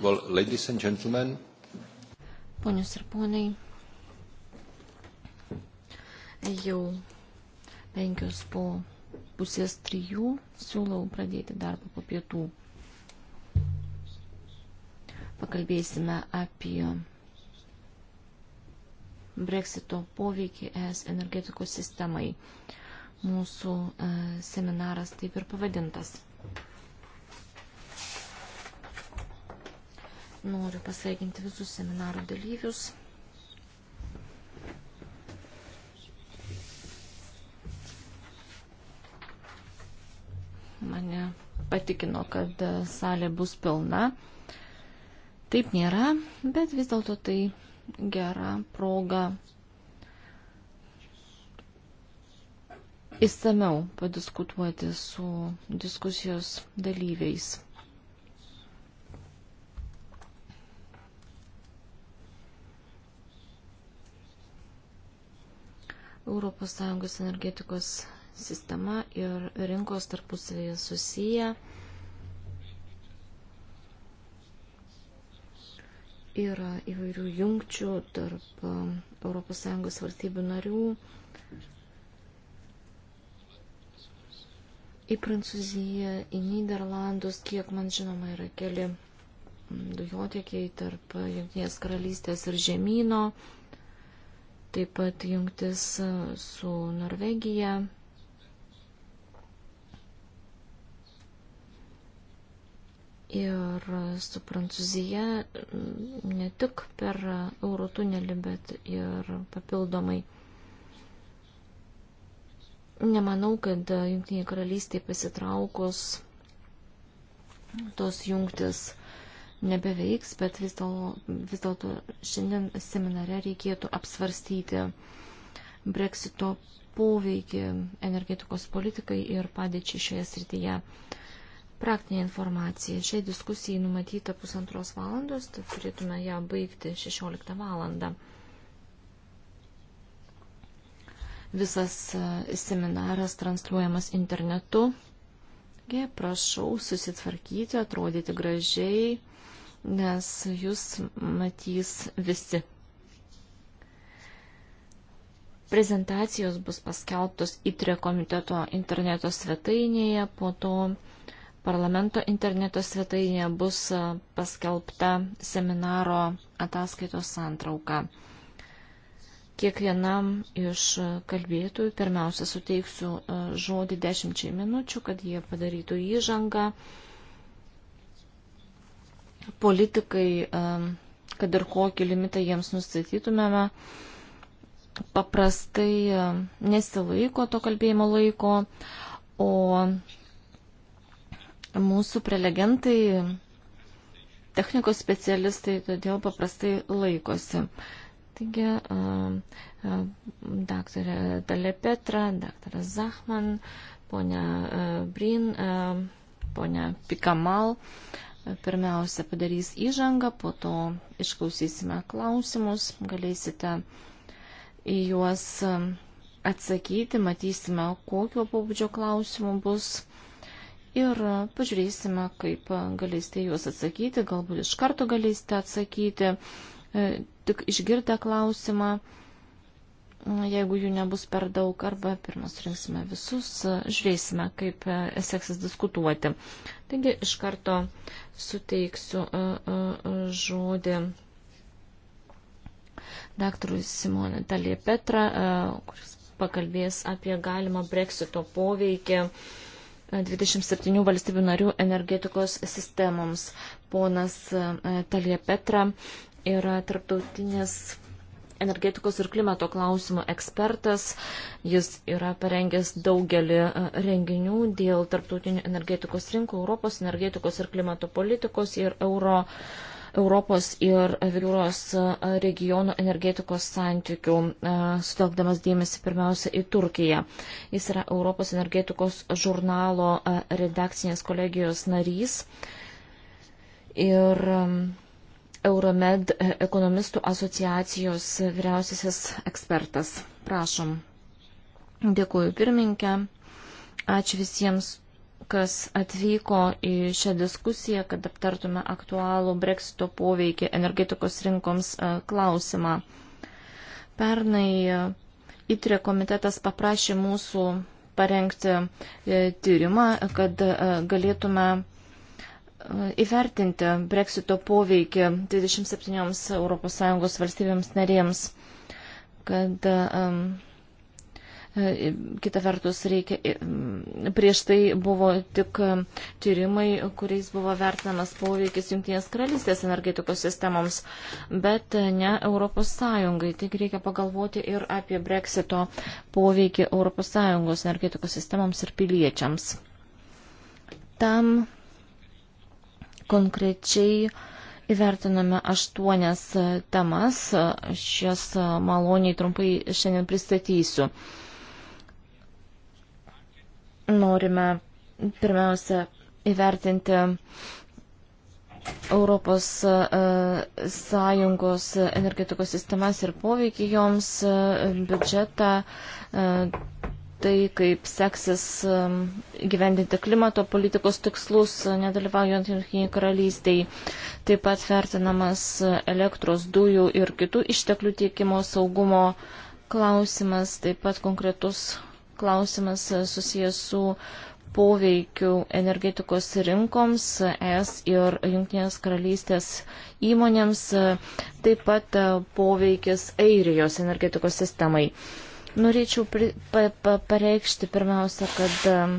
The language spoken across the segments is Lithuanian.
Well, ladies and gentlemen. Ponios ir ponai, jau penkios po pusės trijų siūlau pradėti darbą po pietų. Pakalbėsime apie breksito poveikį es energetikos sistemai. Mūsų e, seminaras taip ir pavadintas. Noriu pasveikinti visus seminaro dalyvius. Mane patikino, kad salė bus pilna. Taip nėra, bet vis dėlto tai gera proga įsameu padiskutuoti su diskusijos dalyviais. ES energetikos sistema ir rinkos tarpusavėje susiję. Yra įvairių jungčių tarp um, ES valstybių narių. Į Prancūziją, į Niderlandus, kiek man žinoma, yra keli mm, dujotiekiai tarp Junktinės karalystės ir žemynų taip pat jungtis e, su Norvegija. Ir su Prancūzija ne tik per eurotunelį, bet ir papildomai. Nemanau, kad Junktiniai karalystiai pasitraukus tos jungtis nebeveiks, bet vis dėlto dėl šiandien seminare reikėtų apsvarstyti breksito poveikį energetikos politikai ir padėčiai šioje srityje. Praktinė informacija. Šiai diskusijai numatyta pusantros valandos, tai turėtume ją baigti 16 valandą. Visas e, seminaras transliuojamas internetu. Taigi, prašau susitvarkyti, atrodyti gražiai nes jūs matys visi. Prezentacijos bus paskelbtos ITRE komiteto interneto svetainėje, po to parlamento interneto svetainėje bus paskelbta seminaro ataskaitos santrauka. Kiekvienam iš kalbėtojų pirmiausia suteiksiu žodį dešimčiai minučių, kad jie padarytų įžangą politikai, kad ir kokį limitą jiems nustatytumėme, paprastai nesilaiko to kalbėjimo laiko, o mūsų prelegentai, technikos specialistai, todėl paprastai laikosi. Taigi, daktarė Dalė Petra, daktaras Zahman, ponia Brin, ponia Pikamal, Pirmiausia, padarys įžangą, po to išklausysime klausimus, galėsite į juos um, atsakyti, matysime, kokio pobūdžio klausimų bus ir uh, pažiūrėsime, kaip uh, galėsite juos atsakyti, galbūt iš karto galėsite atsakyti, uh, tik išgirdę klausimą jeigu jų nebus per daug, arba pirmas rinksime visus, žiūrėsime, kaip e, seksis diskutuoti. Taigi iš karto suteiksiu e, e, žodį daktarui Simonė Talė Petra, kuris pakalbės apie galimą breksito poveikį 27 valstybių narių energetikos sistemoms. Ponas Talė Petra yra tarptautinės energetikos ir klimato klausimų ekspertas. Jis yra parengęs daugelį e, renginių dėl tarptautinių energetikos rinkų, Europos energetikos ir klimato politikos ir euro. Europos ir Vilūros e, regionų energetikos santykių, e, sutelkdamas dėmesį pirmiausia į Turkiją. Jis yra Europos energetikos žurnalo redakcinės kolegijos narys. Ir Euromed ekonomistų asociacijos vyriausiasis ekspertas. Prašom. Dėkuoju pirmininkę. Ačiū visiems, kas atvyko į šią diskusiją, kad aptartume aktualų breksito poveikį energetikos rinkoms e, klausimą. Pernai e, ITRE komitetas paprašė mūsų parengti e, tyrimą, kad galėtume įvertinti breksito poveikį 27 ES valstybėms narėms, kad um, e, kita vertus reikia, e, prieš tai buvo tik um, tyrimai, kuriais buvo vertinamas poveikis Junktinės karalystės energetikos sistemoms, bet ne ES. Taigi reikia pagalvoti ir apie breksito poveikį ES energetikos sistemoms ir piliečiams. Tam Konkrečiai įvertiname aštuonias temas, šias maloniai trumpai šiandien pristatysiu. Norime pirmiausia įvertinti Europos e, Sąjungos energetikos sistemas ir poveikį joms, e, biudžetą, e, tai, kaip seksis um, gyvendinti klimato politikos tikslus, nedalyvaujant Junktiniai karalystiai. Taip pat vertinamas elektros dujų ir kitų išteklių tiekimo saugumo klausimas, taip pat konkretus klausimas susijęs su poveikiu energetikos rinkoms, es ir Junktinės karalystės įmonėms, taip pat poveikis Airijos energetikos sistemai. Norėčiau pri, pa, pa, pareikšti pirmiausia, kad um,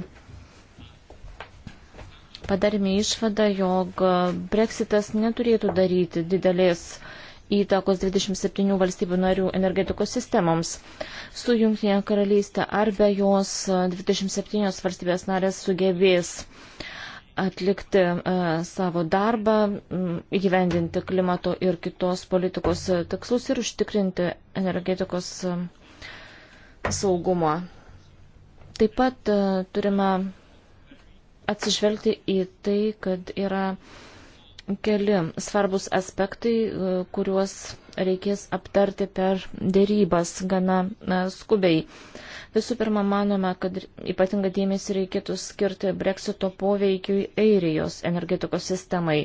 padarėme išvadą, jog uh, Brexitas neturėtų daryti didelės įtakos 27 valstybių narių energetikos sistemoms. Su Junktinė karalystė ar be jos 27 uh, valstybės narės sugebės atlikti e, savo darbą, mm, įgyvendinti klimato ir kitos politikos tikslus ir užtikrinti energetikos um, saugumo. Taip pat e, turime atsižvelgti į tai, kad yra keli svarbus aspektai, e, kuriuos reikės aptarti per dėrybas gana e, skubiai. Visų pirma, manome, kad ypatinga dėmesį reikėtų skirti breksito poveikiui Airijos energetikos sistemai,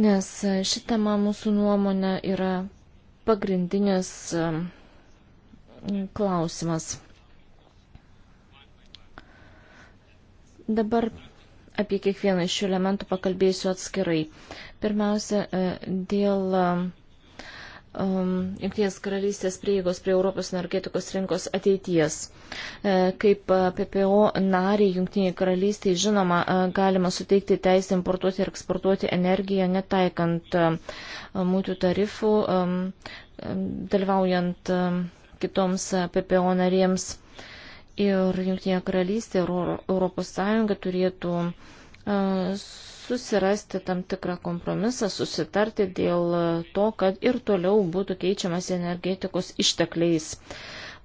nes ši tema mūsų nuomonė yra pagrindinis klausimas. Dabar apie kiekvieną iš šių elementų pakalbėsiu atskirai. Pirmiausia, e, dėl um, Junktinės karalystės prieigos prie Europos energetikos rinkos ateities. E, kaip e, PPO nariai Junktiniai karalystiai žinoma, galima suteikti teisę importuoti ir eksportuoti energiją, netaikant mūtų tarifų, dalyvaujant kitoms PPO narėms. Ir Junktinė karalystė ir Europos Sąjunga turėtų susirasti tam tikrą kompromisą, susitarti dėl to, kad ir toliau būtų keičiamas energetikos ištekliais.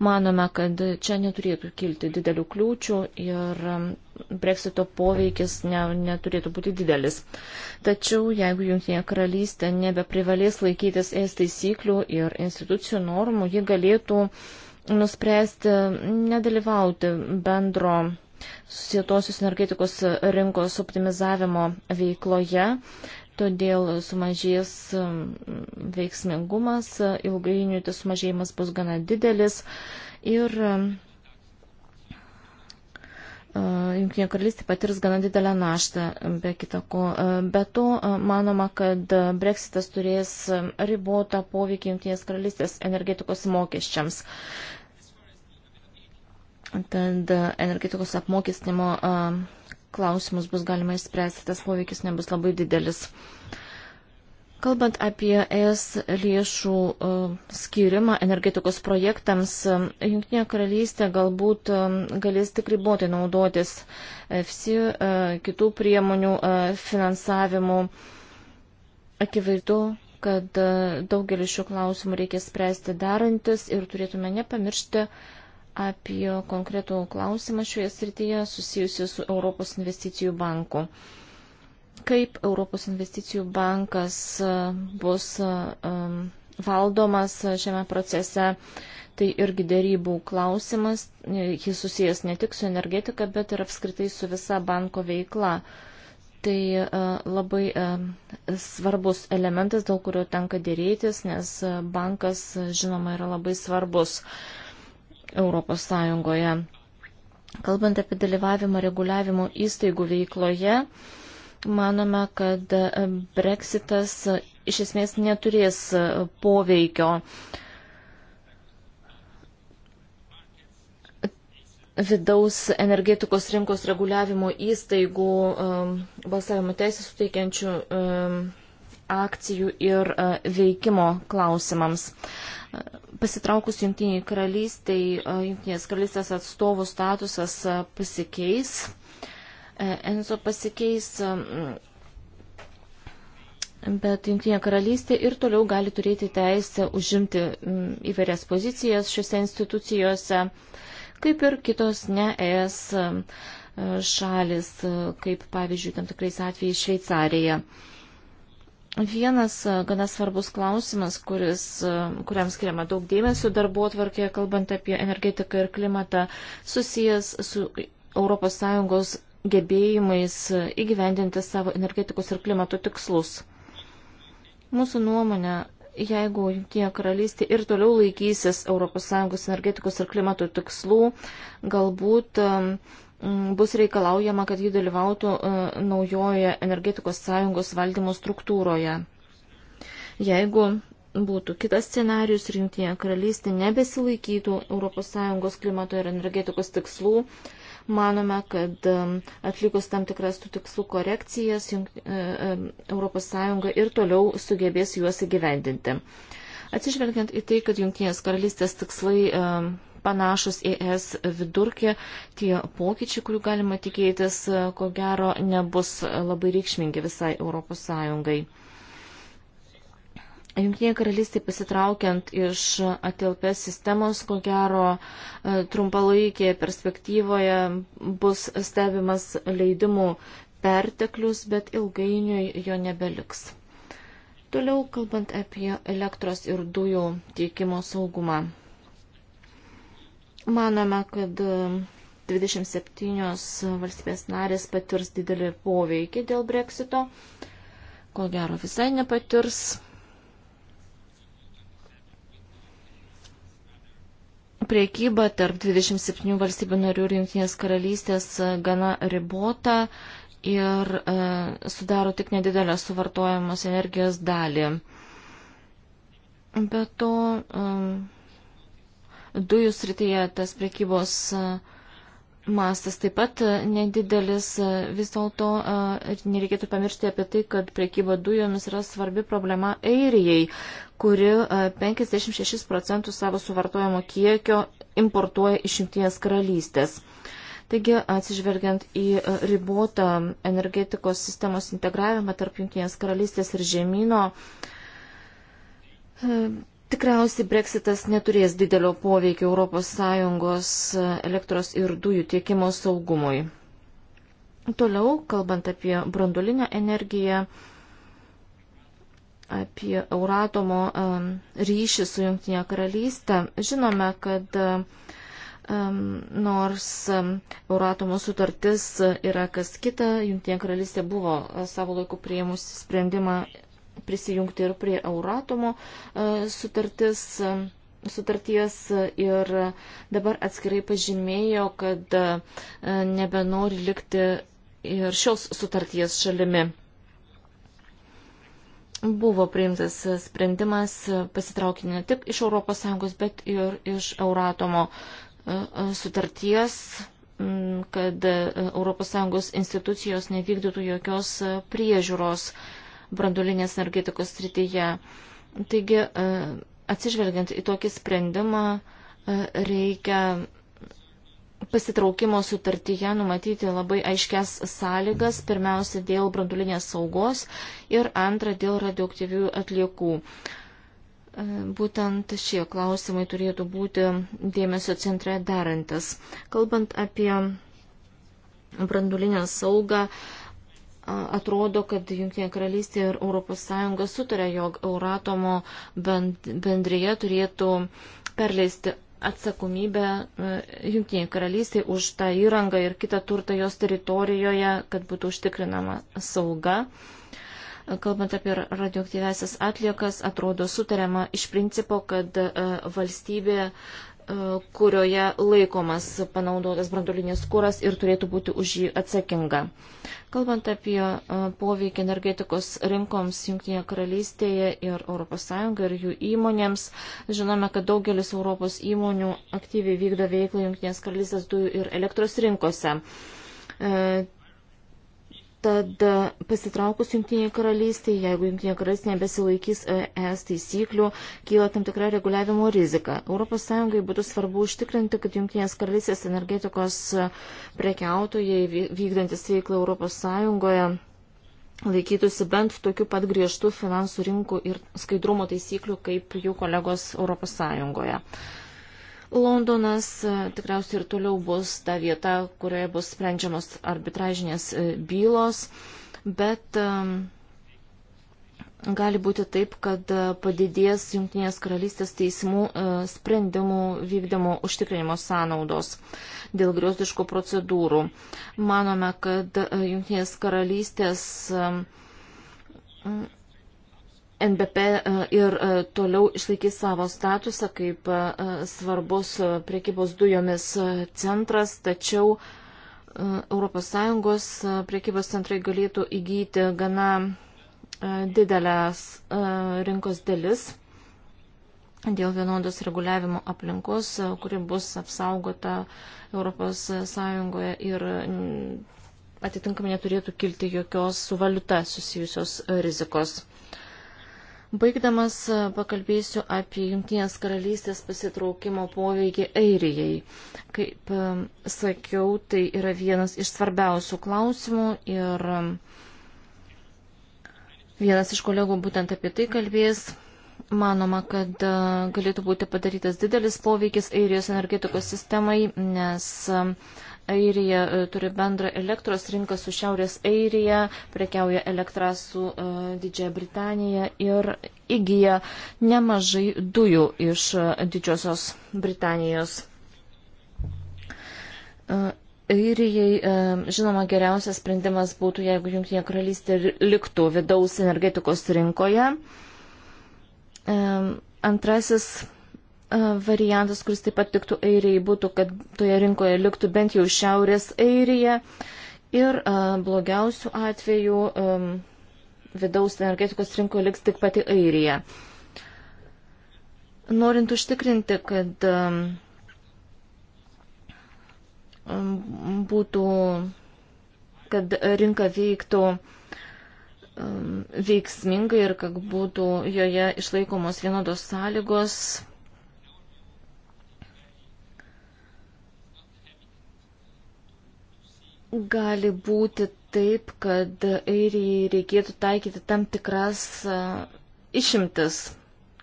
Manome, kad čia neturėtų kilti didelių kliūčių ir um, breksito poveikis ne, neturėtų būti didelis. Tačiau jeigu Junktinė karalystė nebeprivalės laikytis es taisyklių ir institucijų normų, ji galėtų nuspręsti nedalyvauti bendro susietosios energetikos rinkos optimizavimo veikloje todėl sumažės um, veiksmingumas, ilgainiui tas sumažėjimas bus gana didelis ir um, Junktinė karalystė patirs gana didelę naštą, um, be kitako. Be to, manoma, kad breksitas turės ribotą poveikį Junktinės karalystės energetikos mokesčiams. Tad energetikos apmokestinimo klausimus bus galima išspręsti, tas poveikis nebus labai didelis. Kalbant apie ES lėšų e, skirimą energetikos projektams, e, Junktinė karalystė galbūt e, galės tik ribotai naudotis FSI kitų priemonių finansavimu. Akivaizdu, kad daugelį šių klausimų reikia spręsti darantis ir turėtume nepamiršti, apie konkretų klausimą šioje srityje susijusiu su Europos investicijų banku. Kaip Europos investicijų bankas e, bus e, valdomas šiame procese, tai irgi dėrybų klausimas. E, jis susijęs ne tik su energetika, bet ir apskritai su visa banko veikla. Tai labai svarbus elementas, dėl kurio tenka dėrėtis, nes bankas, žinoma, yra labai svarbus. Europos Sąjungoje. Kalbant apie dalyvavimą reguliavimo įstaigų veikloje, manome, kad breksitas iš esmės neturės poveikio vidaus energetikos rinkos reguliavimo įstaigų um, balsavimo teisę suteikiančių um, akcijų ir uh, veikimo klausimams. Pasitraukus Junktiniai karalystiai, Junktinės karalystės atstovų statusas pasikeis. E, Enzo pasikeis, bet Junktinė karalystė ir toliau gali turėti teisę užimti įvairias pozicijas šiuose institucijose, kaip ir kitos ne ES šalis, kaip pavyzdžiui tam tikrais atvejais Šveicarija. Vienas e, gana svarbus klausimas, kuris, e, kuriam skiriama daug dėmesio darbo atvarkėje, kalbant apie energetiką ir klimatą, susijęs su ES gebėjimais e, įgyvendinti savo energetikos ir klimato tikslus. Mūsų nuomonė, jeigu Junktinė karalystė ir toliau laikysis ES energetikos ir klimato tikslų, galbūt um, Mm, bus reikalaujama, kad ji dalyvautų e, naujoje energetikos sąjungos valdymo struktūroje. Jeigu būtų kitas scenarius, rinktinė karalystė nebesilaikytų ES klimato ir energetikos tikslų, manome, kad e, atlikus tam tikras tų tikslų korekcijas, e, ES ir toliau sugebės juos įgyvendinti. Atsižvelgiant į tai, kad Junktinės karalystės tikslai panašus į ES vidurkį, tie pokyčiai, kurių galima tikėtis, ko gero nebus labai reikšmingi visai ES. Junktinė karalystė pasitraukiant iš atilpės sistemos, ko gero e, trumpalaikėje perspektyvoje bus stebimas leidimų perteklius, bet ilgainiui jo nebeliks. Toliau kalbant apie elektros ir dujų tiekimo saugumą. Manome, kad 27 valstybės narės patirs didelį poveikį dėl breksito, ko gero visai nepatirs. Priekyba tarp 27 valstybių narių ir Junktinės karalystės e, gana ribota ir e, sudaro tik nedidelę suvartojamos energijos dalį. Be to, e, dujų srityje tas prekybos e, mastas taip pat e, nedidelis. E, vis dėlto nereikėtų pamiršti apie tai, kad prekyba dujomis yra svarbi problema Airijai, kuri 56 procentų savo suvartojamo kiekio importuoja iš Junktinės karalystės. Taigi, atsižvelgiant į ribotą energetikos sistemos integravimą tarp Junktinės karalystės ir žemynų, Tikriausiai breksitas neturės didelio poveikio ES elektros ir dujų tiekimo saugumui. Toliau, kalbant apie brandolinę energiją, apie Euratomo ryšį su Junktinė karalystė, žinome, kad nors Euratomo sutartis yra kas kita, Junktinė karalystė buvo e, savo laiku prieimusi sprendimą prisijungti ir prie Euratomo e, sutartis, e, sutarties ir dabar atskirai pažymėjo, kad e, nebenori likti ir šios sutarties šalimi. Buvo priimtas sprendimas pasitraukti ne tik iš ES, bet ir iš Euratomo sutarties kad ES institucijos nevykdytų jokios priežiūros brandulinės energetikos srityje. Taigi, e, atsižvelgiant į tokį sprendimą, e, reikia pasitraukimo sutartyje numatyti labai aiškias sąlygas, pirmiausia dėl brandulinės saugos ir antra dėl radioaktyvių atliekų. E, būtent šie klausimai turėtų būti dėmesio centre darantis. Kalbant apie brandulinę saugą, atrodo, kad Junktinė karalystė ir ES sutarė, jog Euratomo bendryje turėtų perleisti atsakomybę e, Junktinė karalystė už tą įrangą ir kitą turtą jos teritorijoje, kad būtų užtikrinama sauga. E, kalbant apie radioaktyvesias atliekas, atrodo sutariama iš principo, kad e, valstybė E, kurioje laikomas panaudotas branduolinis kuras ir turėtų būti už jį atsakinga. Kalbant apie e, poveikį energetikos rinkoms Junktinėje karalystėje ir ES ir jų įmonėms, žinome, kad daugelis Europos įmonių aktyviai vykdo veiklą Junktinės karalystės dujų ir elektros rinkose. E, Tad e, pasitraukus Junktinėje karalystėje, jeigu Junktinė karalystė nebesilaikys e, ES taisyklių, kyla tam tikra reguliavimo rizika. ES būtų svarbu užtikrinti, kad Junktinės karalystės energetikos e, prekiautojai vykdantis veiklą ES laikytųsi bent tokių pat griežtų finansų rinkų ir skaidrumo taisyklių kaip jų kolegos ES. Londonas e, tikriausiai ir toliau bus ta vieta, kurioje bus sprendžiamos arbitražinės e, bylos, bet e, gali būti taip, kad padidės Junktinės karalystės teismų sprendimų vykdymo užtikrinimo sąnaudos dėl griozdiškų procedūrų. Manome, kad Junktinės karalystės NBP e, ir e, toliau išlaikys savo statusą kaip e, svarbus priekybos dujomis centras, tačiau ES priekybos centrai galėtų įgyti gana didelės rinkos dalis dėl vienodos reguliavimo aplinkos, kuri bus apsaugota ES ir atitinkamai neturėtų kilti jokios su valiuta susijusios rizikos. Baigdamas e, pakalbėsiu apie Junktinės karalystės pasitraukimo poveikį Airijai. Kaip e, sakiau, tai yra vienas iš svarbiausių klausimų ir e, vienas iš kolegų būtent apie tai kalbės. Manoma, kad galėtų būti padarytas didelis poveikis Airijos energetikos sistemai, nes uh, Airija e, turi bendrą elektros rinką su Šiaurės Airija, prekiauja elektrą su e, Didžiaja Britanija ir įgyja nemažai dujų iš e, Didžiosios Britanijos. Airijai, žinoma, geriausias sprendimas būtų, jeigu Junktinė karalystė liktų vidaus energetikos rinkoje. Antrasis variantas, kuris taip pat tiktų airiai, būtų, kad toje rinkoje liktų bent jau Šiaurės airija ir blogiausių atvejų vidaus energetikos rinkoje liks tik pati airija. Norint užtikrinti, kad būtų, kad rinka veiktų veiksmingai ir kad būtų joje išlaikomos vienodos sąlygos, Gali būti taip, kad airijai reikėtų taikyti tam tikras išimtis,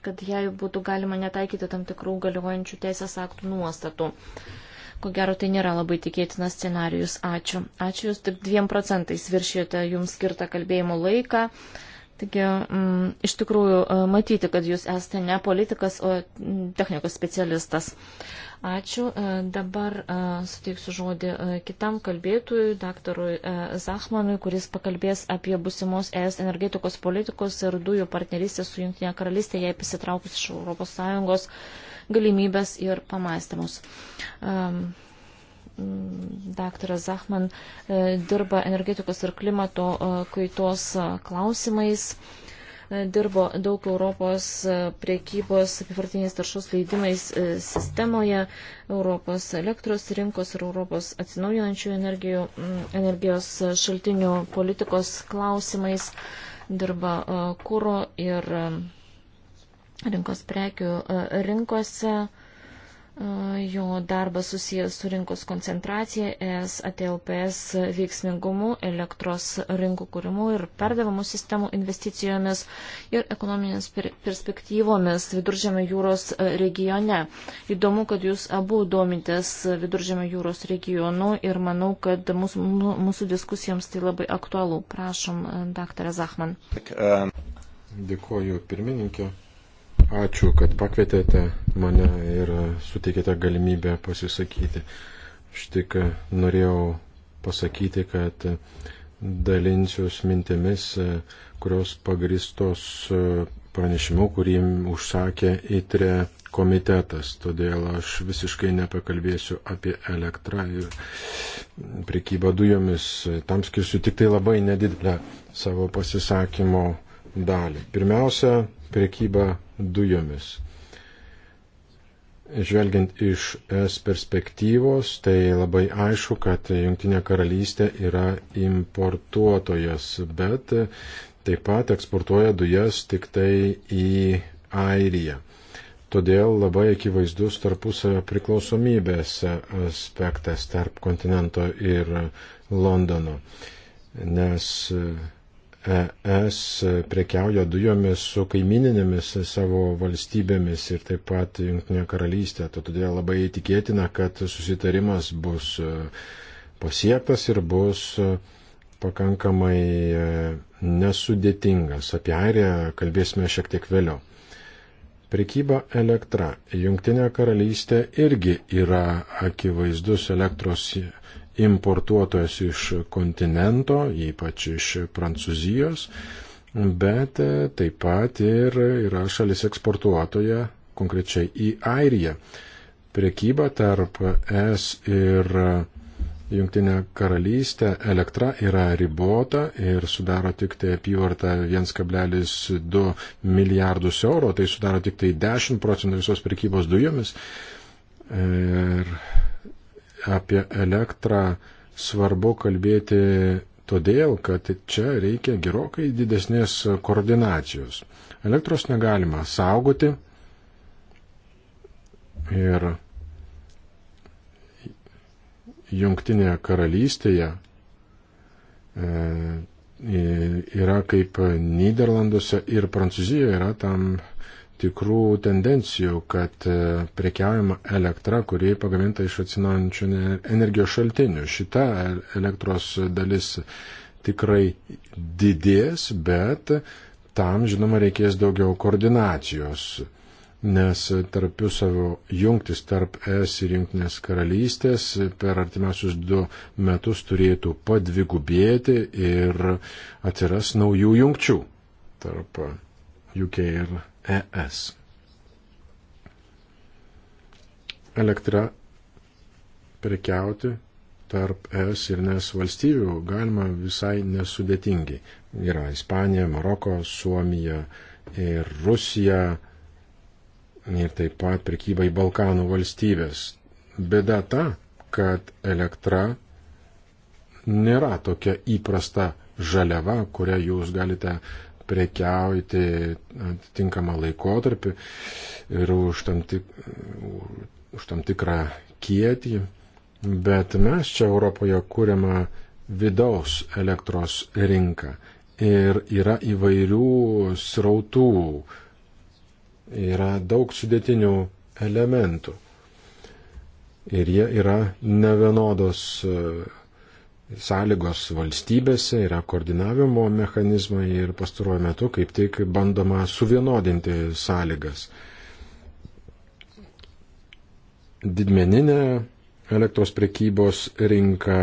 kad jai būtų galima netaikyti tam tikrų galiojančių teisės aktų nuostatų. Ko gero, tai nėra labai tikėtinas scenarius. Ačiū. Ačiū Jūs tik dviem procentais viršijote Jums skirtą kalbėjimo laiką. Taigi, m, mm, iš tikrųjų, matyti, kad Jūs esate ne politikas, o mm, technikos specialistas. Ačiū. E, dabar e, suteiksiu žodį e, kitam kalbėtojui, daktarui Zachmanui, kuris pakalbės apie busimos ES energetikos politikos ir dujų partnerystės su Junktinė karalystė, jei pasitraukus iš ES galimybės ir pamastymus. Daktaras Zachman dirba energetikos ir klimato kaitos klausimais dirbo daug Europos e, priekybos apivartiniais taršos leidimais e, sistemoje, Europos elektros rinkos ir Europos atsinaujinančių energijų, energijos šaltinių politikos klausimais, dirba e, kūro ir rinkos prekių rinkose jo darbas susijęs su rinkos koncentracija, ES ATLPS veiksmingumu, elektros rinkų kūrimu ir perdavimų sistemų investicijomis ir ekonominės perspektyvomis Viduržėmio jūros e, regione. Įdomu, kad jūs abu domitės Viduržėmio jūros regionu ir manau, kad mūsų, mūsų diskusijoms tai labai aktualu. Prašom, e, daktarė Zachman. Dėkuoju pirmininkė. Ačiū, kad pakvietėte mane ir suteikėte galimybę pasisakyti. Aš tik norėjau pasakyti, kad dalinsiuos mintimis, kurios pagristos pranešimu, kurį užsakė įtrė e komitetas. Todėl aš visiškai nepakalbėsiu apie elektrą ir prekybą dujomis. Tam skirsiu tik tai labai nedidelę savo pasisakymo dalį. Pirmiausia, prekyba dujomis. Žvelgiant iš es perspektyvos, tai labai aišku, kad Junktinė karalystė yra importuotojas, bet taip pat eksportuoja dujas tik tai į Airiją. Todėl labai akivaizdus tarpusavio priklausomybės aspektas tarp kontinento ir Londono, nes ES prekiauja dujomis su kaimininėmis savo valstybėmis ir taip pat Junktinė karalystė. Todėl labai tikėtina, kad susitarimas bus e, pasiektas ir bus e, pakankamai e, nesudėtingas. Apie Airiją kalbėsime šiek tiek vėliau. Prekyba elektra. Junktinė karalystė irgi yra akivaizdus elektros importuotojas iš kontinento, ypač iš Prancūzijos, bet e, taip pat ir yra šalis eksportuotoja, konkrečiai į Airiją. Priekyba tarp ES ir Junktinė karalystė elektra yra ribota ir sudaro tik tai apyvartą 1,2 milijardus eurų, tai sudaro tik tai 10 procentų visos prekybos dujomis. Ir apie elektrą svarbu kalbėti todėl, kad čia reikia gerokai didesnės koordinacijos. Elektros negalima saugoti ir jungtinėje karalystėje e, yra kaip Niderlanduose ir Prancūzijoje yra tam tikrų tendencijų, kad e, prekiaujama elektra, kuri pagaminta iš atsinaujančių energijos šaltinių. Šita elektros dalis tikrai didės, bet tam, žinoma, reikės daugiau koordinacijos, nes tarpusavio jungtis tarp ES ir Junktinės karalystės per artimiausius du metus turėtų padvigubėti ir atsiras naujų jungčių tarp UK ir ES. Elektra prekiauti tarp ES ir NES valstybių galima visai nesudėtingai. Yra Ispanija, Maroko, Suomija ir Rusija ir taip pat prekyba į Balkanų valstybės. Bėda ta, kad elektra nėra tokia įprasta žaliava, kurią jūs galite prekiauti atitinkamą laikotarpį ir už tam, tik, už tam tikrą kiekį. Bet mes čia Europoje kūrėme vidaus elektros rinką ir yra įvairių srautų, yra daug sudėtinių elementų ir jie yra nevienodos sąlygos valstybėse, yra koordinavimo mechanizmai ir pastaruoju metu kaip tik bandoma suvienodinti sąlygas. Didmeninė elektros prekybos rinka,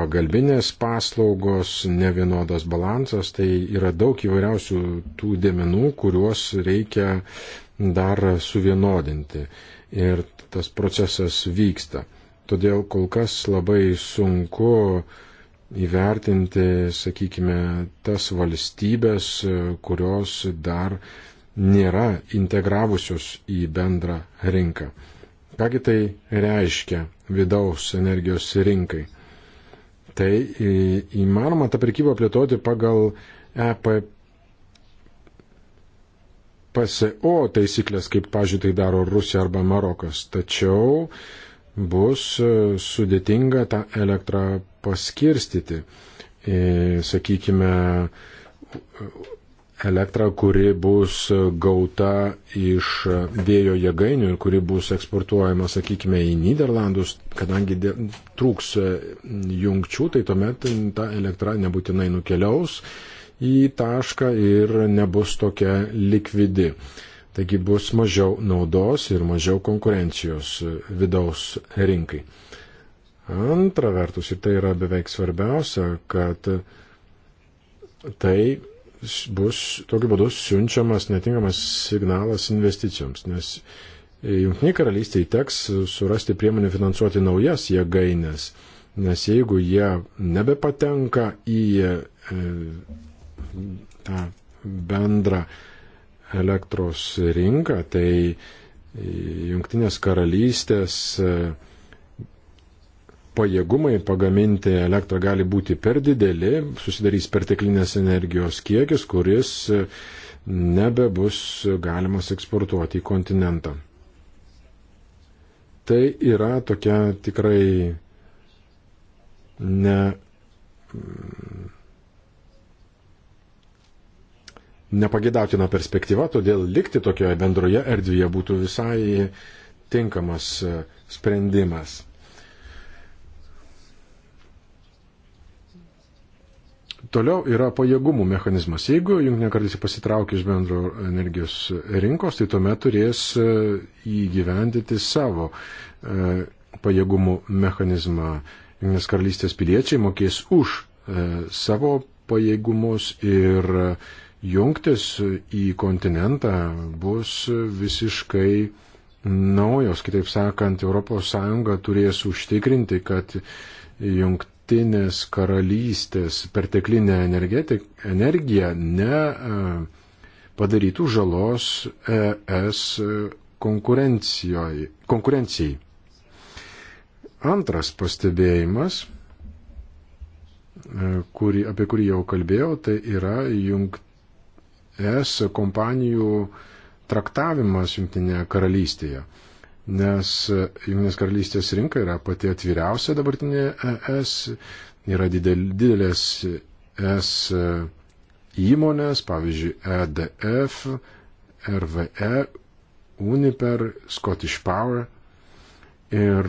pagalbinės paslaugos, nevienodas balansas, tai yra daug įvairiausių tų dėmenų, kuriuos reikia dar suvienodinti. Ir tas procesas vyksta. Todėl kol kas labai sunku įvertinti, sakykime, tas valstybės, kurios dar nėra integravusios į bendrą rinką. Kągi tai reiškia vidaus energijos rinkai? Tai įmanoma tą prekybą plėtoti pagal EPP PSO taisyklės, kaip, pažiūrėjau, tai daro Rusija arba Marokas. Tačiau bus e, sudėtinga tą elektrą paskirstyti. E, sakykime, elektrą, kuri bus gauta iš vėjo jėgainių ir kuri bus eksportuojama, sakykime, į Niderlandus, kadangi trūks jungčių, tai tuomet ta elektra nebūtinai nukeliaus į tašką ir nebus tokia likvidi. Taigi bus mažiau naudos ir mažiau konkurencijos vidaus rinkai. Antra vertus, ir tai yra beveik svarbiausia, kad tai bus tokiu būdu siunčiamas netinkamas signalas investicijoms, nes Junktinė karalystė įteks surasti priemonę finansuoti naujas jėgainės, nes jeigu jie nebepatenka į e, tą bendrą elektros rinką, tai Junktinės karalystės e, pajėgumai pagaminti elektrą gali būti per dideli, susidarys perteklinės energijos kiekis, kuris e, nebebus galimas eksportuoti į kontinentą. Tai yra tokia tikrai ne nepagidautina perspektyva, todėl likti tokioje bendroje erdvėje būtų visai tinkamas e, sprendimas. Toliau yra pajėgumų mechanizmas. Jeigu jungtinė karalystė pasitraukia iš bendro energijos rinkos, tai tuomet turės e, įgyvendyti savo e, pajėgumų mechanizmą. Jungtinės karalystės piliečiai mokės už savo pajėgumus ir uh, jungtis į kontinentą bus visiškai naujos. Kitaip sakant, ES turės užtikrinti, kad jungtinės karalystės perteklinė energija ne e, padarytų žalos ES konkurencijai. Antras pastebėjimas, e, kurį, apie kurį jau kalbėjau, tai yra jungt ES kompanijų traktavimas Junktinėje karalystėje. Nes Junktinės karalystės rinka yra pati atviriausia dabartinė ES, yra didel, didelės ES įmonės, pavyzdžiui, EDF, RVE, Uniper, Scottish Power. Ir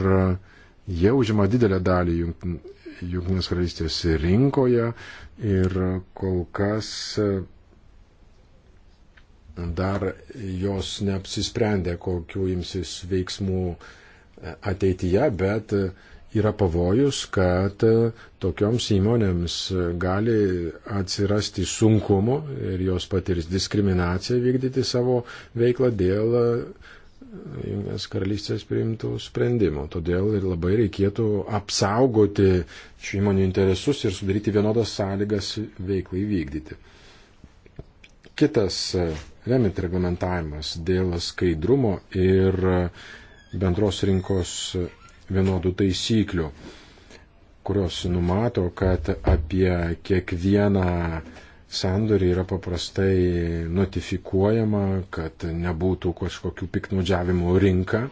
jie užima didelę dalį Junktinės karalystės rinkoje ir kol kas dar jos neapsisprendė, kokiu imsis veiksmų e, ateityje, bet e, yra pavojus, kad e, tokioms įmonėms gali atsirasti sunkumu ir jos patirs diskriminaciją vykdyti savo veiklą dėl Jungas karalystės priimtų sprendimų. Todėl ir labai reikėtų apsaugoti šių įmonių interesus ir sudaryti vienodas sąlygas veiklai vykdyti. Kitas remit reglamentavimas dėl skaidrumo ir bendros rinkos vienodų taisyklių, kurios numato, kad apie kiekvieną sandorį yra paprastai notifikuojama, kad nebūtų kažkokių piknaudžiavimų rinka.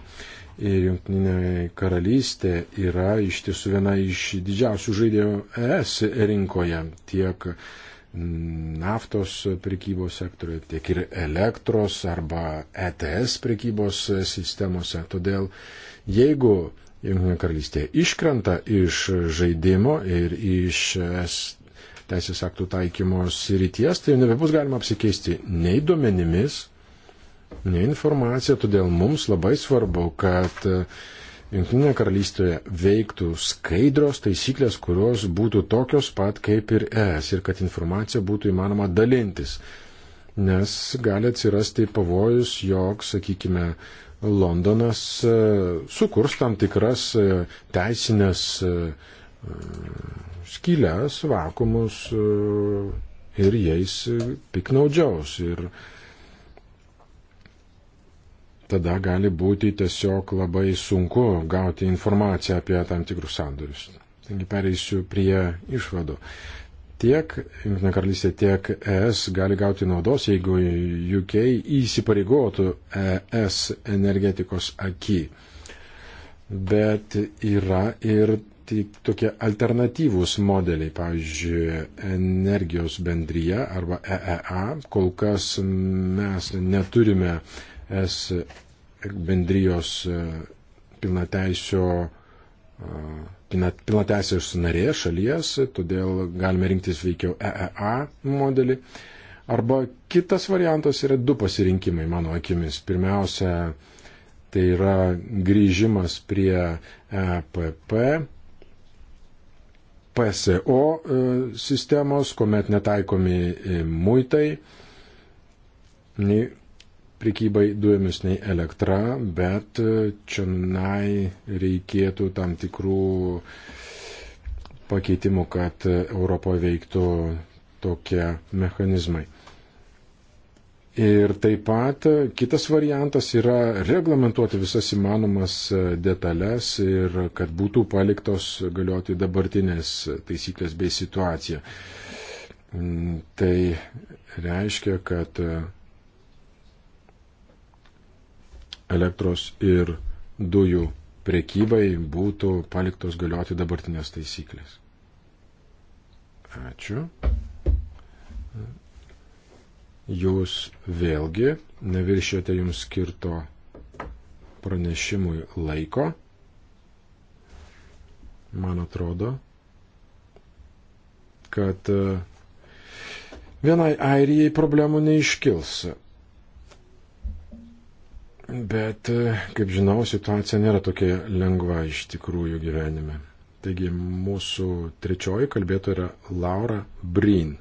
Ir Junktinė karalystė yra iš tiesų viena iš didžiausių žaidėjų ES rinkoje tiek uh, naftos prekybos sektoriuje, tiek ir elektros arba ETS prekybos sistemose. Todėl jeigu Junktinė karalystė iškrenta iš žaidimo ir iš es teisės aktų taikymos ryties, tai nebebus galima apsikeisti nei duomenimis, nei informacija, todėl mums labai svarbu, kad uh, Junktinėje karalystėje veiktų skaidros taisyklės, kurios būtų tokios pat kaip ir ES ir kad informacija būtų įmanoma dalintis. Nes gali atsirasti pavojus, jog, sakykime, Londonas e, sukurs tam tikras e, teisinės e, skylės, vakumus ir jais piknaudžiaus. Ir tada gali būti tiesiog labai sunku gauti informaciją apie tam tikrus sandorius. Taigi pereisiu prie išvadų. Tiek Junktinė karalystė, tiek ES gali gauti naudos, jeigu UK įsipareigotų ES energetikos akį. Bet yra ir tokie alternatyvūs modeliai, pavyzdžiui, energijos bendryje arba EEA. Kol kas mes neturime uh, es bendrijos e, pilnateisio e, pilnateisės narė šalies, todėl galime rinktis veikiau EEA modelį. Arba kitas variantas yra du pasirinkimai, mano akimis. Pirmiausia, tai yra grįžimas prie EPP, PSO e, sistemos, kuomet netaikomi muitai, priekybai dujomis, nei elektra, bet e, čia nai reikėtų tam tikrų pakeitimų, kad e, Europoje veiktų tokie mechanizmai. Ir taip pat e, kitas variantas yra reglamentuoti visas įmanomas detalės ir kad būtų paliktos galioti dabartinės taisyklės bei situacija. Mm, tai reiškia, kad elektros ir dujų priekybai būtų paliktos galioti dabartinės taisyklės. Ačiū. Jūs vėlgi neviršėte jums skirto pranešimui laiko. Man atrodo, kad e, vienai airijai problemų neiškils. Bet, kaip žinau, situacija nėra tokia lengva iš tikrųjų gyvenime. Taigi mūsų trečioji kalbėtoja yra Laura Brin.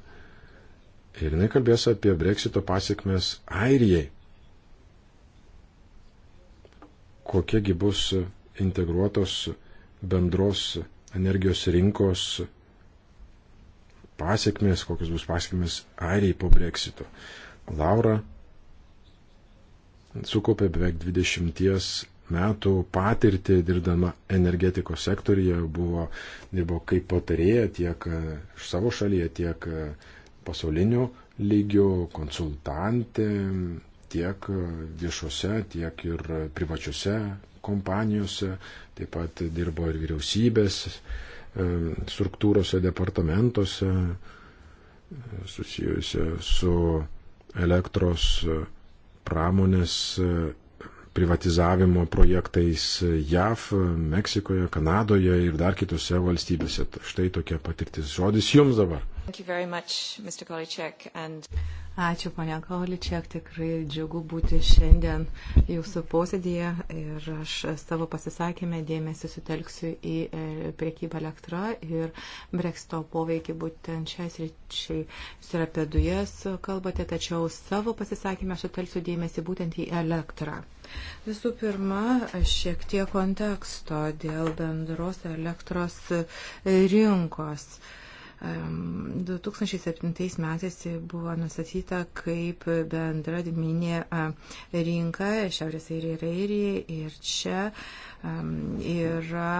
Ir jinai kalbės apie breksito pasiekmes Airijai. Kokiegi bus integruotos bendros energijos rinkos pasiekmes, kokios bus pasiekmes Airijai po breksito. Laura sukaupė beveik 20 metų patirtį dirbdama energetikos sektorija, buvo, dirbo kaip patarėja tiek e, savo šalyje, tiek e, pasauliniu lygiu, konsultantė tiek e, viešose, tiek ir privačiose kompanijose, taip pat dirbo ir vyriausybės struktūrose, departamentuose susijusia su elektros pramonės e, privatizavimo projektais JAV, Meksikoje, Kanadoje ir dar kitose valstybėse. Štai tokia patirtis. Žodis jums dabar. Much, and... Ačiū, ponia Kauličiak, tikrai džiugu būti šiandien jūsų posėdėje ir aš savo pasisakymę dėmesį sutelksiu į e, priekybą elektrą ir breksto poveikį būtent šiais ryčiai. Jūs ir apie dujas kalbate, tačiau savo pasisakymę sutelksiu dėmesį būtent į elektrą. Visų pirma, šiek tiek konteksto dėl bendros elektros rinkos. 2007 metais tai buvo nustatyta kaip bendra didminė rinka Šiaurės Airija ir Airija ir čia yra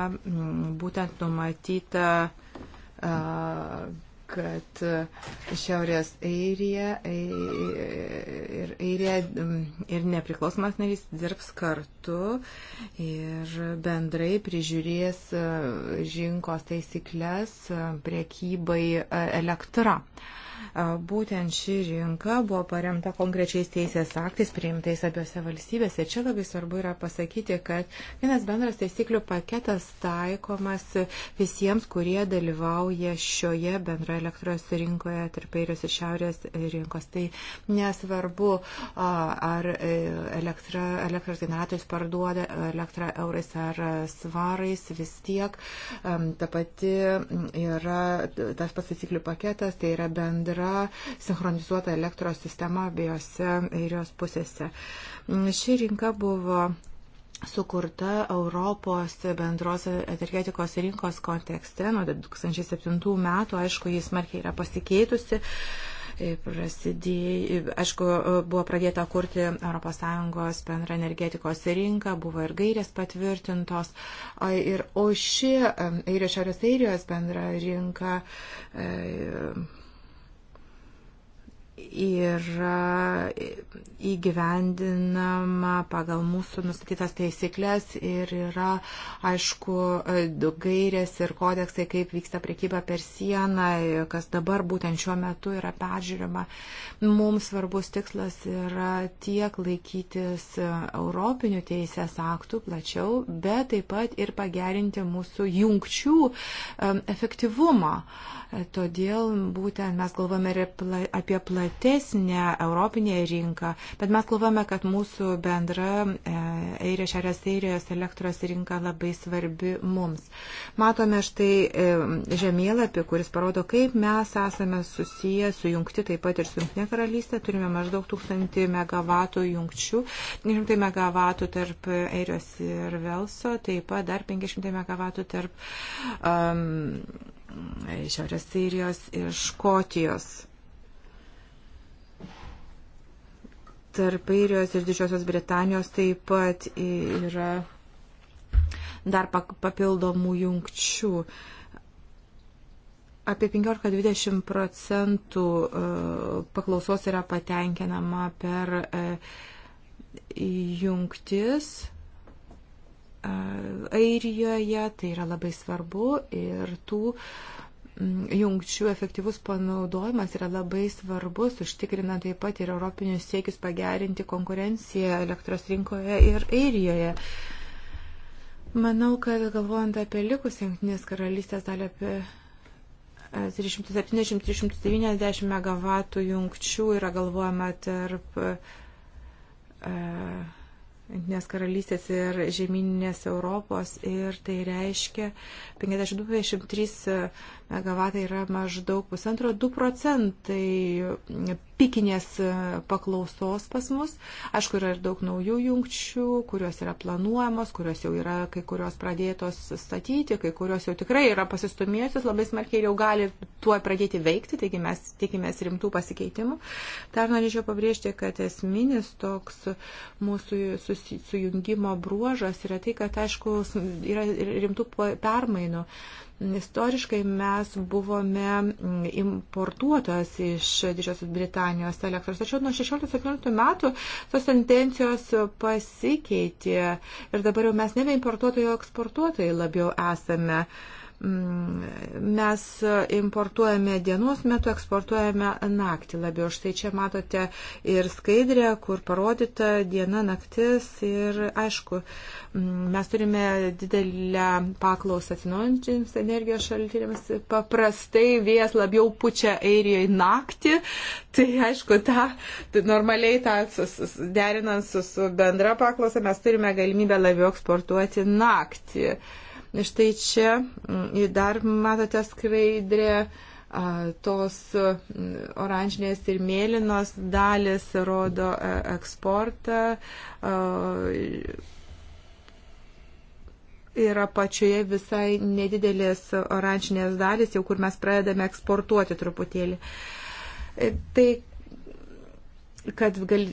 būtent numatyta kad e, Šiaurės Airija e, ir, Airija ir nepriklausomas narys dirbs kartu ir bendrai prižiūrės žinkos e, taisyklės priekybai elektra. Uh, Būtent ši rinka buvo paremta konkrečiais teisės aktais priimtais abiose valstybėse. Čia labai svarbu yra pasakyti, kad vienas bendras taisyklių paketas taikomas visiems, kurie dalyvauja šioje bendra elektros rinkoje tarp airios ir šiaurės rinkos. Tai nesvarbu, ar e, elektra, elektros generatorius parduoda elektrą eurais ar svarais, vis tiek ta pati yra tas pats taisyklių paketas, tai yra bendra yra sinchronizuota elektros sistema abiejose airijos pusėse. Ši rinka buvo sukurta Europos bendros energetikos rinkos kontekste nuo 2007 metų, aišku, jis smarkiai yra pasikeitusi. Prasidėjai, aišku, buvo pradėta kurti ES bendrą energetikos rinką, buvo ir gairės patvirtintos, ir, o ši Airijos šiaurės Airijos bendra rinka e, yra įgyvendinama pagal mūsų nustatytas teisiklės ir yra, aišku, gairės ir kodeksai, kaip vyksta priekyba per sieną, kas dabar būtent šiuo metu yra peržiūrima. Mums svarbus tikslas yra tiek laikytis europinių teisės aktų plačiau, bet taip pat ir pagerinti mūsų jungčių efektyvumą. Todėl būtent mes galvome ir apie plačią platesnę europinę rinką, bet mes galvojame, kad mūsų bendra Airijos, e, Šiaurės Airijos elektros rinka labai svarbi mums. Matome štai e, žemėlapį, kuris parodo, kaip mes esame susiję, sujungti taip pat ir su Junktinė karalystė. Turime maždaug 1000 MW jungčių, 100 MW tarp Airijos ir Velso, taip pat dar 500 MW tarp um, Šiaurės Airijos ir Škotijos. tarp Airijos ir Didžiosios Britanijos taip pat yra dar papildomų jungčių. Apie 15-20 procentų e, paklausos yra patenkinama per e, jungtis. E, Airijoje tai yra labai svarbu ir tų uh, jungčių efektyvus panaudojimas yra labai svarbus, užtikrina taip pat ir europinius siekius pagerinti konkurenciją elektros rinkoje ir Airijoje. Manau, kad galvojant apie likus jungtinės karalystės dalį apie 370-390 e, MW jungčių yra galvojama tarp uh, Nes karalystės ir žemyninės Europos ir tai reiškia 52-53 MW yra maždaug pusantro 2 procentai pikinės e, paklausos pas mus. Aišku, yra ir daug naujų jungčių, kurios yra planuojamos, kurios jau yra, kai kurios pradėtos statyti, kai kurios jau tikrai yra pasistumėjusios, labai smarkiai jau gali tuo pradėti veikti, taigi mes tikimės rimtų pasikeitimų. Dar norėčiau pabrėžti, kad esminis toks mūsų susijungimo bruožas yra tai, kad, aišku, yra rimtų permainų. Istoriškai mes buvome mm, importuotojas iš Didžiosios Britanijos elektros, tačiau nuo 16-17 metų tos tendencijos pasikeitė ir dabar jau mes nebe importuotojai, o eksportuotojai labiau esame. Uh, Mm, mes importuojame dienos metu, eksportuojame naktį labiau. Štai čia matote ir skaidrę, kur parodyta diena, naktis ir aišku, mm, mes turime didelę paklausą atsinaujančiams energijos šaltiniams. Paprastai vėjas labiau pučia airijoje naktį, tai aišku, tą, tai normaliai tą derinant su, su bendra paklausa mes turime galimybę labiau eksportuoti naktį. Yeah. Štai čia mm, dar matote skraidrę tos mm, oranžinės ir mėlynos dalis rodo e, eksportą. Yra pačioje visai nedidelės oranžinės dalis, jau kur mes pradedame eksportuoti truputėlį. E, tai kad gal,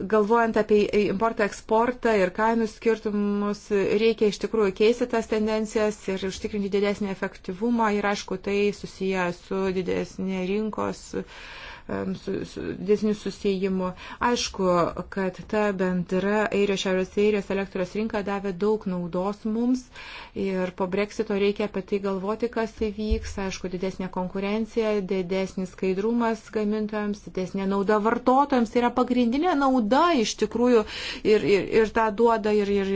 galvojant apie importą, eksportą ir kainų skirtumus, reikia iš tikrųjų keisti tas tendencijas ir užtikrinti didesnį efektyvumą ir aišku, tai susiję su didesnė rinkos uh, su, su didesniu susijimu. Aišku, kad ta bendra Airijos šiaurės Airijos elektros rinka davė daug naudos mums ir po breksito reikia apie tai galvoti, kas įvyks. Aišku, didesnė konkurencija, didesnis skaidrumas gamintojams, didesnė nauda vartotojams yra pagrindinė nauda iš tikrųjų ir, ir, ir tą duoda ir, ir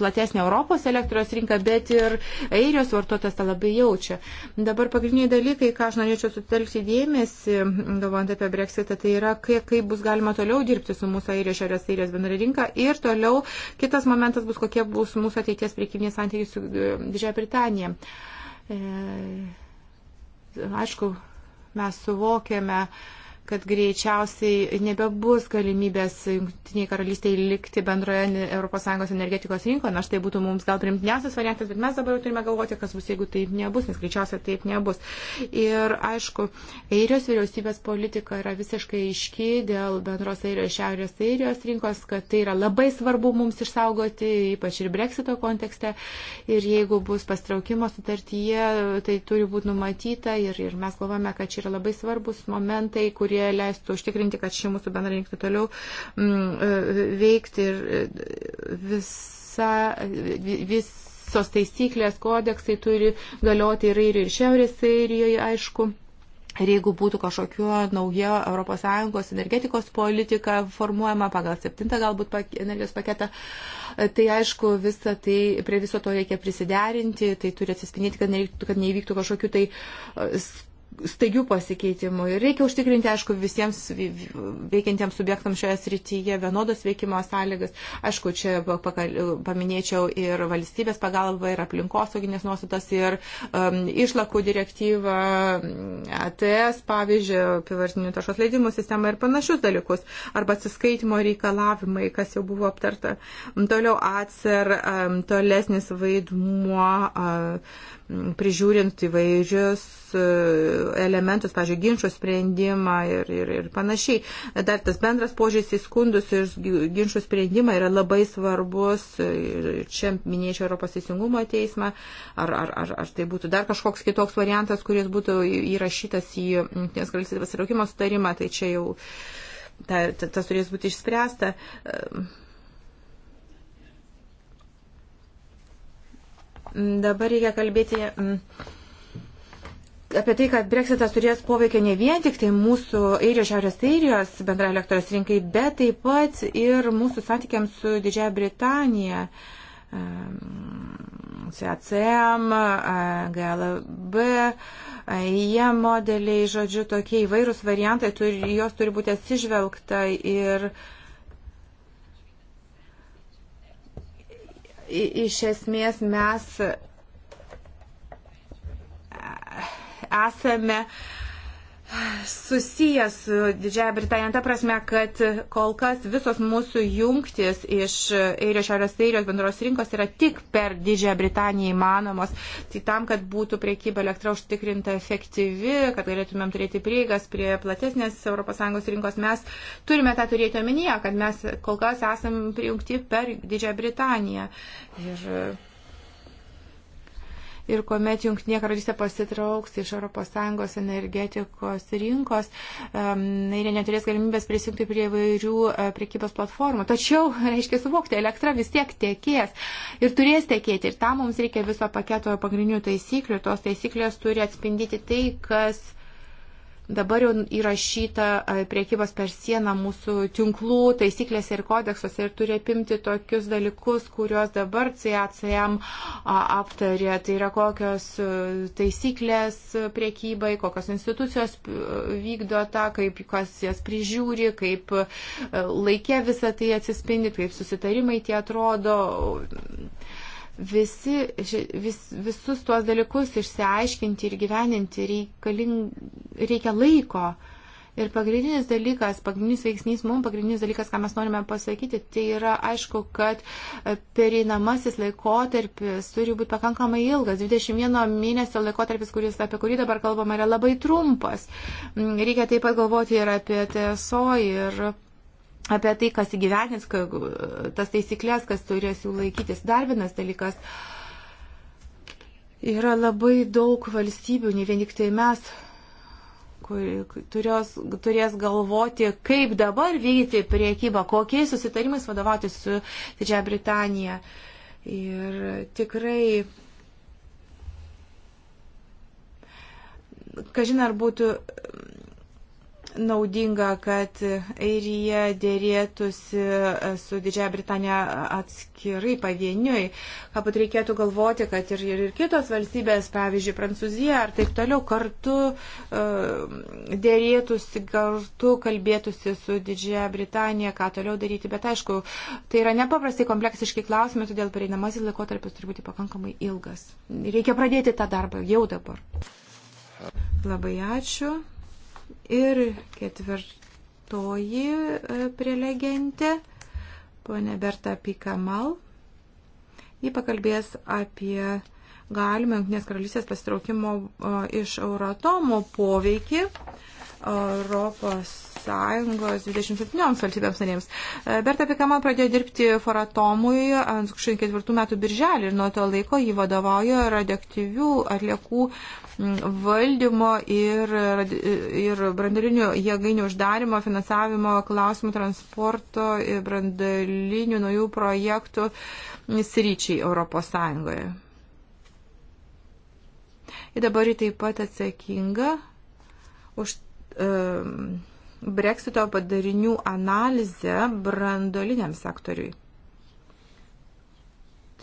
platesnė Europos elektros rinka, bet ir Airijos vartotojas tą labai jaučia. Dabar pagrindiniai dalykai, ką aš norėčiau sutelkti dėmesį, galvojant kalbant apie breksitą, tai yra, kaip, kaip bus galima toliau dirbti su mūsų airijos šiaurės airijos bendra rinka. Ir toliau kitas momentas bus, kokie bus mūsų ateities priekybiniai santykiai su e, Didžiaja Britanija. E, aišku, mes suvokėme. E, kad greičiausiai nebebus galimybės Junktiniai karalystiai likti bendroje ES energetikos rinkoje, nors tai būtų mums gal primtiniausias variantas, bet mes dabar jau turime galvoti, kas bus, jeigu taip nebus, nes greičiausiai taip nebus. Ir aišku, Airijos vyriausybės politika yra visiškai iški dėl bendros Airijos šiaurės Airijos rinkos, kad tai yra labai svarbu mums išsaugoti, ypač ir breksito kontekste. Ir jeigu bus pastraukimo sutartyje, tai turi būti numatyta ir, ir mes galvojame, kad čia yra labai svarbus momentai, kurie kurie leistų užtikrinti, kad ši mūsų bendra rinkta toliau mm, e, veikti ir e, visa, visos taisyklės, kodeksai turi galioti ir airijoje, ir šiaurės airijoje, aišku. Ir jeigu būtų kažkokio nauja ES energetikos politika formuojama pagal septintą galbūt energijos paketą, e, tai aišku, visa tai, prie viso to reikia prisiderinti, tai turi atsispindėti, kad, nereiktų, kad neįvyktų kažkokių tai staigių pasikeitimų. Ir reikia užtikrinti, aišku, visiems veikiantiems subjektams šioje srityje vienodas veikimo sąlygas. Aišku, čia paminėčiau ir valstybės pagalbą, ir aplinkosauginės nuostatas, ir um, išlakų direktyvą, ATS, pavyzdžiui, apivartinių taršos leidimų sistemą ir panašius dalykus, arba atsiskaitimo reikalavimai, kas jau buvo aptarta. Toliau atser um, tolesnis vaidmuo. Um, prižiūrint įvairius elementus, pažiūrėjau, ginčių sprendimą ir, ir, ir panašiai. Dar tas bendras požiūris į skundus ir ginčių sprendimą yra labai svarbus. Ir čia minėčiau Europos teisingumo teismą, ar, ar, ar, ar tai būtų dar kažkoks kitoks variantas, kuris būtų įrašytas į Junktinės karalystės pasiraukimo sutarimą, tai čia jau ta, ta, tas turės būti išspręsta. Dabar reikia kalbėti mm, apie tai, kad breksitas turės poveikio ne vien tik tai mūsų Airijos, Šiaurės Airijos bendra elektros rinkai, bet taip pat ir mūsų santykiams su Didžiaja Britanija. CACM, GLB, jie e modeliai, žodžiu, tokie įvairūs variantai, turi, jos turi būti atsižvelgta ir iš esmės mes esame susijęs su Didžiaja Britanija, ta prasme, kad kol kas visos mūsų jungtis iš Airijos šiaurės Airijos bendros rinkos yra tik per Didžiąją Britaniją įmanomos. Tai tam, kad būtų priekyba elektra užtikrinta efektyvi, kad galėtumėm turėti prieigas prie platesnės ES rinkos, mes turime tą turėti omenyje, kad mes kol kas esam prijungti per Didžiąją Britaniją. Ir ir kuomet Junktinė karalystė pasitrauks iš ES energetikos rinkos, ir neturės galimybės prisijungti prie įvairių e, priekybos platformų. Tačiau, reiškia, suvokti, elektra vis tiek tiekės ir turės tiekėti. Ir tam mums reikia viso paketo pagrindinių taisyklių. Tos taisyklės turi atspindyti tai, kas dabar jau įrašyta priekybos per sieną mūsų tinklų taisyklėse ir kodeksuose ir turi apimti tokius dalykus, kuriuos dabar CACM aptarė. Tai yra kokios taisyklės priekybai, kokios institucijos vykdo tą, kaip kas jas prižiūri, kaip laikė visą tai atsispindi, kaip susitarimai tie atrodo visi, vis, visus tuos dalykus išsiaiškinti ir gyveninti reikaling, reikia laiko. Ir pagrindinis dalykas, pagrindinis veiksnys mums, pagrindinis dalykas, ką mes norime pasakyti, tai yra aišku, kad e, pereinamasis laikotarpis turi būti pakankamai ilgas. 21 mėnesio laikotarpis, kuris, apie kurį dabar kalbama, yra labai trumpas. Mm, reikia taip pat galvoti ir apie TSO ir apie tai, kas įgyvenins tas taisyklės, kas turės jų laikytis. Dar vienas dalykas. Yra labai daug valstybių, ne vien tik tai mes, kurios turės galvoti, kaip dabar vykdyti priekybą, kokiais susitarimais vadovauti su Didžiaja Britanija. Ir tikrai, kažin ar būtų naudinga, kad Airija dėrėtųsi e, su Didžiaja Britanija atskirai pavieniui. Galbūt reikėtų galvoti, kad ir, ir, ir kitos valstybės, pavyzdžiui, Prancūzija ar taip toliau, kartu e, dėrėtųsi, kartu kalbėtųsi su Didžiaja Britanija, ką toliau daryti. Bet aišku, tai yra nepaprastai kompleksiški klausimai, todėl pereinamasis laikotarpis turi būti pakankamai ilgas. Reikia pradėti tą darbą jau dabar. Labai ačiū. Ir ketvirtoji e, prelegentė, ponė Berta Pikamal. Ji pakalbės apie galima Junktinės karalystės pasitraukimo e, iš Euratomo poveikį Europos Sąjungos 27 valstybėms narėms. E, Berta Pikama pradėjo dirbti Foratomui 2004 metų birželį ir nuo to laiko jį vadovauja radioaktyvių atliekų valdymo ir, ir brandalinių jėgainių uždarimo, finansavimo klausimų, transporto ir brandalinių naujų projektų sryčiai Europos Sąjungoje. Ir dabar ji taip pat atsakinga už um, breksito padarinių analizę brandoliniam sektoriui.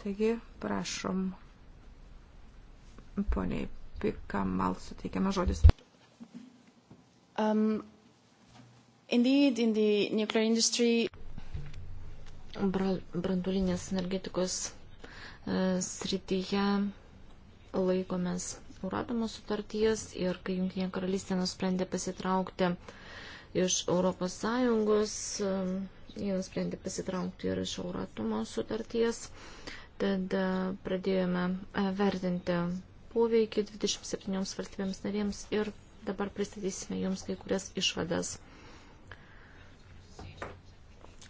Taigi, prašom, poniai Pikamal suteikiamas žodis. Um, indeed, in the nuclear industry... Bra brandulinės energetikos uh, srityje laikomės Uratomo sutarties ir kai Junktinė karalystė nusprendė pasitraukti uh, iš ES, jie nusprendė pasitraukti ir iš Euratomo sutarties. Tad pradėjome e, vertinti poveikį 27 valstybėms narėms ir dabar pristatysime jums kai kurias išvadas.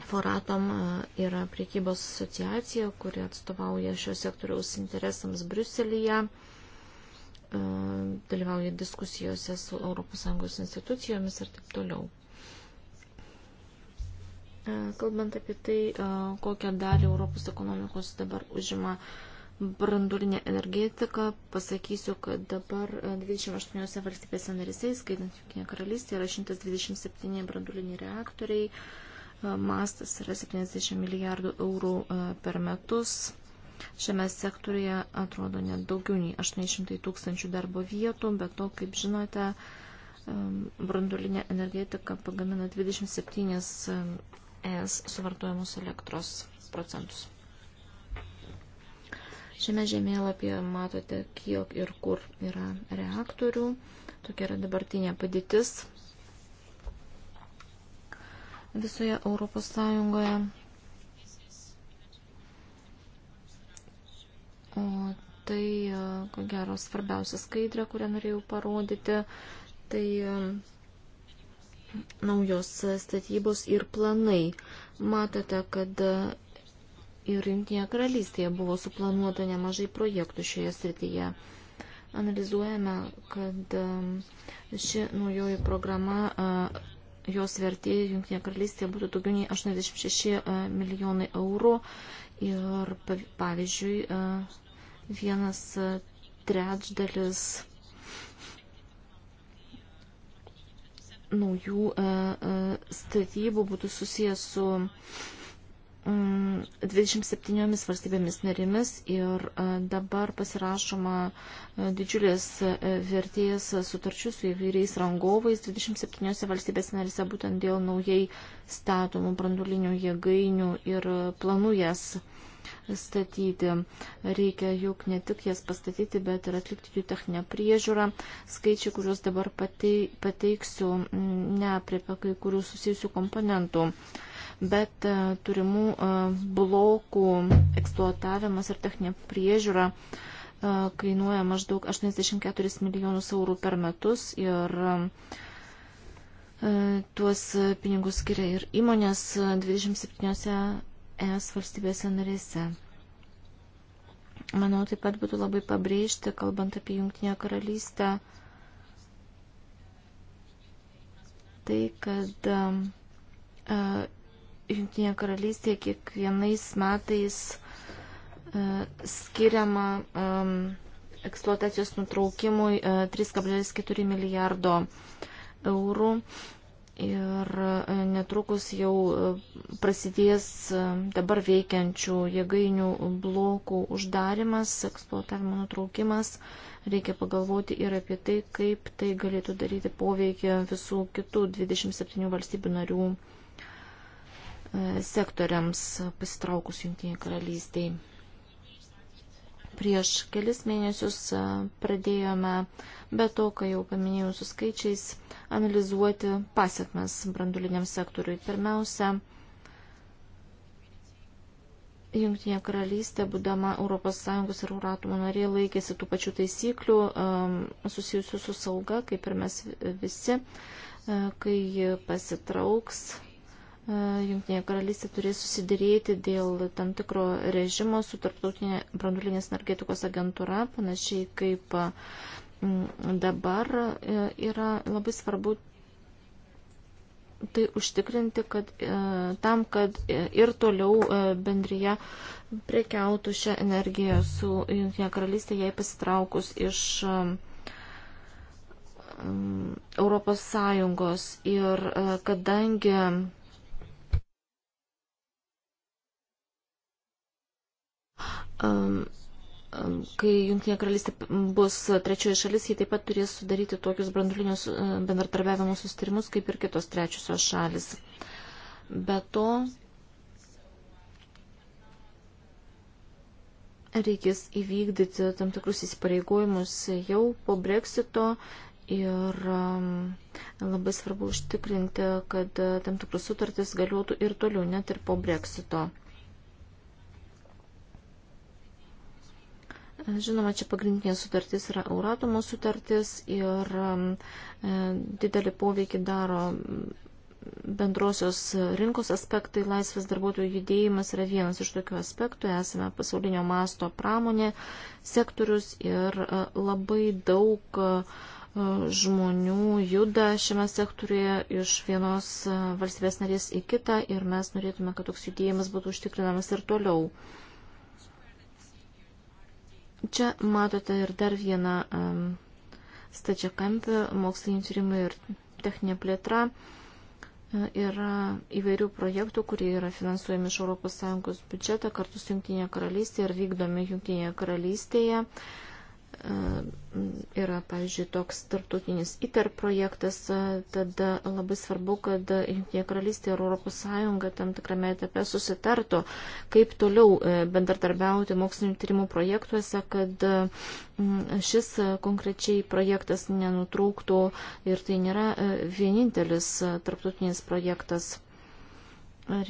Foratom e, yra priekybos asociacija, kuri atstovauja šio sektoriaus interesams Bruselėje dalyvauja diskusijose su ES institucijomis ir taip toliau. Kalbant apie tai, kokią dalį Europos ekonomikos dabar užima brandulinė energetika, pasakysiu, kad dabar 28 valstybėse narėse, skaitant Junkinė karalystė, yra 127 branduliniai reaktoriai, mastas yra 70 milijardų eurų per metus, Šiame sektoriuje atrodo net daugiau nei 800 tūkstančių darbo vietų, bet to, kaip žinote, branduolinė energetika pagamina 27 ES suvartojamos elektros procentus. Šiame žemėlapyje matote, kiek ir kur yra reaktorių. Tokia yra dabartinė padėtis visoje Europos Sąjungoje. O tai, e, ko gero, svarbiausia skaidrė, kurią norėjau parodyti, tai e, naujos statybos ir planai. Matote, kad e, ir Junktinėje karalystėje buvo suplanuota nemažai projektų šioje srityje. Analizuojame, kad ši naujoji programa, jos vertė Junktinėje karalystėje būtų daugiau nei 86 milijonai eurų ir pavyzdžiui vienas trečdalis naujų e, e, statybų būtų susijęs su 27 mm, valstybėmis narėmis ir e, dabar pasirašoma didžiulės vertės sutarčių su įvairiais rangovais 27 valstybės narėse būtent dėl naujai statomų brandulinių jėgainių ir planų jas statyti. Reikia juk ne tik jas pastatyti, bet ir atlikti jų techninę priežiūrą. Skaičiai, kuriuos dabar pateiksiu, mm, neapriepia kai kurių susijusių komponentų bet e, turimų e, blokų eksploatavimas ir techninė priežiūra e, kainuoja maždaug 84 milijonus eurų per metus ir tuos pinigus skiria ir įmonės 27 es valstybėse narėse. Manau, taip pat būtų labai pabrėžti, kalbant apie Junktinę karalystę, tai, kad uh, um, e, Junktinė karalystė kiekvienais metais uh, skiriama um, eksploatacijos nutraukimui e, uh, 3,4 milijardo eurų. Uh, Ir e, netrukus jau e, prasidės e, dabar veikiančių jėgainių blokų uždarimas, eksploatavimo nutraukimas. Reikia pagalvoti ir apie tai, kaip tai galėtų daryti poveikį visų kitų 27 valstybių narių sektoriams pasitraukus Junktinė karalystėje. Prieš kelis mėnesius pradėjome, be to, kai jau paminėjau su skaičiais, analizuoti pasiekmes branduliniam sektoriui. Pirmiausia, Junktinė karalystė, būdama ES ir Euratomo narė, laikėsi tų pačių taisyklių susijusių su sauga, kaip ir mes visi, kai pasitrauks E, Junktinė karalystė turės susidėrėti dėl tam tikro režimo su tarptautinė brandulinės energetikos agentūra, panašiai kaip dabar e, yra labai svarbu tai užtikrinti, kad e, tam, kad ir toliau bendryje prekiautų šią energiją su Junktinė karalystė, jai pasitraukus iš Europos Sąjungos ir kadangi Kai Junktinė karalystė bus trečioji šalis, jie taip pat turės sudaryti tokius brandulinius e, bendratarbiavimo sustarimus, kaip ir kitos trečiosios šalis. Be to, reikės įvykdyti tam tikrus įsipareigojimus jau po breksito ir labai svarbu užtikrinti, kad tam tikrus sutartis galiotų ir toliau, net ir po breksito. Žinoma, čia pagrindinė sutartis yra Euratomo sutartis ir um, e, didelį poveikį daro mm, bendrosios rinkos aspektai, laisvas darbuotojų judėjimas yra vienas iš tokių aspektų. Esame pasaulinio masto pramonė, sektorius ir e, labai daug e, žmonių juda šiame sektoriuje iš vienos valstybės narės į kitą ir mes norėtume, kad toks judėjimas būtų užtikrinamas ir toliau. Čia matote ir dar vieną um, stačią kampį, moksliniai tyrimai ir techninė plėtra. E, yra įvairių projektų, kurie yra finansuojami iš ES biudžeto kartu su Junktinėje karalystėje ir vykdomi Junktinėje karalystėje. Uh, E, yra, pavyzdžiui, toks tarptautinis ITER projektas, e, tada labai svarbu, kad Junktinė karalystė ir Europos Sąjunga tam tikrame etape susitarto, kaip toliau e, bendradarbiauti mokslinio tyrimų projektuose, kad šis konkrečiai projektas nenutrūktų ir tai nėra vienintelis tarptautinis projektas.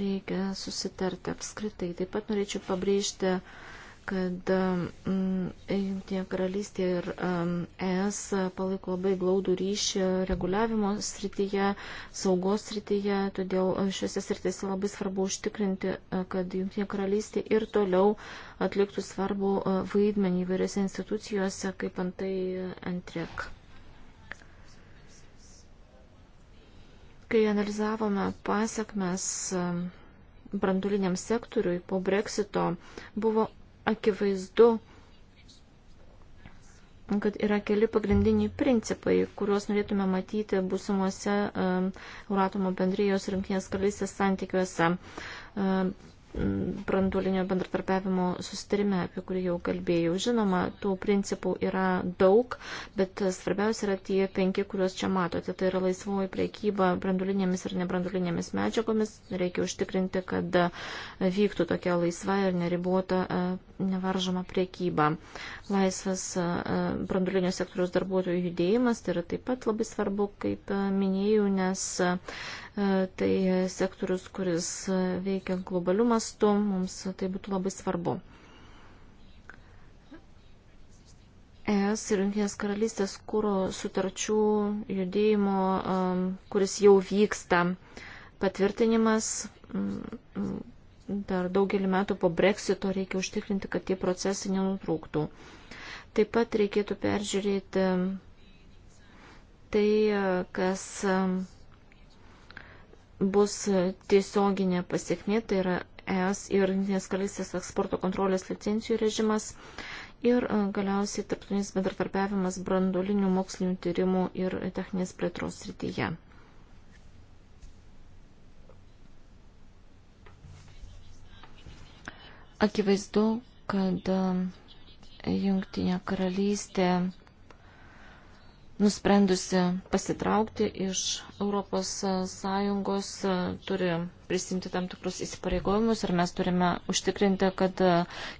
Reikia susitarti apskritai. Taip pat norėčiau pabrėžti, kad um, Jungtinė karalystė ir um, ES palaiko labai glaudų ryšį reguliavimo srityje, saugos srityje, todėl uh, šiuose srityse labai svarbu užtikrinti, uh, kad Jungtinė karalystė ir toliau atliktų svarbu uh, vaidmenį įvairiose institucijose, kaip antai Antrek. Kai analizavome pasiekmes um, branduliniam sektoriui po breksito, buvo akivaizdu, kad yra keli pagrindiniai principai, kuriuos norėtume matyti būsimuose um, Euratomo bendrijos rinktinės karalystės santykiuose. Um, branduolinio bendratarpiavimo sustarime, apie kurį jau kalbėjau. Žinoma, tų principų yra daug, bet svarbiausia yra tie penki, kuriuos čia matote. Tai yra laisvoji priekyba branduolinėmis ir nebranduolinėmis medžiagomis. Reikia užtikrinti, kad vyktų tokia laisva ir neribuota e, nevaržoma priekyba. Laisvas e, branduolinio sektoriaus darbuotojų judėjimas tai yra taip pat labai svarbu, kaip e, minėjau, nes E, tai sektorius, kuris veikia globalių mastų, mums tai būtų labai svarbu. ES ir Junktinės karalystės kūro sutarčių judėjimo, e, kuris jau vyksta, patvirtinimas dar daugelį metų po breksito reikia užtikrinti, kad tie procesai nenutrūktų. Taip pat reikėtų peržiūrėti tai, kas bus tiesioginė pasiekmė, tai yra ES ir Junktinės karalystės eksporto kontrolės licencijų režimas ir e, galiausiai tarptautinis bendradarbiavimas brandolinių mokslinių tyrimų ir techninės plėtros srityje. Akivaizdu, kad e, Junktinė karalystė nusprendusi pasitraukti iš ES turi prisimti tam tikrus įsipareigojimus ir mes turime užtikrinti, kad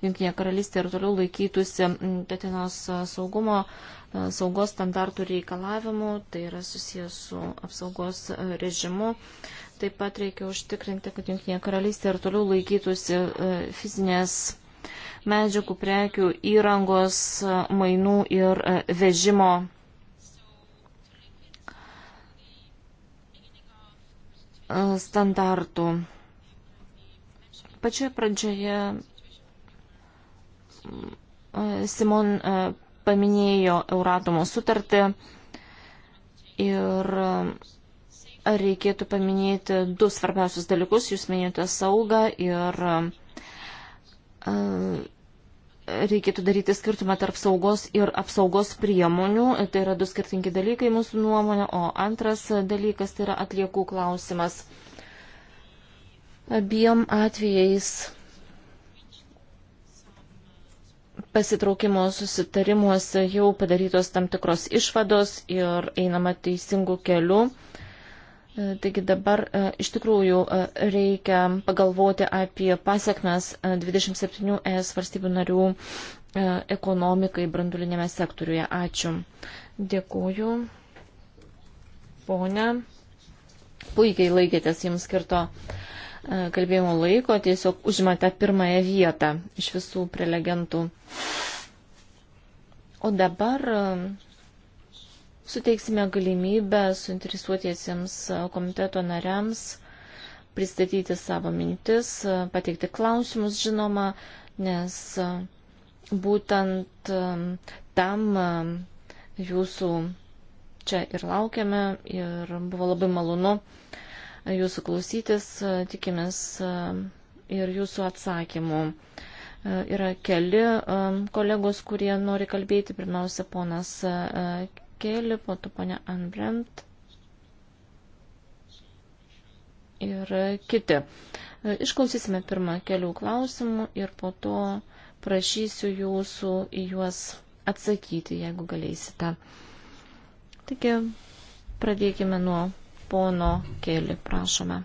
Junkinė karalystė ir toliau laikytųsi Tetinos saugumo, saugos standartų reikalavimų, tai yra susijęs su apsaugos režimu. Taip pat reikia užtikrinti, kad Junkinė karalystė ir toliau laikytųsi e, fizinės medžiagų, prekių, įrangos, mainų ir e, vežimo E, standartų. Pačioje pradžioje e, Simon e, paminėjo Euratomo sutartį ir reikėtų paminėti du svarbiausius dalykus. Jūs minėjote saugą ir reikėtų daryti skirtumą tarp saugos ir apsaugos priemonių. Tai yra du skirtingi dalykai mūsų nuomonė. O antras dalykas tai yra atliekų klausimas. Abiem atvejais pasitraukimo susitarimuose jau padarytos tam tikros išvados ir einama teisingų kelių. Taigi dabar e, iš tikrųjų e, reikia pagalvoti apie pasiekmes 27 e, ES valstybių narių ekonomikai brandulinėme sektoriuje. Ačiū. Dėkuoju. Pone, puikiai laikėtės jums skirto kalbėjimo laiko, tiesiog užimate pirmąją vietą iš visų prelegentų. O dabar suteiksime galimybę suinteresuotiesiems komiteto nariams pristatyti savo mintis, pateikti klausimus, žinoma, nes būtent tam jūsų čia ir laukiame ir buvo labai malonu jūsų klausytis, tikimės ir jūsų atsakymų. Yra keli kolegos, kurie nori kalbėti, pirmiausia, ponas Kėlį, po to ponia Anbremt ir kiti. Išklausysime pirmą kelių klausimų ir po to prašysiu jūsų į juos atsakyti, jeigu galėsite. Taigi, pradėkime nuo pono Kėlį, prašome.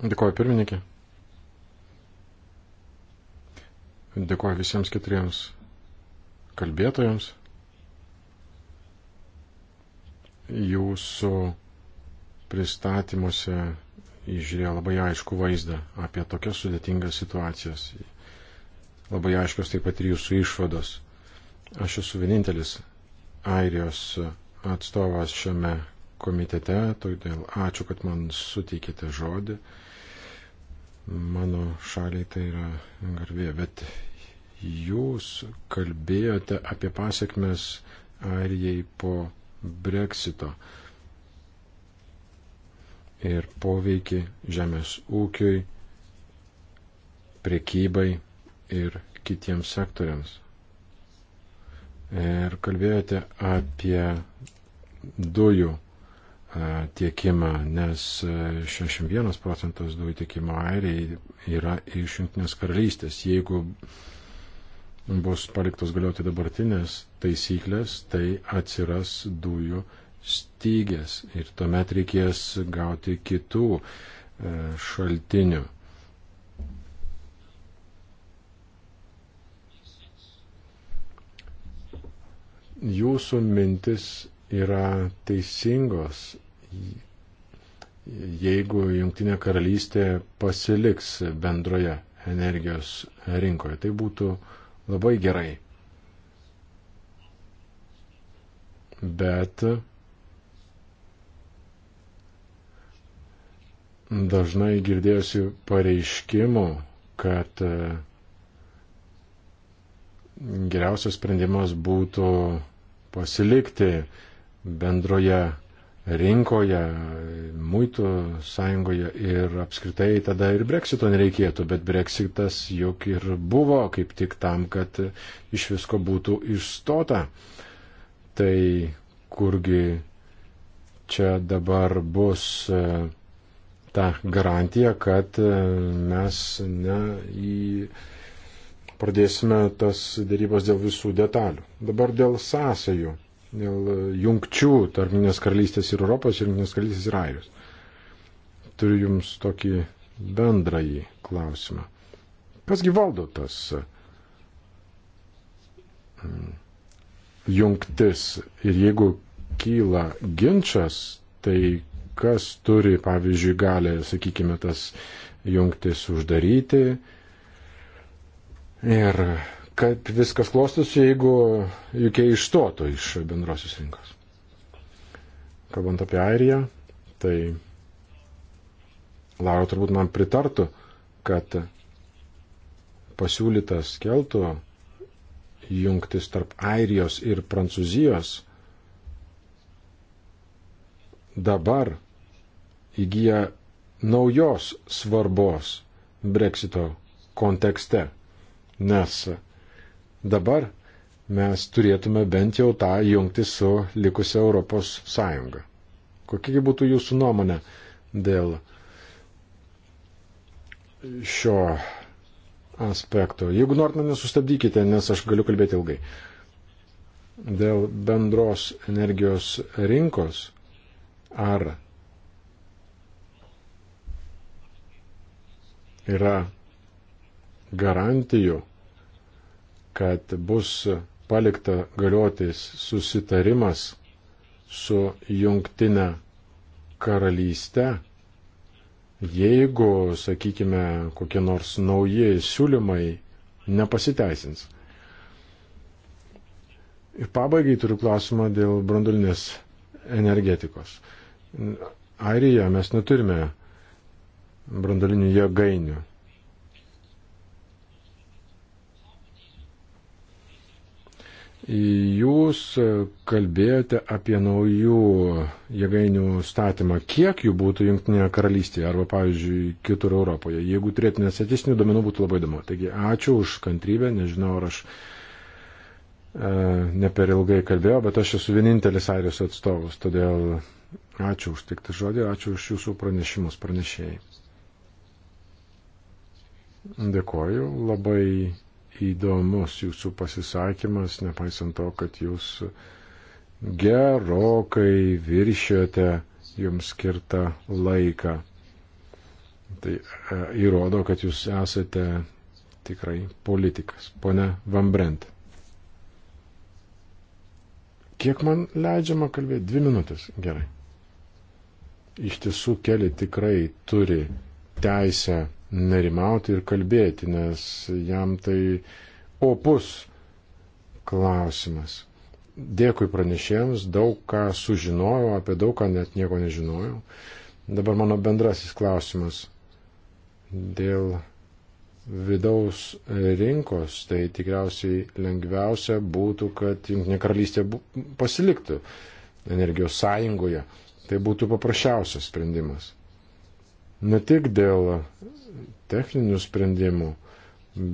Dėkuoju pirmininkė. Dėkuoju visiems keturiems kalbėtojams. Jūsų pristatymuose išžiūrėjo labai aišku vaizdą apie tokias sudėtingas situacijas. Labai aiškios taip pat ir jūsų išvados. Aš esu vienintelis Airijos atstovas šiame komitete, todėl ačiū, kad man suteikėte žodį. Mano šaliai tai yra garbė, bet Jūs kalbėjote apie pasiekmes Airijai po breksito ir poveikį žemės ūkiui, priekybai ir kitiems sektoriams. Ir kalbėjote apie dujų tiekimą, nes 61 procentas dujų tiekimo airiai yra iš Junktinės karalystės. Jeigu bus paliktos galioti dabartinės taisyklės, tai atsiras dujų stygės ir tuomet reikės gauti kitų e, šaltinių. Jūsų mintis yra teisingos, jeigu Junktinė karalystė pasiliks bendroje energijos rinkoje. Tai būtų uh, labai gerai. Bet dažnai girdėjusi pareiškimų, kad e, geriausias sprendimas būtų pasilikti bendroje rinkoje, muitų sąjungoje ir apskritai tada ir breksito nereikėtų, bet breksitas juk ir buvo kaip tik tam, kad iš visko būtų išstota. Tai kurgi čia dabar bus e, ta garantija, kad e, mes ne į pradėsime tas dėrybas dėl visų detalių. Dabar dėl sąsajų dėl e, jungčių tarp Junktinės karalystės ir Europos ir Junktinės karalystės ir Airijos. Turiu Jums tokį bendrąjį klausimą. Kasgi valdo tas e, jungtis ir jeigu kyla ginčas, tai kas turi, pavyzdžiui, gali, sakykime, tas jungtis uždaryti ir kaip viskas klostosi, jeigu UK išstotų iš bendrosios rinkos. Kalbant apie Airiją, tai Laura turbūt man pritartų, kad pasiūlytas keltų jungtis tarp Airijos ir Prancūzijos dabar įgyja naujos svarbos Brexito kontekste, nes Dabar mes turėtume bent jau tą jungti su likusia Europos Sąjunga. Kokiagi būtų jūsų nuomonė dėl šio aspekto? Jeigu norite, mane sustabdykite, nes aš galiu kalbėti ilgai. Dėl bendros energijos rinkos ar yra garantijų kad bus palikta galiotis susitarimas su jungtinė karalystė, jeigu, sakykime, kokie nors nauji siūlymai nepasiteisins. Ir pabaigai turiu klausimą dėl brandulinės energetikos. Airija mes neturime brandolinių jėgainių. Jūs kalbėjote apie naujų jėgainių statymą. Kiek jų būtų Junktinėje karalystėje arba, pavyzdžiui, kitur Europoje? Jeigu turėtume statistinių duomenų, būtų labai įdomu. Taigi, ačiū už kantrybę. Nežinau, ar aš e, ne per ilgai kalbėjau, bet aš esu vienintelis airijos atstovas. Todėl ačiū už tiktą žodį, ačiū už jūsų pranešimus pranešėjai. Dėkoju. Labai įdomus jūsų pasisakymas, nepaisant to, kad jūs gerokai viršiote jums skirtą laiką. Tai e, įrodo, kad jūs esate tikrai politikas. Pone Vambrent. Kiek man leidžiama kalbėti? Dvi minutės. Gerai. Iš tiesų keli tikrai turi teisę nerimauti ir kalbėti, nes jam tai opus klausimas. Dėkui pranešėjams, daug ką sužinojau, apie daug ką net nieko nežinojau. Dabar mano bendrasis klausimas dėl vidaus rinkos, tai tikriausiai lengviausia būtų, kad Junktinė karalystė pasiliktų energijos sąjungoje. Tai būtų paprasčiausias sprendimas ne tik dėl techninių sprendimų,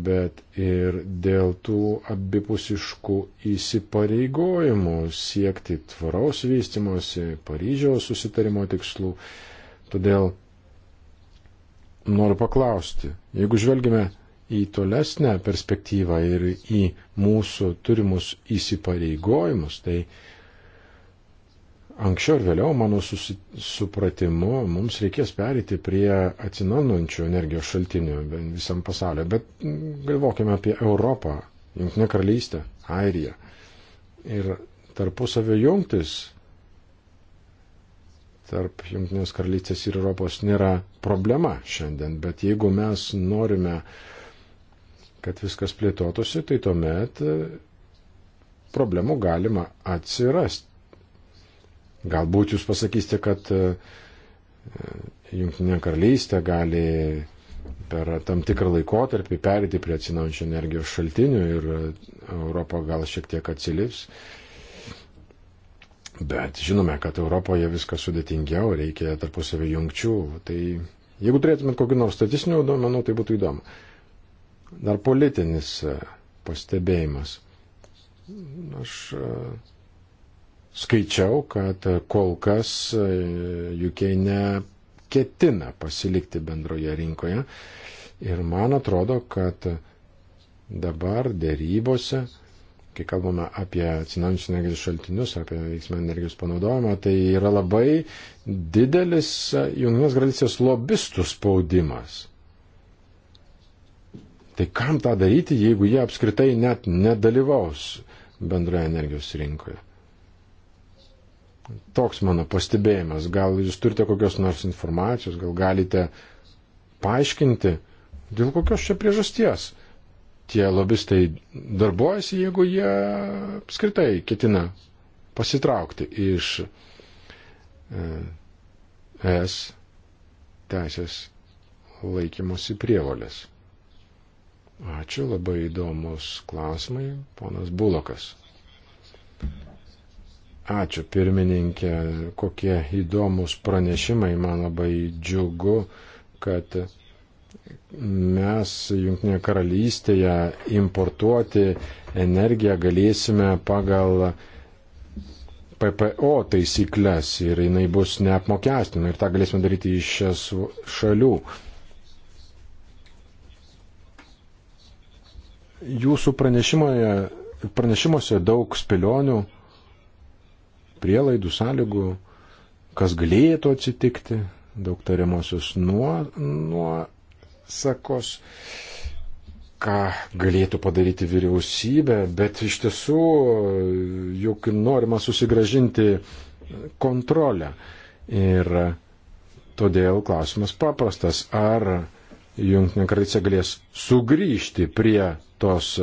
bet ir dėl tų abipusiškų įsipareigojimų siekti tvaraus vystimosi, Paryžiaus susitarimo tikslų. Todėl noriu paklausti, jeigu žvelgime į tolesnę perspektyvą ir į mūsų turimus įsipareigojimus, tai Anksčiau ir vėliau, mano supratimu, mums reikės perėti prie atsinaujančių energijos šaltinių visam pasauliu. Bet galvokime apie Europą, Junktinę karalystę, Airiją. Ir tarpusavio jungtis tarp Junktinės karalystės ir Europos nėra problema šiandien. Bet jeigu mes norime, kad viskas plėtotųsi, tai tuomet e, problemų galima atsirasti Galbūt jūs pasakysite, kad e, Junktinė karalystė gali per tam tikrą laikotarpį perėti prie atsinaujančių energijos šaltinių ir e, Europa gal šiek tiek atsilips. Bet žinome, kad Europoje viskas sudėtingiau, reikia tarpusavį jungčių. Tai jeigu turėtumėt kokiu nors statistiniu duomenų, tai būtų įdomu. Dar politinis e, pastebėjimas. Aš skaičiau, kad kol kas e, UK neketina pasilikti bendroje rinkoje. Ir man atrodo, kad dabar dėrybose, kai kalbame apie atsinaujinančius energijos šaltinius, apie veiksmą energijos panaudojimą, tai yra labai didelis e, Junktinės karalystės lobistų spaudimas. Tai kam tą daryti, jeigu jie apskritai net nedalyvaus bendroje energijos rinkoje? Toks mano pastebėjimas. Gal jūs turite kokios nors informacijos, gal galite paaiškinti, dėl kokios čia priežasties tie lobistai darbuojasi, jeigu jie apskritai ketina pasitraukti iš e, ES teisės laikymosi prievolės. Ačiū, labai įdomus klausimai, ponas Bulokas. Ačiū pirmininkė, kokie įdomus pranešimai, man labai džiugu, kad mes Junktinėje karalystėje importuoti energiją galėsime pagal PPO taisyklės ir jinai bus neapmokestinama ir tą galėsime daryti iš šias šalių. Jūsų pranešimuose daug spėlionių prielaidų, sąlygų, kas galėtų atsitikti, daug tariamosios nuo, nuosakos, ką galėtų padaryti vyriausybė, bet iš tiesų juk norima susigražinti kontrolę. Ir todėl klausimas paprastas, ar Junktinė karalystė galės sugrįžti prie tos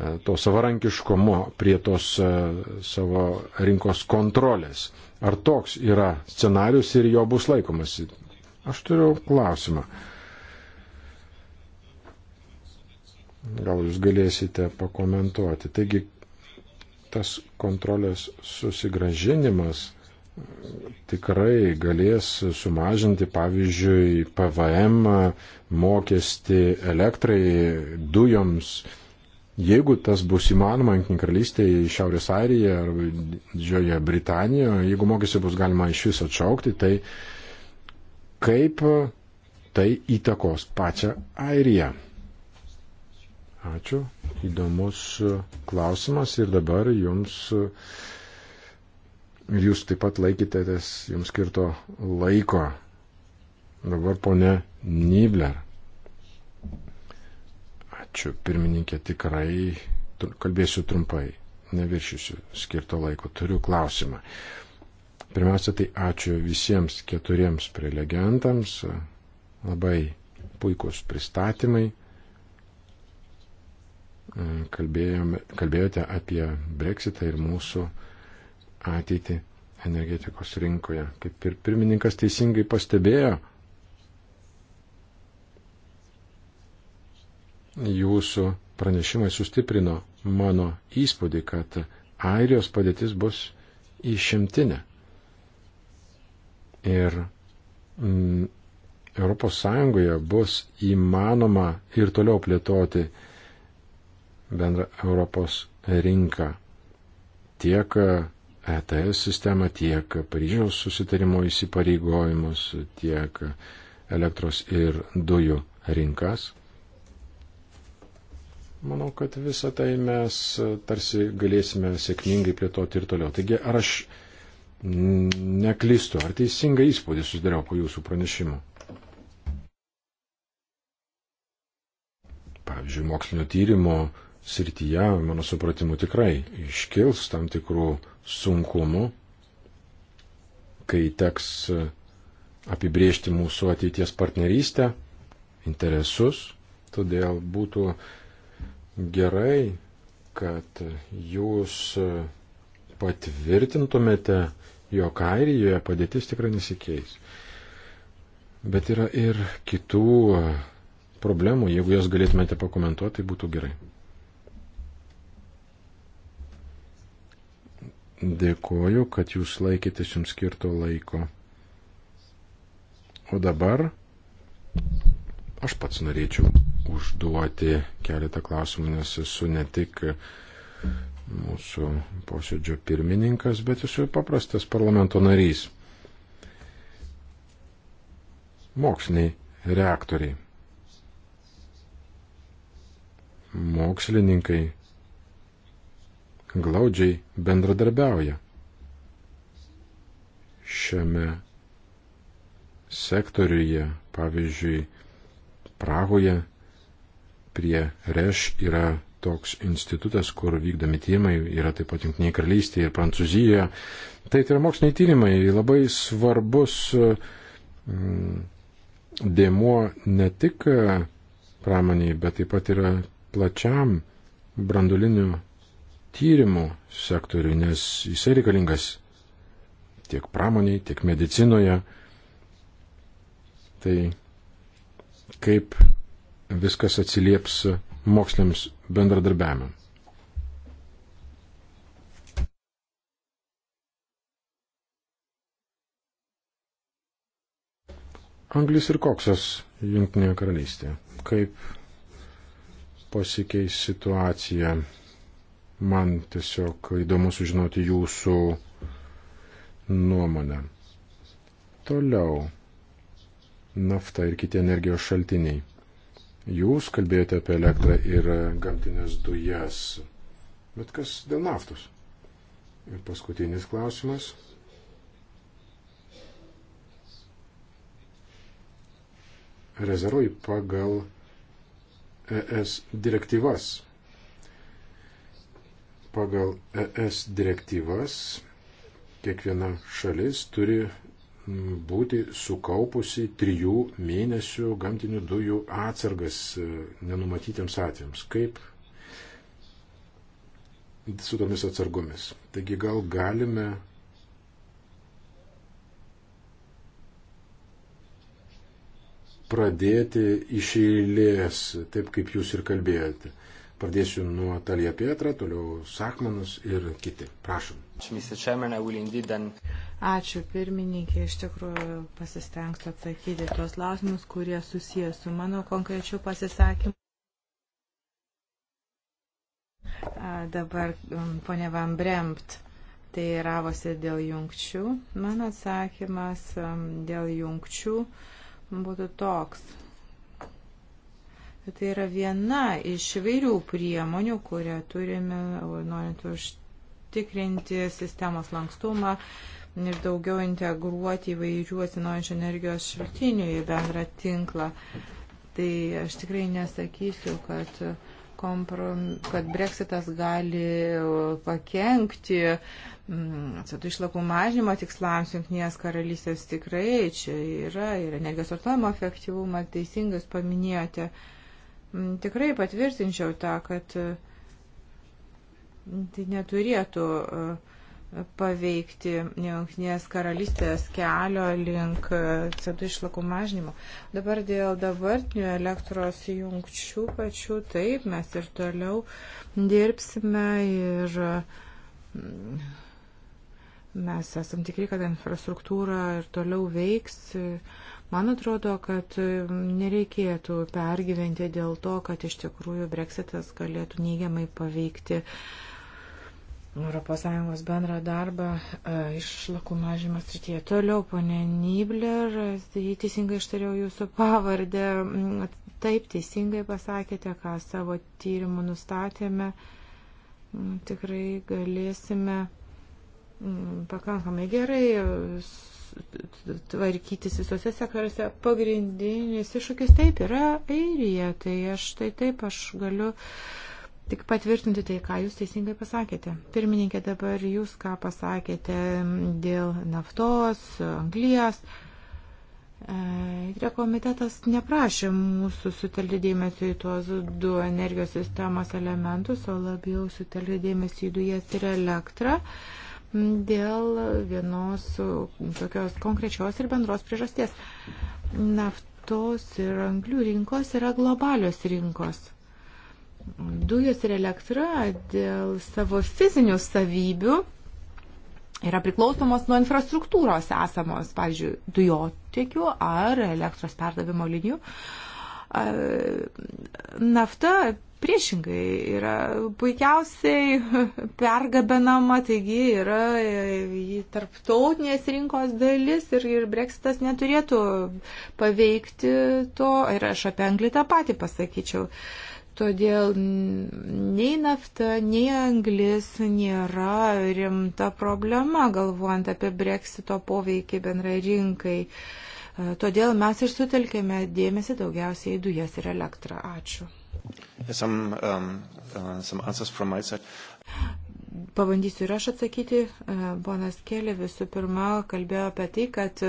E, to savarankiškumo, prie tos e, savo rinkos kontrolės. Ar toks yra scenarius ir jo bus laikomasi? Aš turiu klausimą. Gal jūs galėsite pakomentuoti. Taigi, tas kontrolės susigražinimas tikrai galės sumažinti, pavyzdžiui, PVM mokestį elektrai, dujoms, Jeigu tas bus įmanoma, Junktinė karalystė, Šiaurės Airija ar Didžioje Britanijoje, jeigu mokesčių bus galima iš viso atšaukti, tai kaip tai įtakos pačią Airiją? Ačiū. Įdomus klausimas ir dabar jums, jūs taip pat laikytėtės jums skirto laiko. Dabar ponė Nibler. Ačiū, pirmininkė, tikrai kalbėsiu trumpai, neviršysiu skirto laiko, turiu klausimą. Pirmiausia, tai ačiū visiems keturiems prelegentams, labai puikūs pristatymai. Kalbėjome, kalbėjote apie Brexitą ir mūsų ateitį energetikos rinkoje. Kaip ir pirmininkas teisingai pastebėjo, jūsų pranešimai sustiprino mano įspūdį, kad Airijos padėtis bus išimtinė. Ir mm, ES bus įmanoma ir toliau plėtoti bendrą Europos rinką tiek ETS sistemą, tiek Paryžiaus susitarimo įsipareigojimus, tiek elektros ir dujų rinkas. Manau, kad visą tai mes e, tarsi galėsime sėkmingai plėtoti ir toliau. Taigi, ar aš neklystu, ar teisingą įspūdį susidariau po jūsų pranešimo? Pavyzdžiui, mokslinio tyrimo srityje, mano supratimu, tikrai iškils tam tikrų sunkumų, kai teks e, apibriežti mūsų ateities partnerystę, interesus, todėl būtų gerai, kad jūs patvirtintumėte, jog Airijoje padėtis tikrai nesikeis. Bet yra ir kitų e, problemų, jeigu jas galėtumėte pakomentuoti, tai būtų gerai. Dėkoju, kad jūs laikėtės jums skirto laiko. O dabar aš pats norėčiau užduoti keletą klausimų, nes esu ne tik mūsų posėdžio pirmininkas, bet esu paprastas parlamento narys. Moksliniai reaktoriai. Mokslininkai glaudžiai bendradarbiauja šiame sektoriuje, pavyzdžiui, Prahoje prie REŠ yra toks institutas, kur vykdomi tyrimai, yra taip pat Junktinėje karalystėje ir Prancūzijoje. Tai, tai yra moksliniai tyrimai, labai svarbus mm, dėmuo ne tik e, pramoniai, bet taip pat yra plačiam brandulinių tyrimų sektoriui, nes jisai reikalingas tiek pramoniai, tiek medicinoje. Tai kaip viskas atsilieps moksliams bendradarbiavimam. Anglis ir koksas Junktinėje karalystėje. Kaip pasikeis situacija? Man tiesiog įdomu sužinoti jūsų nuomonę. Toliau. Nafta ir kiti energijos šaltiniai. Jūs kalbėjote apie elektrą ir gamtinės dujas. Bet kas dėl naftos? Ir paskutinis klausimas. Rezervai pagal ES direktyvas. Pagal ES direktyvas kiekviena šalis turi būti sukaupusi trijų mėnesių gamtinių dujų atsargas e, nenumatytiems atvejams. Kaip su tomis atsargomis? Taigi gal galime pradėti iš eilės, taip kaip jūs ir kalbėjote. Pradėsiu nuo Talija Pietra, toliau Sakmanas ir kiti. Prašom. Ačiū pirmininkė, iš tikrųjų pasistengsiu atsakyti tuos lausimus, kurie susijęs su mano konkrečiu pasisakymu. Dabar um, ponė Van Bremt teiravosi dėl jungčių. Mano atsakymas um, dėl jungčių būtų toks Tai yra viena iš vairių priemonių, kurią turime, norint užtikrinti sistemos lankstumą ir daugiau integruoti įvairių atsinaujančių energijos šaltinių į bendrą tinklą. Tai aš tikrai nesakysiu, kad, komprom, kad breksitas gali pakenkti CO2 mm, išlakų mažinimo tikslams jungtinės karalystės tikrai čia yra ir energijos vartojimo efektyvumą teisingai jūs paminėjote. Uh, Mm, tikrai patvirtinčiau tą, kad mm, tai neturėtų e, paveikti jungtinės karalystės kelio link e, CO2 išlakų mažinimo. Dabar dėl dabartinių elektros jungčių pačių, taip, mes ir toliau dirbsime ir mm, mes esam tikri, kad infrastruktūra ir toliau veiks. Man atrodo, kad mm, nereikėtų pergyventi dėl to, kad iš tikrųjų breksitas galėtų neigiamai paveikti ES bendrą darbą e, išlakų mažymą srityje. Toliau, ponė Nibler, tai teisingai ištariau jūsų pavardę. Mm, taip, teisingai pasakėte, ką savo tyrimu nustatėme. Mm, tikrai galėsime pakankamai gerai tvarkytis visose sektoriuose. Pagrindinis iššūkis taip yra Airija, tai aš tai taip aš galiu tik patvirtinti tai, ką jūs teisingai pasakėte. Pirmininkė, dabar jūs ką pasakėte dėl naftos, anglijas. E, Įtrio komitetas neprašė mūsų sutelkti dėmesį į tuos du energijos sistemos elementus, o labiau sutelkti dėmesį į dujas ir elektrą. Uh, dėl vienos tokios konkrečios ir bendros priežasties. Naftos ir anglių rinkos yra globalios rinkos. Dujos ir elektra dėl savo fizinių savybių yra priklausomos nuo infrastruktūros esamos, pavyzdžiui, dujotiekių ar elektros perdavimo linijų. Nafta priešingai yra puikiausiai pergabenama, taigi yra e, tarptautinės rinkos dalis ir, ir breksitas neturėtų paveikti to. Ir aš apie Anglį tą patį pasakyčiau. Todėl nei nafta, nei anglis nėra rimta problema, galvojant apie breksito poveikį bendrai rinkai. E, todėl mes ir sutelkėme dėmesį daugiausiai į dujas ir elektrą. Ačiū. Some, um, uh, some answers from my side. Pabandysiu ir aš atsakyti. Bonas e, Kelė visų pirma kalbėjo apie tai, kad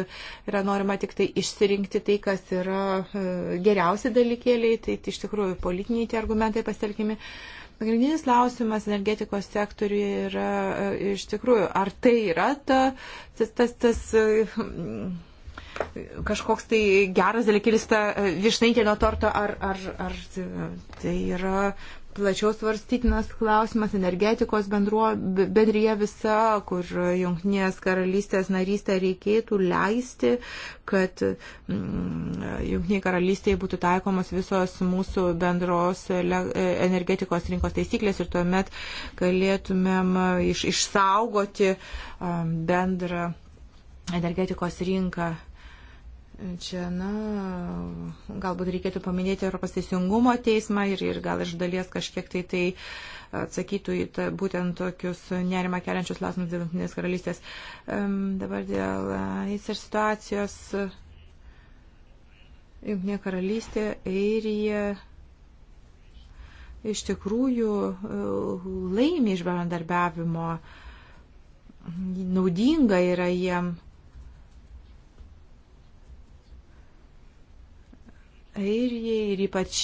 yra norima tik tai išsirinkti tai, kas yra e, geriausi dalykėliai, tai, tai iš tikrųjų politiniai tie argumentai pasitelkimi. Pagrindinis klausimas energetikos sektoriuje yra e, iš tikrųjų, ar tai yra ta, tas, tas, tas kažkoks tai geras dalykėlis ta e, višnaitėlio torto, ar, ar, ar e, tai yra plačiau svarstytinas klausimas energetikos bendruo, bendryje visa, kur jungtinės karalystės narystę reikėtų leisti, kad mm, jungtiniai karalystėje būtų taikomos visos mūsų bendros e, energetikos rinkos taisyklės ir tuomet galėtumėm iš, išsaugoti bendrą energetikos rinką Čia, na, galbūt reikėtų paminėti Europos teisingumo teismą ir, ir gal iš dalies kažkiek tai tai atsakytų į ta, būtent tokius nerimą keliančius klausimus dėl Junktinės karalystės. Um, dabar dėl jis ir situacijos Junktinė karalystė, Airija iš tikrųjų e, laimi iš bendarbiavimo, naudinga yra jiems Airijai ir ypač,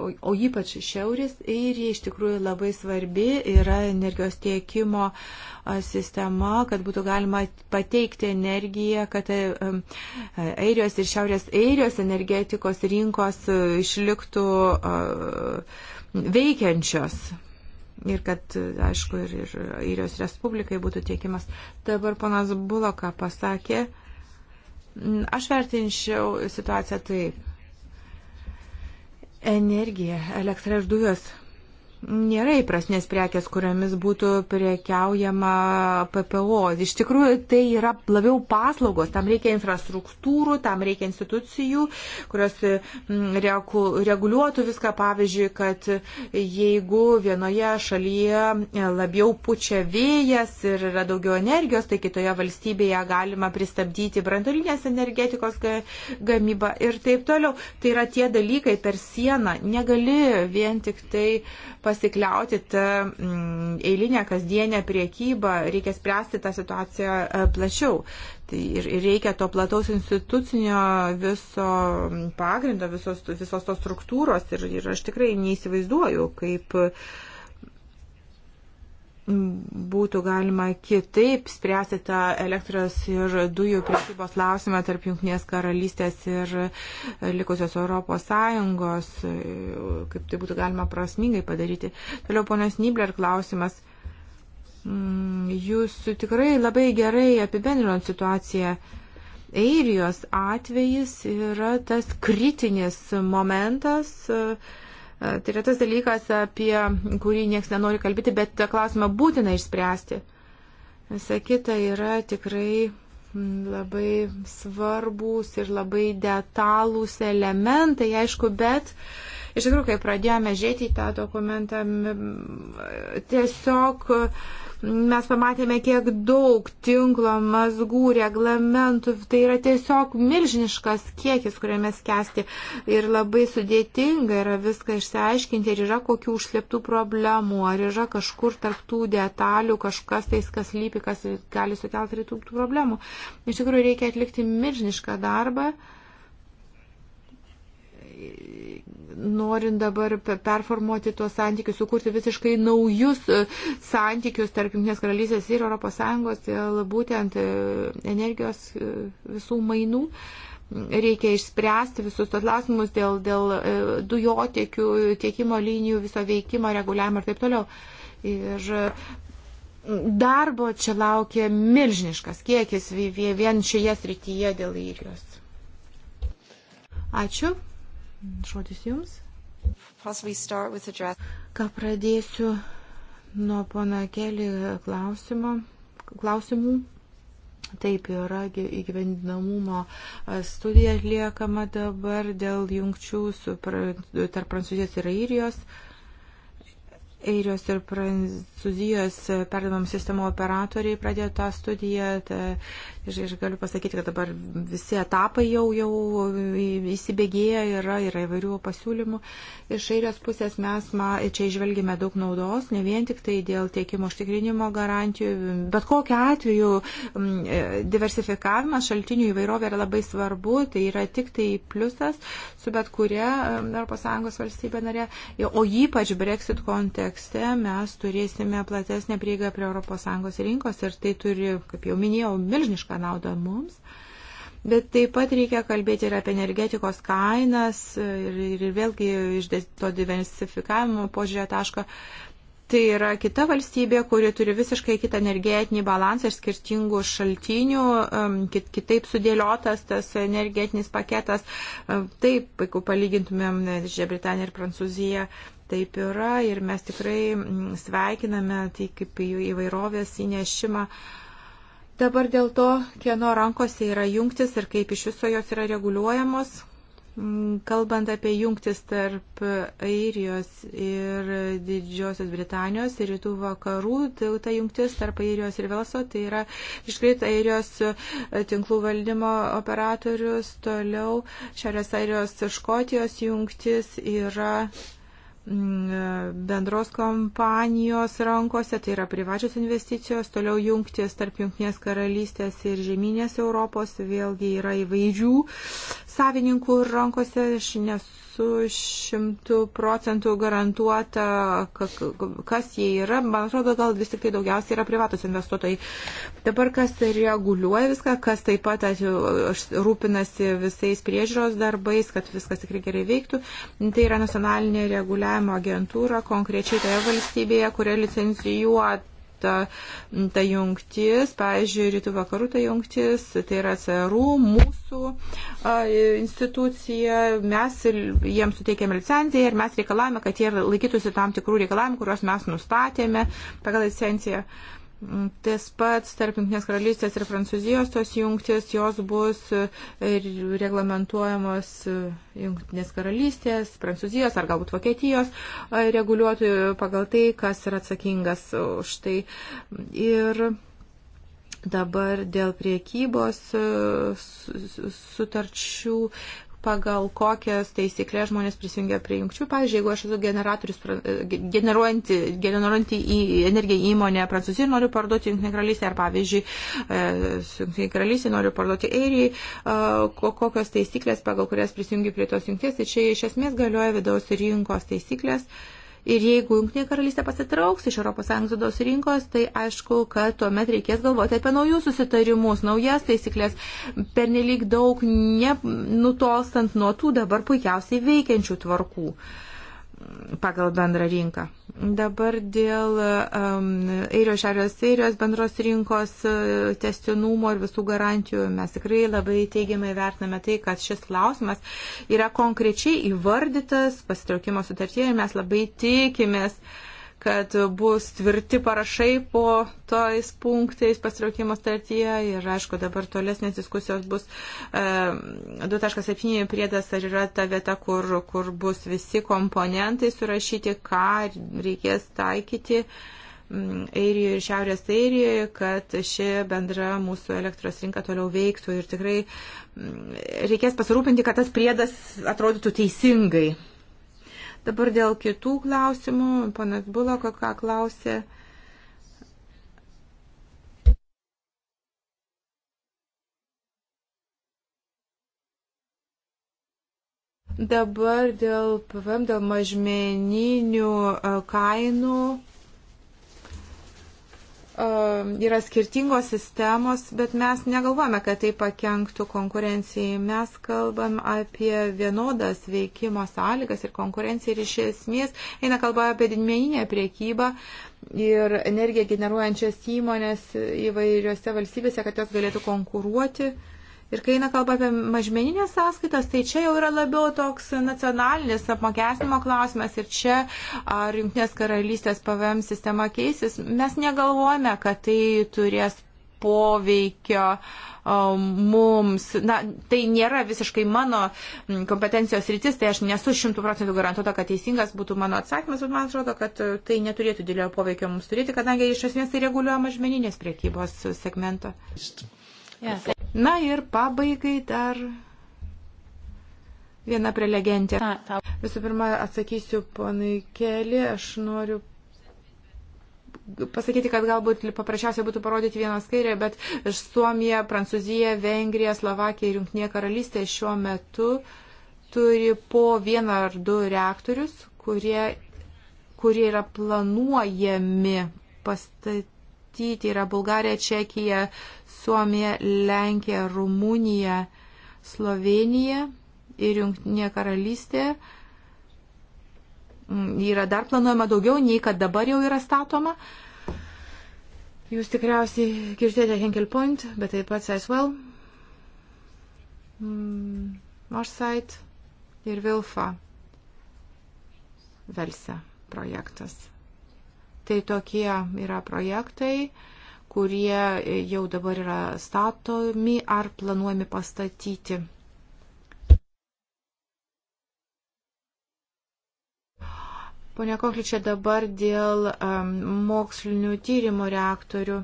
o, o ypač Šiaurės Airijai iš tikrųjų labai svarbi yra energijos tiekimo sistema, kad būtų galima pateikti energiją, kad e, e, Airijos ir Šiaurės Airijos energetikos rinkos e, išliktų veikiančios ir kad, aišku, ir, ir Airijos Respublikai būtų tiekimas. Dabar ponas Buloka pasakė, aš vertinčiau situaciją taip energija, elektra ir dujos nėra įprasnės prekės, kuriomis būtų prekiaujama PPO. Iš tikrųjų, tai yra labiau paslaugos, tam reikia infrastruktūrų, tam reikia institucijų, kurios mm, reguliuotų viską. Pavyzdžiui, kad jeigu vienoje šalyje labiau pučia vėjas ir yra daugiau energijos, tai kitoje valstybėje galima pristabdyti brandolinės energetikos gamybą ir taip toliau. Tai yra tie dalykai per sieną. Negali vien tik tai pasikliauti tą mm, eilinę kasdienę priekybą, reikia spręsti tą situaciją e, plačiau. Tai ir, ir reikia to plataus institucinio viso mm, pagrindo, visos, visos tos struktūros ir, ir aš tikrai neįsivaizduoju, kaip uh, būtų galima kitaip spręsti tą elektros ir dujų priekybos klausimą tarp Junktinės karalystės ir e, likusios Europos Sąjungos, e, kaip tai būtų galima prasmingai padaryti. Toliau ponas Nibler klausimas. Mm, jūs tikrai labai gerai apibendrinot situaciją. Airijos atvejis yra tas kritinis momentas, uh, E, tai yra tas dalykas, apie kurį niekas nenori kalbėti, bet tą klausimą būtina išspręsti. Visa kita yra tikrai labai svarbus ir labai detalūs elementai, aišku, bet iš tikrųjų, kai pradėjome žiūrėti į tą dokumentą, tiesiog uh, Mes pamatėme, kiek daug tinklo, mazgų, reglamentų. Tai yra tiesiog milžiniškas kiekis, kuriame skęsti. Ir labai sudėtinga yra viską išsiaiškinti, ar yra kokių užslėptų problemų, ar yra kažkur tarptų detalių kažkas tais, kas lypi, kas gali sukelti rytų problemų. Iš tikrųjų, reikia atlikti milžinišką darbą norint dabar performuoti tuos santykius, sukurti visiškai naujus e, santykius tarp Junktinės karalystės ir ES dėl būtent e, energijos e, visų mainų. Reikia išspręsti visus tos klausimus dėl, dėl dujotiekių, tiekimo linijų, viso veikimo, reguliavimo ir taip toliau. Ir darbo čia laukia milžiniškas kiekis vien šioje srityje dėl įrijos. Ačiū. Žodis jums. Ką pradėsiu nuo pana keli klausimo, klausimų. Taip yra įgyvendinamumo studija atliekama dabar dėl jungčių su, tarp Prancūzijos ir Airijos. Uh, Airijos ir Prancūzijos perdavimo sistemo operatoriai pradėjo tą studiją ta, ir, ir galiu pasakyti, kad dabar visi etapai jau, jau įsibėgėję yra, yra įvairių pasiūlymų. Iš Airijos pusės mes ma, čia išvelgime daug naudos, ne vien tik tai dėl tiekimo užtikrinimo garantijų, bet kokiu atveju e, diversifikavimas šaltinių įvairovė yra labai svarbu, tai yra tik tai pliusas su bet kuria ES valstybė narė, o ypač Brexit kontekste kontekste mes turėsime platesnę prieigą prie ES rinkos ir tai turi, kaip jau minėjau, milžinišką naudą mums. Bet taip pat reikia kalbėti ir apie energetikos kainas ir, ir vėlgi iš to diversifikavimo požiūrė taško. Tai yra kita valstybė, kuri turi visiškai kitą energetinį balansą ir skirtingų šaltinių, um, kit, kitaip sudėliotas tas energetinis paketas. Um, taip, jeigu palygintumėm Didžiąją Britaniją ir Prancūziją, taip yra ir mes tikrai sveikiname tai kaip jų įvairovės įnešimą. Dabar dėl to, kieno rankose yra jungtis ir kaip iš viso jos yra reguliuojamos, kalbant apie jungtis tarp Airijos ir Didžiosios Britanijos ir rytų vakarų, tai ta jungtis tarp Airijos ir Velso, tai yra iškrit Airijos e, tinklų valdymo operatorius, toliau Šiaurės Airijos ir Škotijos jungtis yra Mm, bendros kompanijos rankose, tai yra privačios investicijos, toliau jungtis tarp Junktinės karalystės ir žemynės Europos, vėlgi yra įvairių savininkų rankose, aš nesu nesu šimtų procentų garantuota, kas jie yra. Man atrodo, gal vis tik tai daugiausiai yra privatus investuotojai. Dabar kas reguliuoja viską, kas taip pat rūpinasi visais priežiūros darbais, kad viskas tikrai gerai veiktų. Tai yra nacionalinė reguliavimo agentūra konkrečiai toje valstybėje, kuria licencijuota ta, ta jungtis, pavyzdžiui, rytų vakarų ta jungtis, tai yra CRU, mūsų a, institucija, mes jiems suteikėme licenciją ir mes reikalavome, kad jie laikytųsi tam tikrų reikalavimų, kuriuos mes nustatėme pagal licenciją. A, Tas pats tarp Junktinės karalystės ir Prancūzijos tos jungtis, jos bus e, reglamentuojamos e, Junktinės karalystės, Prancūzijos ar galbūt Vokietijos e, reguliuotų pagal tai, kas yra atsakingas už tai. Ir dabar dėl priekybos sutarčių pagal kokias taisyklės žmonės prisijungia prie jungčių. Pavyzdžiui, jeigu aš esu generatorius, generuojanti, generuojanti į energiją įmonę Prancūzijoje, noriu parduoti Junktinė karalystė, ar pavyzdžiui, e, Junktinė karalystė noriu parduoti Airijai, e, kokios taisyklės, pagal kurias prisijungi prie tos jungties. Tai čia iš esmės galioja vidaus rinkos taisyklės. Uh, Ir jeigu Junktinė karalystė pasitrauks iš ES vidaus rinkos, tai aišku, kad tuomet reikės galvoti apie naujus susitarimus, naujas taisyklės, pernelyg daug ne, nutolstant nuo tų dabar puikiausiai veikiančių tvarkų. Uh, pagal bendrą rinką. Dabar dėl um, Airijos šiaurės Airijos bendros rinkos uh, e, testinumo ir visų garantijų mes tikrai labai teigiamai vertiname tai, kad šis klausimas yra konkrečiai įvardytas pasitraukimo sutartyje ir mes labai tikimės uh, kad bus tvirti parašai po tojais punktais pasitraukimo startyje ir aišku dabar tolesnės diskusijos bus e, 2.7 priedas, ar yra ta vieta, kur, kur bus visi komponentai surašyti, ką reikės taikyti. Airijoje ir Šiaurės Airijoje, kad ši bendra mūsų elektros rinka toliau veiktų ir tikrai reikės pasirūpinti, kad tas priedas atrodytų teisingai. Dabar dėl kitų klausimų, panas Buloko ką klausė. Dabar dėl PVM, dėl mažmeninių e, kainų Um, yra skirtingos sistemos, bet mes negalvojame, kad tai pakenktų konkurencijai. Mes kalbam apie vienodas veikimo sąlygas ir konkurenciją ir iš esmės eina kalba apie didmeninę priekybą ir energiją generuojančias įmonės įvairiose valstybėse, kad jos galėtų konkuruoti. Uh, Ir kai eina kalba apie mažmeninės sąskaitas, tai čia jau yra labiau toks nacionalinis apmokestinimo klausimas ir čia ar Junktinės karalystės PVM sistema keisis. Mes negalvojame, kad tai turės poveikio um, mums. Na, tai nėra visiškai mano kompetencijos rytis, tai aš nesu šimtų procentų garantuota, kad teisingas būtų mano atsakymas, bet man atrodo, kad tai neturėtų didelio poveikio mums turėti, kadangi iš esmės tai reguliuoja mažmeninės priekybos segmentą. Just. Na ir pabaigai dar viena prelegentė. Visų pirma, atsakysiu ponui Kelį, aš noriu pasakyti, kad galbūt paprasčiausia būtų parodyti vieną skairę, bet Suomija, Prancūzija, Vengrija, Slovakija ir Junktinė karalystė šiuo metu turi po vieną ar du reaktorius, kurie, kurie yra planuojami pastatyti. Yra Bulgarija, Čekija, Suomija, Lenkija, Rumunija, Slovenija ir Junktinė karalystė mm, yra dar planuojama daugiau nei kad dabar jau yra statoma. Jūs tikriausiai girdėjote Henkel Point, bet taip pat Sizewell, Morsite mm, ir Vilfa Velse projektas. Tai tokie yra projektai kurie jau dabar yra statomi ar planuojami pastatyti. Pone Kokličia, dabar dėl um, mokslinių tyrimų reaktorių.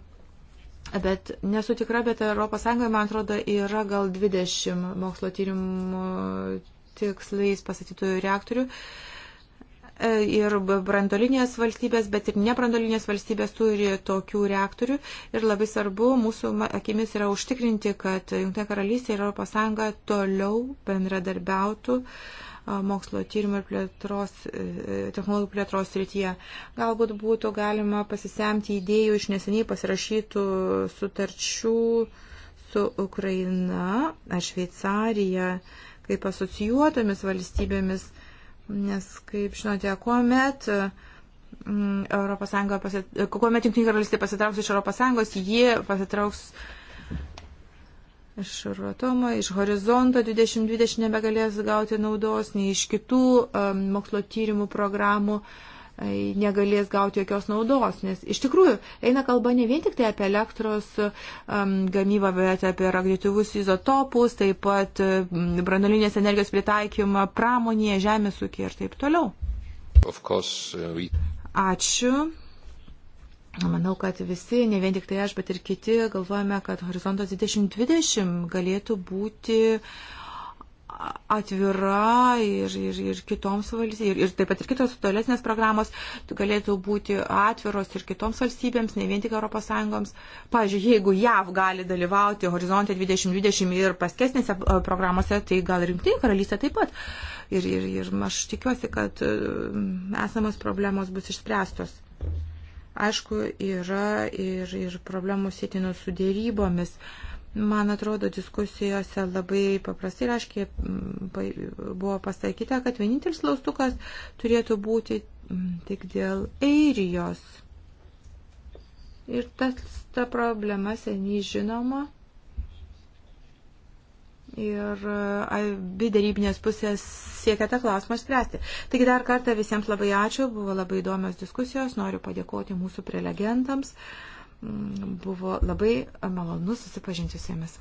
Bet nesu tikra, bet ES, man atrodo, yra gal 20 mokslo tyrimų tikslais pastatytųjų reaktorių. Uh, ir brandolinės valstybės, bet ir nebrandolinės valstybės turi tokių reaktorių. Ir labai svarbu mūsų akimis yra užtikrinti, kad Junktinė karalystė ir ES toliau bendradarbiautų mokslo tyrimų ir plėtros, e, e, technologijų plėtros srityje. Galbūt būtų galima pasisemti idėjų iš neseniai pasirašytų sutarčių su Ukraina ar Šveicarija kaip asocijuotomis valstybėmis Nes, kaip žinote, kuomet mm, Europos Sąjunga, pasit... kuomet Junktinė karalystė pasitrauks iš Europos Sąjungos, jie pasitrauks iš Euratomo, iš Horizonto 2020 nebegalės gauti naudos, nei iš kitų um, mokslo tyrimų programų. Uh, negalės gauti jokios naudos, nes iš tikrųjų eina kalba ne vien tik tai apie elektros um, gamybą, bet apie radioaktyvus izotopus, taip pat um, branolinės energijos pritaikymą pramonėje, žemės ūkį ir taip toliau. Course, uh, we... Ačiū. Manau, kad visi, ne vien tik tai aš, bet ir kiti, galvojame, kad horizontas 2020 galėtų būti uh, atvira ir, ir, ir kitoms valstybėms, ir, ir taip pat ir kitos tolesnės programos galėtų būti atviros ir kitoms valstybėms, ne vien tik ES. Pavyzdžiui, jeigu JAV gali dalyvauti Horizontė 2020 ir paskesnėse e, programuose, tai gal ir Junktinė karalystė taip pat. Ir, ir, ir aš tikiuosi, kad e, esamos problemos bus išspręstos. Aišku, yra ir, ir problemų sėtinų su dėrybomis. Uh, Man atrodo, diskusijose labai paprastai ir aiškiai mm, buvo pasakyta, kad vienintelis laustukas turėtų būti mm, tik dėl Airijos. Ir tas, ta problema seniai žinoma. Ir abi darybinės pusės siekia tą klausimą spręsti. Taigi dar kartą visiems labai ačiū, buvo labai įdomios diskusijos, noriu padėkoti mūsų prelegentams. Uh, Mm, buvo labai malonu susipažinti su jumis.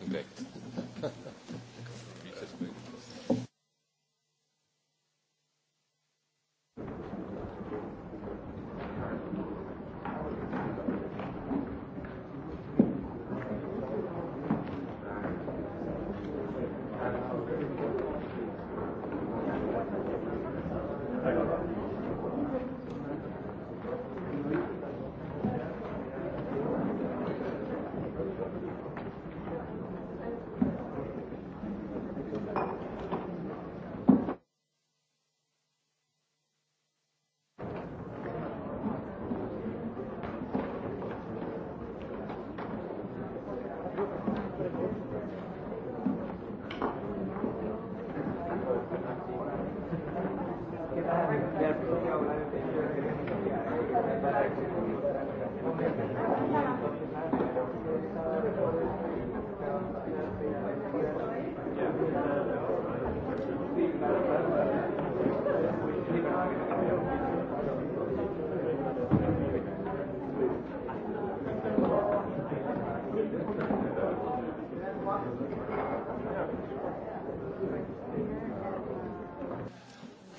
Perfekt.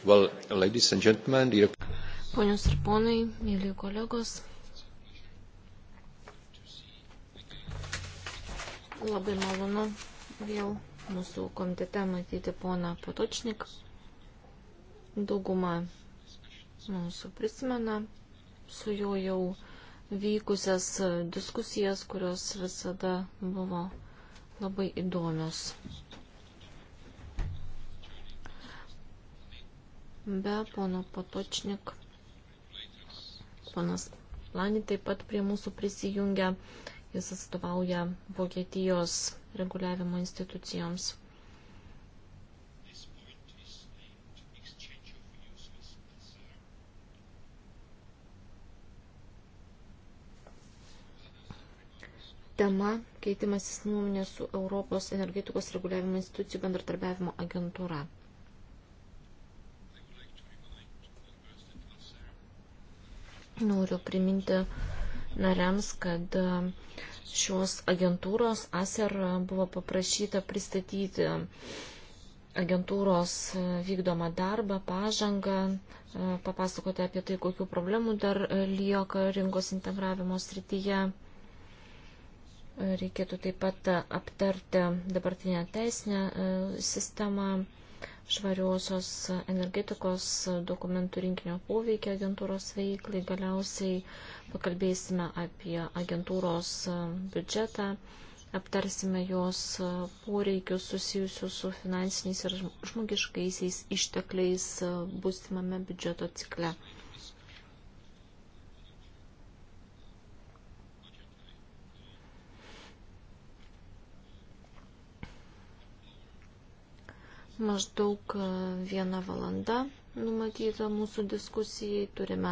Well, ladies and gentlemen, dear... Ponios ir ponai, mėly kolegos. Labai malonu vėl mūsų komitete matyti poną Potočnik. Dauguma mūsų prisimena su juo jau vykusias diskusijas, kurios visada buvo labai įdomios. be pono Potočnik. Ponas Lani taip pat prie mūsų prisijungia. Jis atstovauja Vokietijos reguliavimo institucijoms. Tema keitimasis nuomonė su Europos energetikos reguliavimo institucijų bendratarbiavimo agentūra. Noriu priminti nariams, kad e, šios agentūros ASER buvo paprašyta pristatyti agentūros e, vykdomą darbą, pažangą, e, papasakoti apie tai, kokiu problemu dar lieka rinkos integravimo srityje. Reikėtų taip pat aptarti dabartinę teisinę sistemą, švariosios energetikos dokumentų rinkinio poveikį agentūros veiklai. Galiausiai pakalbėsime apie agentūros biudžetą, aptarsime jos poreikius susijusius su finansiniais ir žmogiškaisiais ištekliais būsimame biudžeto cikle. Maždaug e, viena valanda numatyta mūsų diskusijai. Turime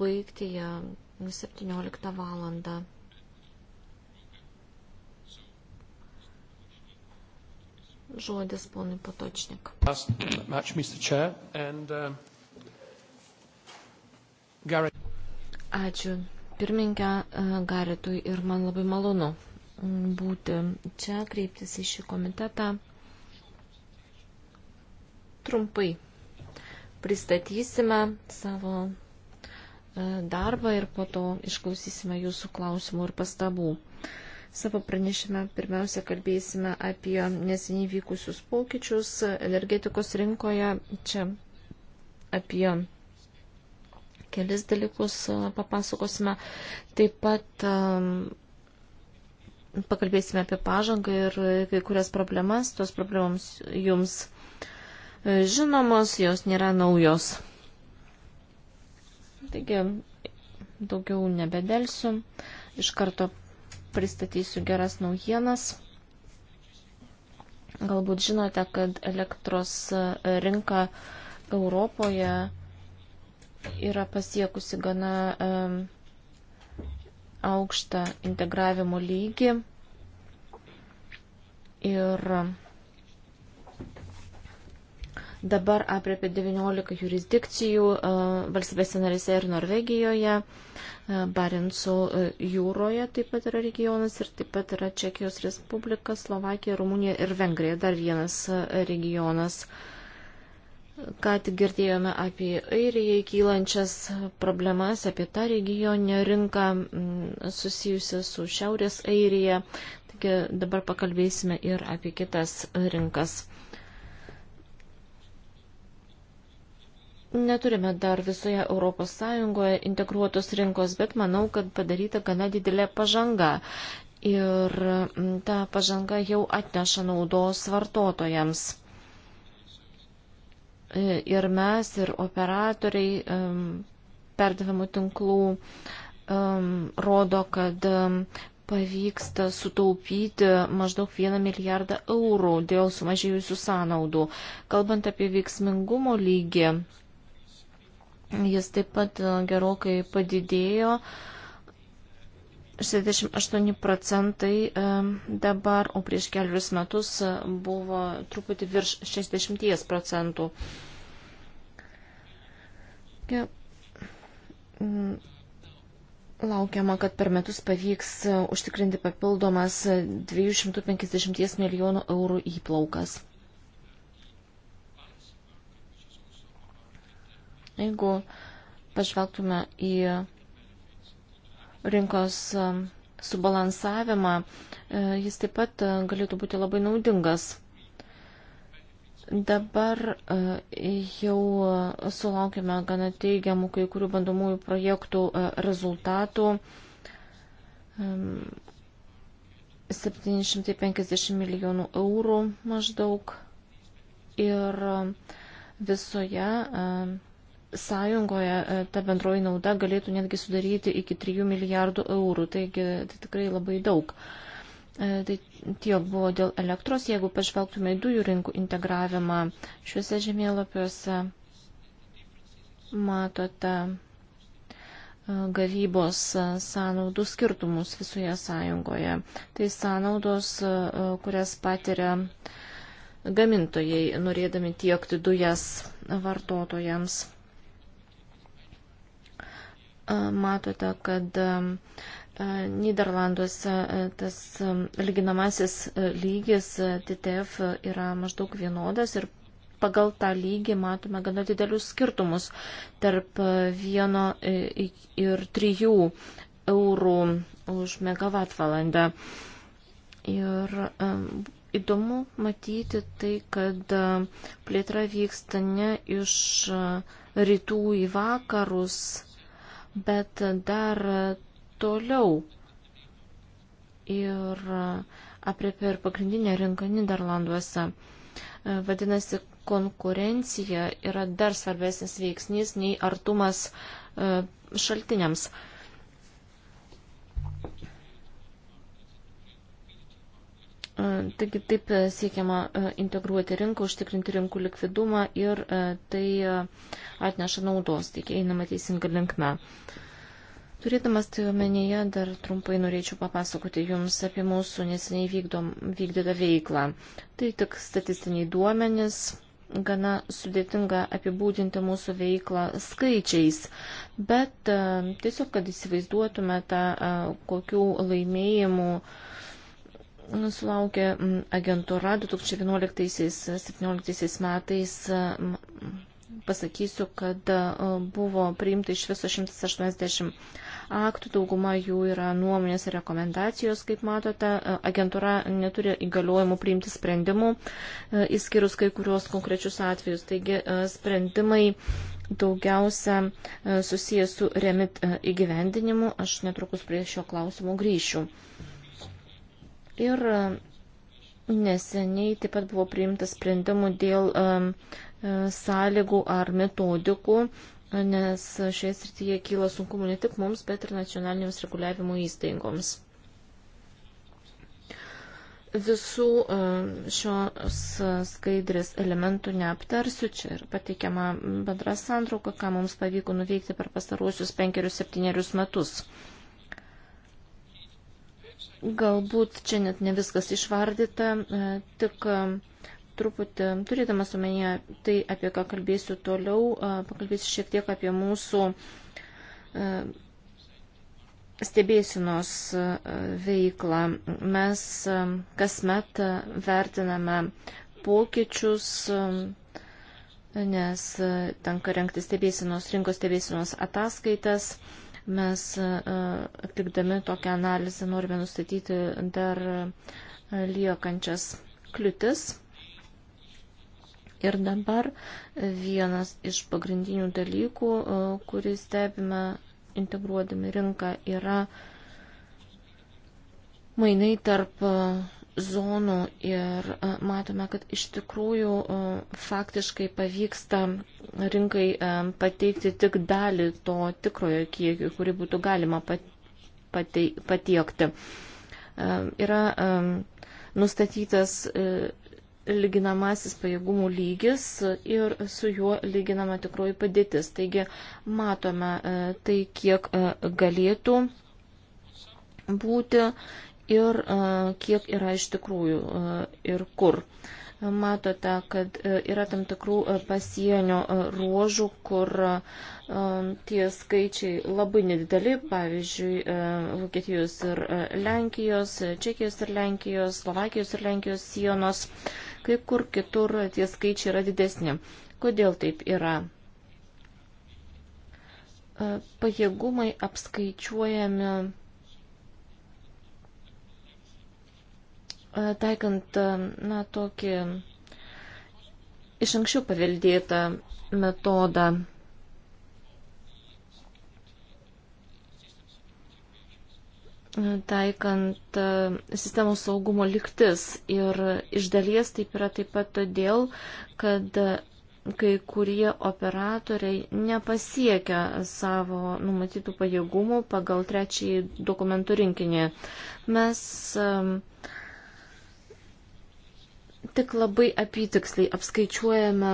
baigti ją 17 valandą. Žodis ponui Patočnik. Uh, Ačiū pirmininkę e, Garetui ir man labai malonu būti čia, kreiptis į šį komitetą trumpai pristatysime savo e, darbą ir po to išklausysime jūsų klausimų ir pastabų. Savo pranešime pirmiausia kalbėsime apie neseniai vykusius pokyčius energetikos rinkoje. Čia apie kelis dalykus e, papasakosime. Taip pat e, pakalbėsime apie pažangą ir kai kurias problemas. Tos problemams jums E, žinomos, jos nėra naujos. Taigi, daugiau nebedelsiu, iš karto pristatysiu geras naujienas. Galbūt žinote, kad elektros rinka Europoje yra pasiekusi gana aukštą integravimo lygį ir dabar apriepia 19 jurisdikcijų e, valstybėse narėse ir Norvegijoje, e, Barenco e, jūroje taip pat yra regionas ir taip pat yra Čekijos Respublika, Slovakija, Rumunija ir Vengrija, dar vienas regionas. Ką tik girdėjome apie Airijai kylančias problemas, apie tą regioninę rinką mm, susijusią su Šiaurės Airija. Taigi dabar pakalbėsime ir apie kitas rinkas. Neturime dar visoje ES integruotos rinkos, bet manau, kad padaryta gana didelė pažanga. Ir mm, ta pažanga jau atneša naudos vartotojams. E, ir mes, ir operatoriai perdavimų tinklų rodo, kad pavyksta sutaupyti maždaug 1 milijardą eurų dėl sumažėjusių sąnaudų. Kalbant apie veiksmingumo lygį, Jis taip pat e, gerokai padidėjo. 68 procentai e, dabar, o prieš kelius metus e, buvo truputį virš 60 procentų. Mm, laukiama, kad per metus pavyks užtikrinti papildomas 250 milijonų eurų įplaukas. Jeigu pažvelgtume į rinkos um, subalansavimą, e, jis taip pat e, galėtų būti labai naudingas. Dabar e, jau sulaukime gana teigiamų kai kurių bandomųjų projektų rezultatų. 750 milijonų eurų maždaug ir visoje Sąjungoje e, ta bendroji nauda galėtų netgi sudaryti iki 3 milijardų eurų, taigi tai tikrai labai daug. E, tai tiek buvo dėl elektros, jeigu pažvelgtume į dujų rinkų integravimą šiuose žemėlapiuose, matote e, gavybos sąnaudų skirtumus visoje sąjungoje. Tai sąnaudos, kurias patiria gamintojai, norėdami tiekti dujas vartotojams matote, kad Niderlanduose tas lyginamasis lygis TTF yra maždaug vienodas ir pagal tą lygį matome gana didelius skirtumus tarp vieno e, ir trijų eurų už megavatvalandę. Ir įdomu matyti tai, kad plėtra vyksta ne iš rytų į vakarus, bet dar toliau ir apriepia ir pagrindinę rinką Niderlanduose. Vadinasi, konkurencija yra dar svarbesnis veiksnys nei artumas e, šaltiniams. E, taigi taip e, siekiama e, integruoti rinką, užtikrinti rinkų likvidumą ir tai atneša naudos, taigi einama teisinga linkme. Turėdamas tai omenyje, dar trumpai norėčiau papasakoti Jums apie mūsų neseniai vykdom, vykdytą veiklą. Tai tik statistiniai duomenys, gana sudėtinga apibūdinti mūsų veiklą skaičiais, bet tiesiog, kad įsivaizduotume tą, kokių laimėjimų Nusilaukė mm, agentūra 2011-2017 metais. Mm, pasakysiu, kad e, buvo priimta iš viso 180 aktų, dauguma jų yra nuomonės ir rekomendacijos, kaip matote. E, agentūra neturi įgaliojimų priimti sprendimų, įskyrus e, kai kurios konkrečius atvejus. Taigi sprendimai daugiausia susijęs su remit įgyvendinimu. Aš netrukus prie šio klausimo grįšiu. Ir um, neseniai taip pat buvo priimtas sprendimų dėl um, e, sąlygų ar metodikų, nes šioje srityje kyla sunkumų ne tik mums, bet ir nacionalinėms reguliavimo įstaigoms. Visų um, šios skaidrės elementų neaptarsiu, čia ir pateikiama bendra santrauka, ką mums pavyko nuveikti per pastaruosius penkerius septynerius metus. Galbūt čia net ne viskas išvardyta, e, tik e, truputį turėdamas omenyje tai, apie ką kalbėsiu toliau, e, pakalbėsiu šiek tiek apie mūsų stebėsinos veiklą. Mes kasmet vertiname pokyčius, nes tenka renkti stebėsinos, rinkos stebėsinos ataskaitas. Mes e, e, atlikdami tokią analizę norime nustatyti dar e, liekančias kliūtis. Ir dabar vienas iš pagrindinių dalykų, kurį stebime integruodami rinką, yra mainai tarp zonų ir e, matome, kad iš tikrųjų e, faktiškai pavyksta rinkai e, pateikti tik dalį to tikrojo kiekio, kurį būtų galima patiekti. Yra nustatytas lyginamasis pajėgumų lygis ir su juo lyginama tikroji padėtis. Taigi matome tai, kiek galėtų būti ir e, kiek yra iš tikrųjų e, ir kur. Matote, kad e, yra tam tikrų pasienio ruožų, kur tie skaičiai labai nedideli, pavyzdžiui, Vokietijos ir Lenkijos, Čekijos ir Lenkijos, Slovakijos ir Lenkijos sienos, kai kur kitur tie skaičiai yra didesni. Kodėl taip yra? Pajėgumai apskaičiuojami taikant na, tokį iš anksčiau paveldėtą metodą. taikant sistemos saugumo liktis. Ir iš dalies taip yra taip pat todėl, kad kai kurie operatoriai nepasiekia savo numatytų pajėgumų pagal trečiąjį dokumentų rinkinį. Mes uh, tik labai apytiksliai apskaičiuojame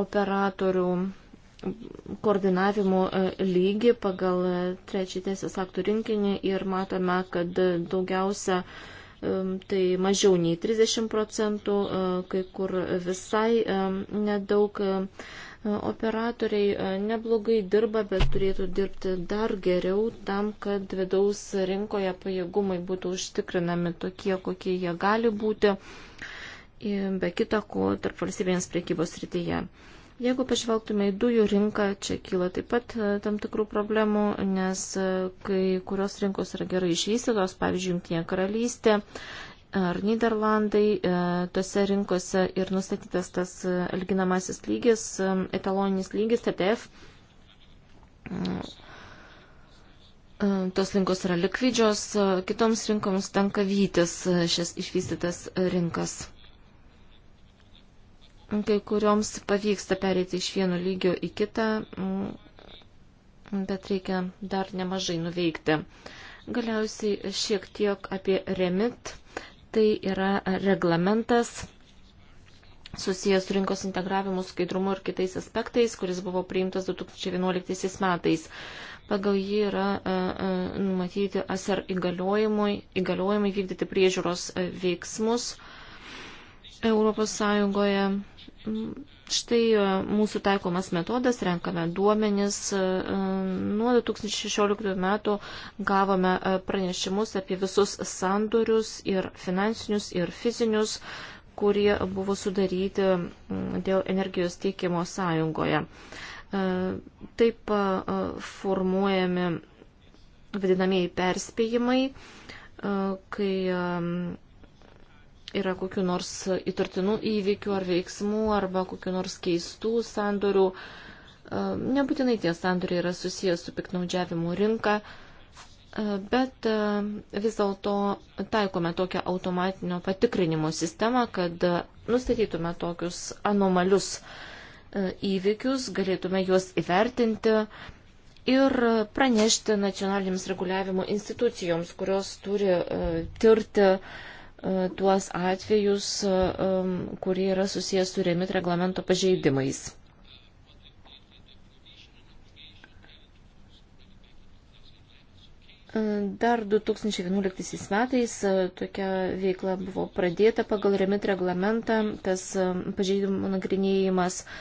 operatorių koordinavimo e, lygį pagal e, trečią teisės aktų rinkinį ir matome, kad daugiausia e, tai mažiau nei 30 procentų, kai kur visai nedaug operatoriai neblogai dirba, bet turėtų dirbti dar geriau tam, kad vidaus rinkoje pajėgumai būtų užtikrinami tokie, kokie jie gali būti be kita ko tarp valstybės priekybos rytyje. Jeigu pažvelgtume į dujų rinką, čia kyla taip pat e, tam tikrų problemų, nes e, kai kurios rinkos yra gerai išvystytos, pavyzdžiui, Junktinė karalystė ar Niderlandai, e, tose rinkose ir nustatytas tas elginamasis lygis, etaloninis lygis, TTF. Tos rinkos yra likvidžios, kitoms rinkoms tenka vytis šias išvystytas rinkas kai kurioms pavyksta pereiti iš vieno lygio į kitą, mm, bet reikia dar nemažai nuveikti. Galiausiai šiek tiek apie remit. Tai yra reglamentas susijęs su rinkos integravimu, skaidrumu ir kitais aspektais, kuris buvo priimtas 2011 metais. Pagal jį yra e, e, numatyti ASR įgaliojimai, įgaliojimai vykdyti priežiūros e, veiksmus Europos Sąjungoje Štai e, mūsų taikomas metodas, renkame duomenis. E, e, nuo 2016 metų gavome pranešimus apie visus sandorius ir finansinius, ir fizinius, kurie buvo sudaryti dėl energijos teikimo sąjungoje. Taip formuojami vadinamieji perspėjimai, kai yra kokiu nors įtartinų įvykių ar veiksmų arba kokiu nors keistų sandorių. E, nebūtinai tie sandoriai yra susijęs su piknaudžiavimu rinka, e, bet e, vis dėlto taikome tokią automatinio patikrinimo sistemą, kad nustatytume tokius anomalius įvykius, galėtume juos įvertinti ir pranešti nacionalinėms reguliavimo institucijoms, kurios turi tirti uh, tuos atvejus, um, kurie yra susijęs su remit reglamento pažeidimais. Dar 2011 metais uh, tokia veikla buvo pradėta pagal remit reglamentą, tas um, pažeidimų nagrinėjimas uh,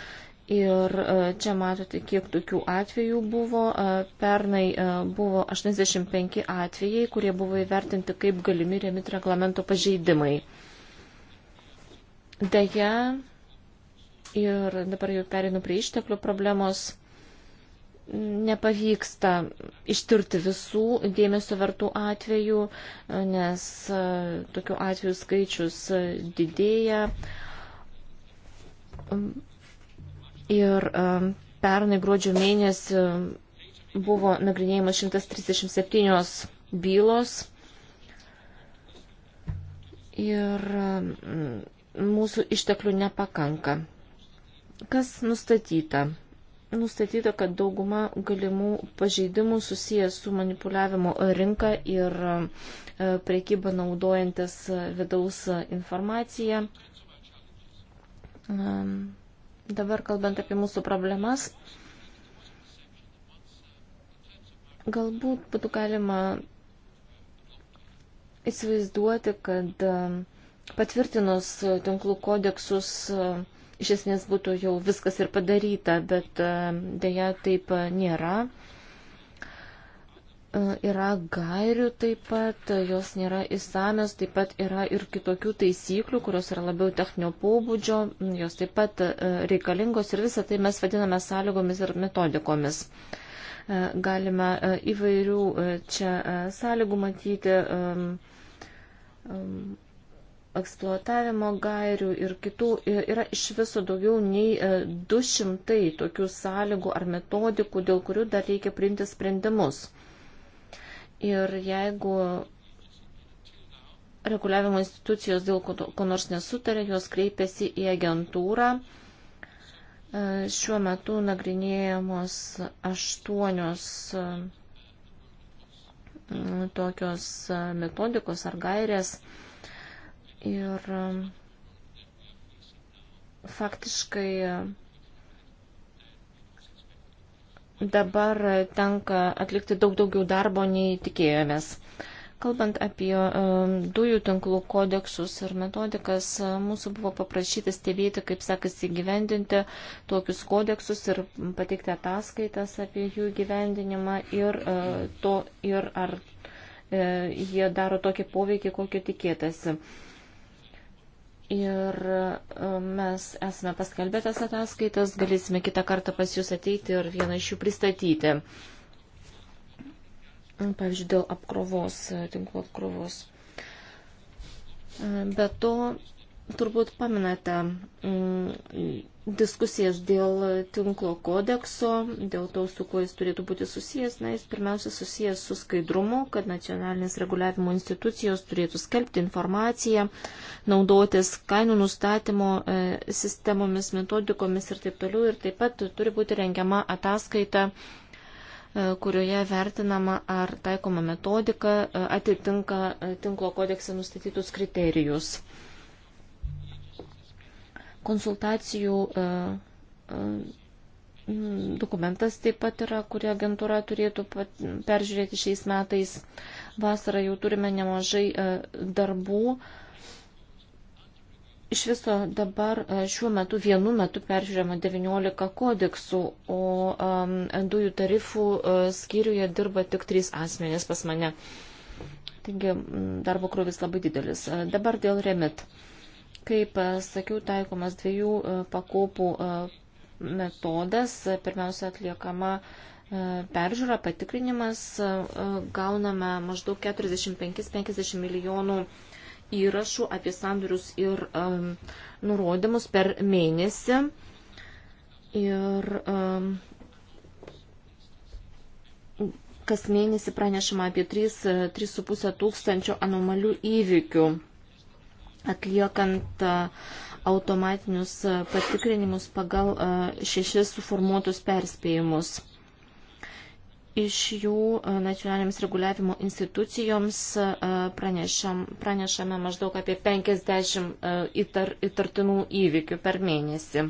Ir e, čia matote, kiek tokių atvejų buvo. E, pernai e, buvo 85 atvejai, kurie buvo įvertinti kaip galimi remit reglamento pažeidimai. Deja, ir dabar jau perinu prie išteklių problemos, nepavyksta ištirti visų dėmesio vertų atvejų, nes tokių atvejų skaičius didėja Ir um, pernai gruodžio mėnesį buvo nagrinėjimas 137 bylos. Ir um, mūsų išteklių nepakanka. Kas nustatyta? Nustatyta, kad dauguma galimų pažeidimų susijęs su manipuliavimo rinka ir um, prekyba naudojantis uh, vidaus uh, informaciją Dabar kalbant apie mūsų problemas, galbūt būtų galima įsivaizduoti, kad e, patvirtinus tinklų kodeksus e, iš esmės būtų jau viskas ir padaryta, bet e, dėja taip nėra. E, yra gairių taip pat, jos nėra įsamios, taip pat yra ir kitokių taisyklių, kurios yra labiau techninio pobūdžio, jos taip pat e, reikalingos ir visą tai mes vadiname sąlygomis ir metodikomis. E, galime įvairių čia sąlygų matyti, eksploatavimo gairių ir kitų. Yra iš viso daugiau nei 200 tokių sąlygų ar metodikų, dėl kurių dar reikia priimti sprendimus Ir jeigu reguliavimo institucijos dėl ko nors nesutarė, jos kreipiasi į agentūrą. E, šiuo metu nagrinėjamos aštuonios e, tokios e, metodikos ar gairės. Ir faktiškai dabar tenka atlikti daug daugiau darbo, nei tikėjomės. Kalbant apie um, dujų tinklų kodeksus ir metodikas, mūsų buvo paprašyta stebėti, kaip sekasi gyvendinti tokius kodeksus ir pateikti ataskaitas apie jų gyvendinimą ir, uh, to, ir ar uh, jie daro tokį poveikį, kokio tikėtasi. Ir e, mes esame paskelbę tas ataskaitas, galėsime kitą kartą pas jūs ateiti ir vieną iš jų pristatyti. Pavyzdžiui, dėl apkrovos, e, tinklo apkrovos. E, be to, turbūt pamenate mm, diskusijas dėl tinklo kodekso, dėl to, su kuo jis turėtų būti susijęs. Na, jis pirmiausia susijęs su skaidrumu, kad nacionalinės reguliavimo institucijos turėtų skelbti informaciją, naudotis kainų nustatymo e, sistemomis, metodikomis ir taip toliau. Ir taip pat turi būti rengiama ataskaita e, kurioje vertinama, ar taikoma metodika e, atitinka tinklo kodekse nustatytus kriterijus. Konsultacijų e, e, dokumentas taip pat yra, kurį agentūra turėtų peržiūrėti šiais metais. Vasarą jau turime nemažai e, darbų. Iš viso dabar šiuo metu vienu metu peržiūrėma 19 kodeksų, o um, dujų tarifų uh, skyriuje dirba tik 3 asmenės pas mane. Taigi darbo krūvis labai didelis. Dabar dėl remit. Uh, Kaip e, sakiau, taikomas dviejų e, pakopų e, metodas. Pirmiausia atliekama peržiūra, patikrinimas. Gauname maždaug 45-50 milijonų įrašų apie sandorius ir nurodymus per mėnesį. Ir kas mėnesį pranešama apie 3,5 tūkstančio anomalių įvykių atliekant automatinius patikrinimus pagal šešis suformuotus perspėjimus. Iš jų nacionalinėms reguliavimo institucijoms pranešam, pranešame maždaug apie 50 įtar, įtartinų įvykių per mėnesį.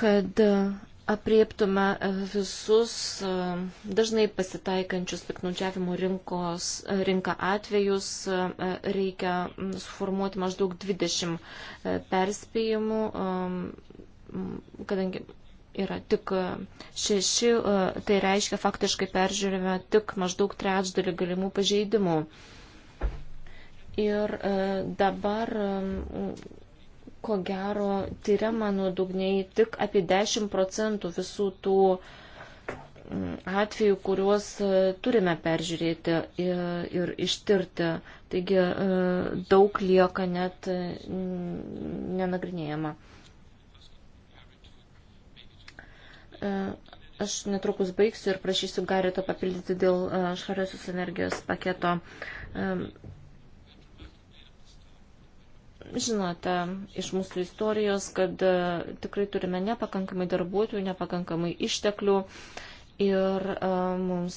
Kad apriektume e, visus e, dažnai pasitaikančius piknaudžiavimo rinkos, e, rinka atvejus, reikia suformuoti maždaug 20 perspėjimų, kadangi yra tik šeši, tai reiškia faktiškai peržiūrime tik maždaug trečdalį galimų pažeidimų. Ir dabar ko gero, tyriama nuodugniai tik apie 10 procentų visų tų mm, atvejų, kuriuos e, turime peržiūrėti ir, ir ištirti. Taigi e, daug lieka net e, nenagrinėjama. Aš netrukus baigsiu ir prašysiu Garito papildyti dėl švariosios energijos paketo Žinote iš mūsų istorijos, kad e, tikrai turime nepakankamai darbuotojų, nepakankamai išteklių ir e, mums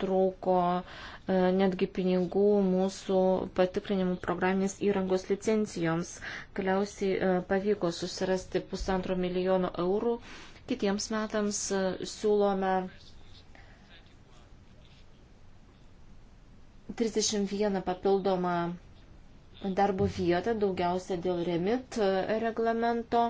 trūko e, netgi pinigų mūsų patikrinimų programinės įrangos licencijoms. Galiausiai pavyko susirasti pusantro milijono eurų. Kitiems metams siūlome 31 papildomą darbo vietą, daugiausia dėl remit e, reglamento.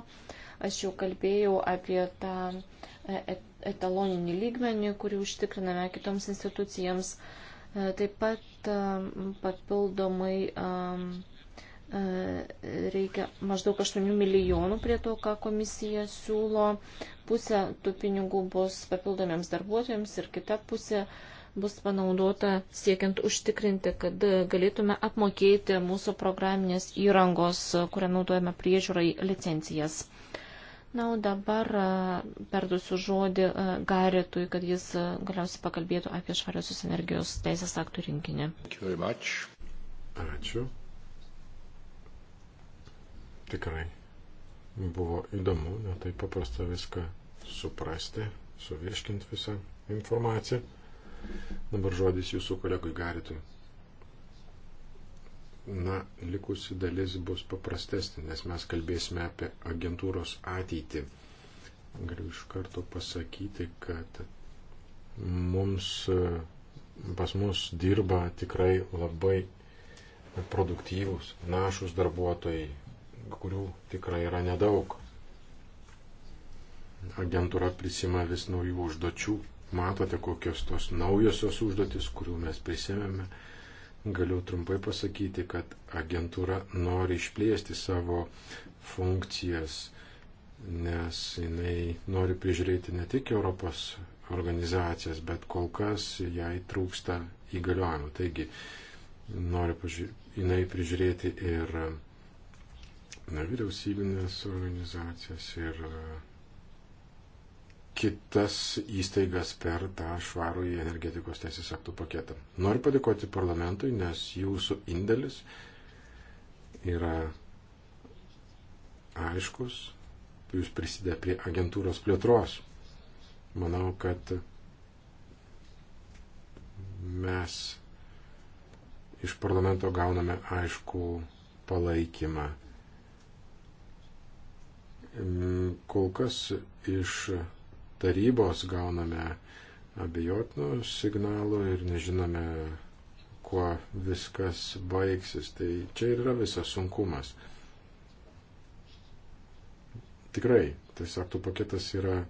Aš jau kalbėjau apie tą e, e, etaloninį lygmenį, kurį užtikriname kitoms institucijams. Taip pat papildomai reikia maždaug 8 milijonų prie to, ką komisija siūlo. Pusė tų pinigų bus papildomiems darbuotojams ir kita pusė uh, bus panaudota siekiant užtikrinti, kad galėtume apmokėti mūsų programinės įrangos, kurią naudojame priežiūrai licencijas. Na, o dabar perdusiu žodį Garetui, kad jis galiausiai pakalbėtų apie švariosios energijos teisės aktų rinkinį. Ačiū. Tikrai buvo įdomu, netai paprasta viską suprasti, suvirškinti visą informaciją. Dabar žodis jūsų kolegui Garitui. Na, likusi dalis bus paprastesnė, nes mes kalbėsime apie agentūros ateitį. Galiu iš karto pasakyti, kad mums, pas mus dirba tikrai labai produktyvūs, našus darbuotojai, kurių tikrai yra nedaug. Agentūra prisima vis naujų užduočių, matote, kokios tos naujosios užduotis, kurių mes prisėmėme. Galiu trumpai pasakyti, kad agentūra nori išplėsti savo funkcijas, nes jinai nori prižiūrėti ne tik Europos organizacijas, bet kol kas jai trūksta įgaliojimų. Taigi, nori paži... jinai prižiūrėti ir nevyriausybinės organizacijas, ir uh, kitas įstaigas per tą švarų į energetikos teisės aktų paketą. Noriu padėkoti parlamentui, nes jūsų indėlis yra aiškus, jūs prisidė prie agentūros plėtros. Manau, kad mes iš parlamento gauname aišku palaikymą. Kol kas iš tarybos gauname abejotinų signalų ir nežinome, kuo viskas baigsis. Tai čia ir yra visas sunkumas. Tikrai, tas aktų paketas yra e,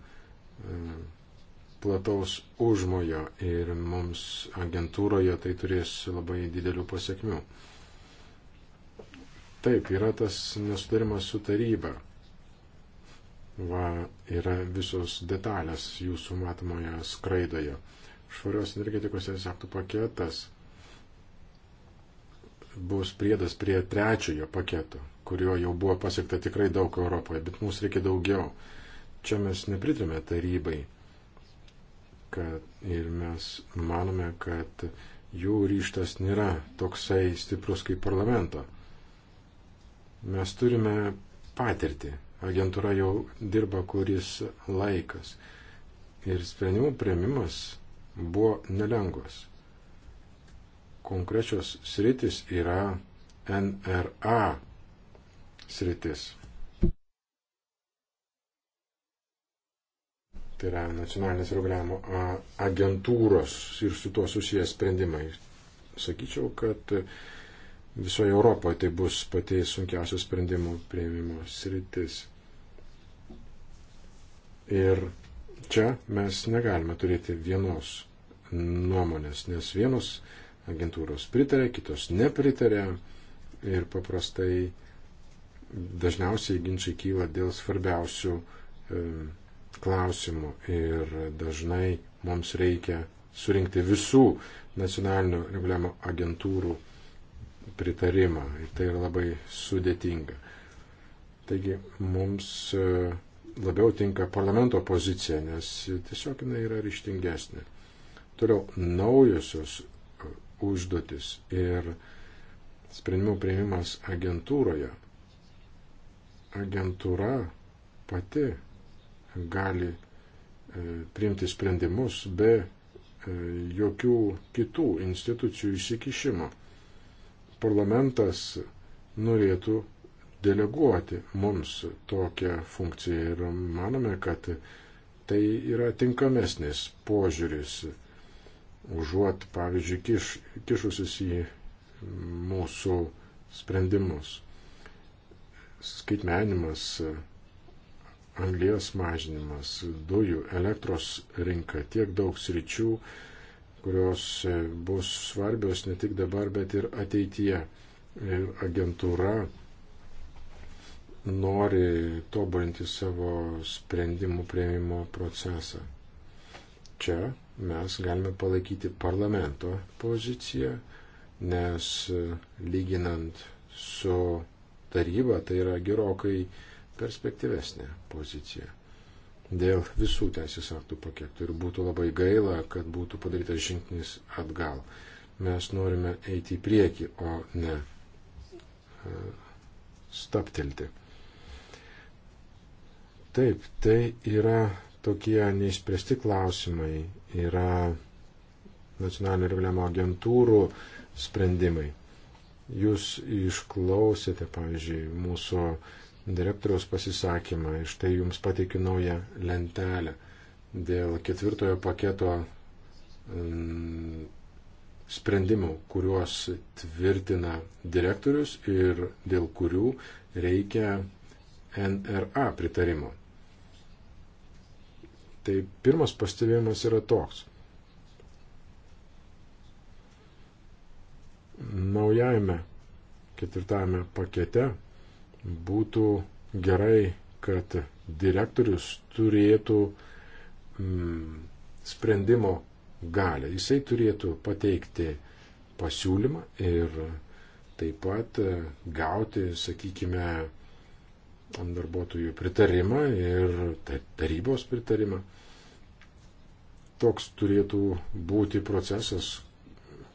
plataus užmojo ir mums agentūroje tai turės labai didelių pasiekmių. Taip, yra tas nesutarimas su taryba va, yra visos detalės jūsų matomoje skraidoje. Švarios energetikos teisės aktų paketas bus priedas prie trečiojo paketo, kurio jau buvo pasiekta tikrai daug Europoje, bet mums reikia daugiau. Čia mes nepritrime tarybai kad ir mes manome, kad jų ryštas nėra toksai stiprus kaip parlamento. Mes turime patirtį agentūra jau dirba kuris laikas. Ir sprendimų prieimimas buvo nelengvas. Konkrečios sritis yra NRA sritis. Tai yra nacionalinės programų agentūros ir su tuo susijęs sprendimai. Sakyčiau, kad visoje Europoje tai bus pati sunkiausios sprendimų prieimimo sritis. Ir čia mes negalime turėti vienos nuomonės, nes vienos agentūros pritarė, kitos nepritarė ir paprastai dažniausiai ginčiai kyla dėl svarbiausių e, klausimų ir dažnai mums reikia surinkti visų nacionalinių reguliavimo agentūrų pritarimą ir tai yra labai sudėtinga. Taigi mums e, labiau tinka parlamento pozicija, nes tiesiog jinai yra ryštingesnė. Toliau naujosios e, užduotis ir sprendimų prieimimas agentūroje. Agentūra pati gali e, priimti sprendimus be e, jokių kitų institucijų įsikišimo. Parlamentas norėtų deleguoti mums tokią funkciją ir manome, kad tai yra tinkamesnis požiūris, užuot, pavyzdžiui, kiš, kišusis į mūsų sprendimus. Skaitmenimas, anglijas mažinimas, dujų, elektros rinka, tiek daug sričių, kurios bus svarbios ne tik dabar, bet ir ateityje. Ir agentūra nori tobulinti savo sprendimų prieimimo procesą. Čia mes galime palaikyti parlamento poziciją, nes lyginant su taryba tai yra gerokai perspektyvesnė pozicija dėl visų teisės aktų paketų ir būtų labai gaila, kad būtų padarytas žingsnis atgal. Mes norime eiti į priekį, o ne e, staptelti. Taip, tai yra tokie neišspręsti klausimai, yra nacionalinio reguliavimo agentūrų sprendimai. Jūs išklausėte, pavyzdžiui, mūsų direktoriaus pasisakymą ir štai jums pateikiu naują lentelę dėl ketvirtojo paketo mm, sprendimų, kuriuos tvirtina direktorius ir dėl kurių reikia NRA pritarimo. Tai pirmas pastebėjimas yra toks. Naujajame ketvirtame pakete būtų gerai, kad direktorius turėtų mm, sprendimo galę. Jisai turėtų pateikti pasiūlymą ir taip pat e, gauti, sakykime, darbuotojų pritarimą ir tarybos pritarimą. Toks turėtų būti procesas,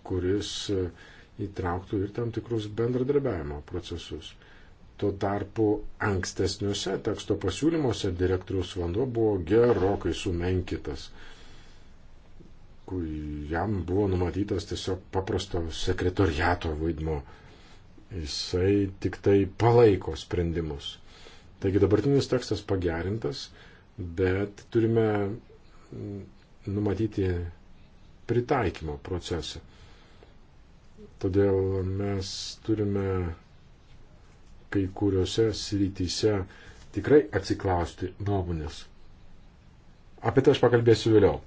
kuris įtrauktų ir tam tikrus bendradarbiavimo procesus. Tuo tarpu ankstesniuose teksto pasiūlymuose direktorius vanduo buvo gerokai sumenkitas, kui jam buvo numatytas tiesiog paprasto sekretoriato vaidmo. Jisai tik tai palaiko sprendimus. Taigi dabartinis tekstas pagerintas, bet turime mm, numatyti pritaikymo procesą. Todėl mes turime kai kuriuose srityse tikrai atsiklausti nuomonės. Apie tai aš pakalbėsiu vėliau.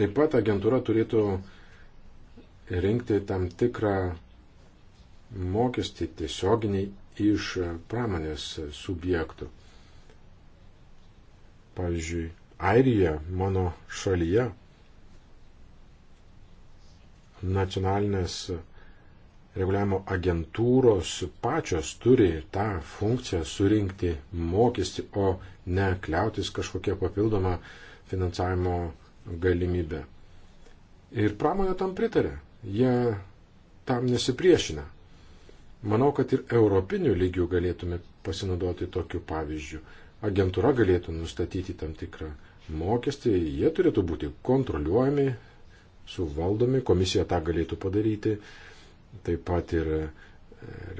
Taip pat agentūra turėtų rinkti tam tikrą mokestį tiesioginiai iš pramonės subjektų. Pavyzdžiui, Airija, mano šalyje, nacionalinės reguliavimo agentūros pačios turi tą funkciją surinkti mokestį, o ne kliautis kažkokią papildomą finansavimo galimybę. Ir pramonė tam pritarė jie tam nesipriešina. Manau, kad ir europinių lygių galėtume pasinaudoti tokiu pavyzdžiu. Agentūra galėtų nustatyti tam tikrą mokestį, jie turėtų būti kontroliuojami, suvaldomi, komisija tą galėtų padaryti, taip pat ir e,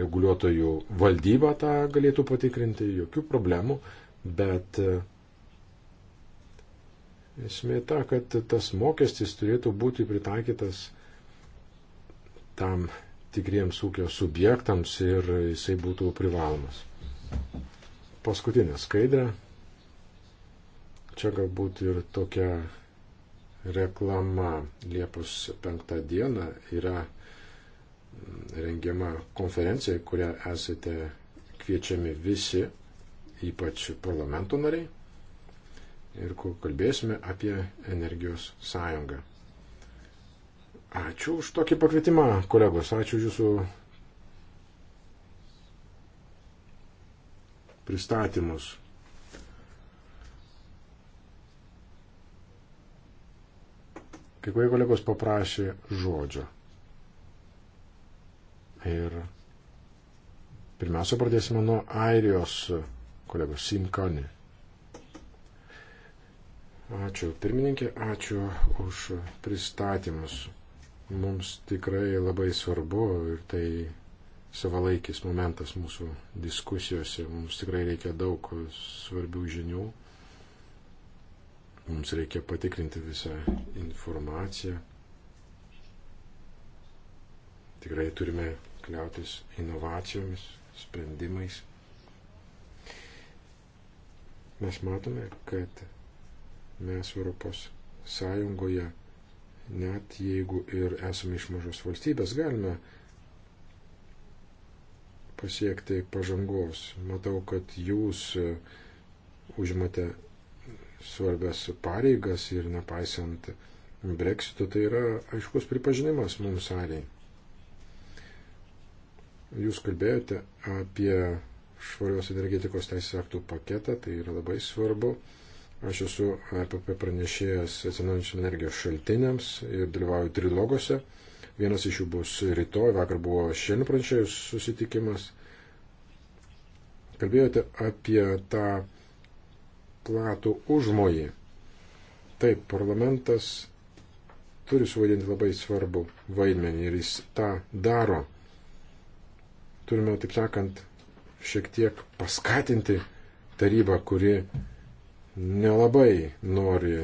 reguliuotojų valdyba tą galėtų patikrinti, jokių problemų, bet e, esmė ta, kad tas mokestis turėtų būti pritaikytas tam tikriems ūkio subjektams ir jisai būtų privalomas. Paskutinė skaidrė. Čia galbūt ir tokia reklama Liepos 5 dieną yra rengiama konferencija, kurią esate kviečiami visi, ypač parlamento nariai, ir kur kalbėsime apie energijos sąjungą. Ačiū už tokį pakvietimą, kolegos. Ačiū jūsų pristatymus. Kai kurie kolegos paprašė žodžio. Ir pirmiausia, pradėsime nuo Airijos kolegos Simkoni. Ačiū pirmininkė, ačiū už pristatymus mums tikrai labai svarbu ir tai savalaikis momentas mūsų diskusijose. Mums tikrai reikia daug svarbių žinių. Mums reikia patikrinti visą informaciją. Tikrai turime kliautis inovacijomis, sprendimais. Mes matome, kad mes Europos Sąjungoje Net jeigu ir esame iš mažos valstybės, galime pasiekti pažangos. Matau, kad jūs e, užimate svarbias pareigas ir nepaisant breksito, tai yra aiškus pripažinimas mums ariai. Jūs kalbėjote apie švarios energetikos teisės aktų paketą, tai yra labai svarbu. Aš esu EPP pranešėjas atsinaujančios energijos šaltiniams ir dalyvauju trilogose. Vienas iš jų bus rytoj, vakar buvo šiandien pranešėjus susitikimas. Kalbėjote apie tą platų užmojį. Taip, parlamentas turi suvaidinti labai svarbu vaidmenį ir jis tą daro. Turime, taip sakant, šiek tiek paskatinti tarybą, kuri nelabai nori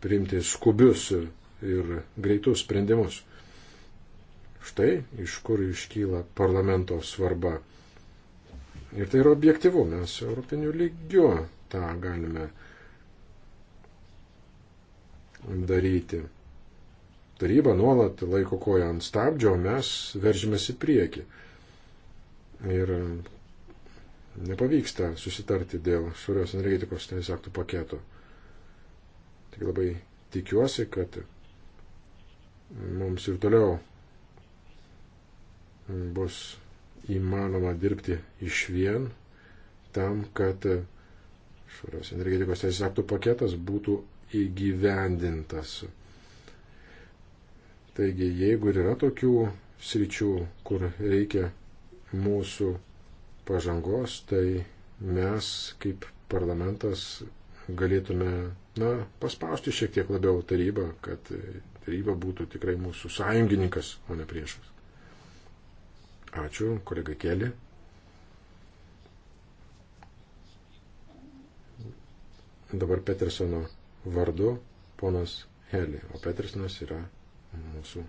priimti skubius ir greitus sprendimus. Štai iš kur iškyla parlamento svarba. Ir tai yra objektivu, mes europinių lygių tą galime daryti. Taryba nuolat laiko koją ant stabdžio, o mes veržimės į priekį. Ir nepavyksta susitarti dėl švarios energetikos teisės aktų paketo. Tik labai tikiuosi, kad mums ir toliau bus įmanoma dirbti iš vien tam, kad švarios energetikos teisės aktų paketas būtų įgyvendintas. Taigi, jeigu ir yra tokių sričių, kur reikia mūsų pažangos, tai mes kaip parlamentas galėtume, na, paspausti šiek tiek labiau tarybą, kad taryba būtų tikrai mūsų sąjungininkas, o ne priešas. Ačiū, kolega Keli. Dabar Petersono vardu ponas Heli, o Petersonas yra mūsų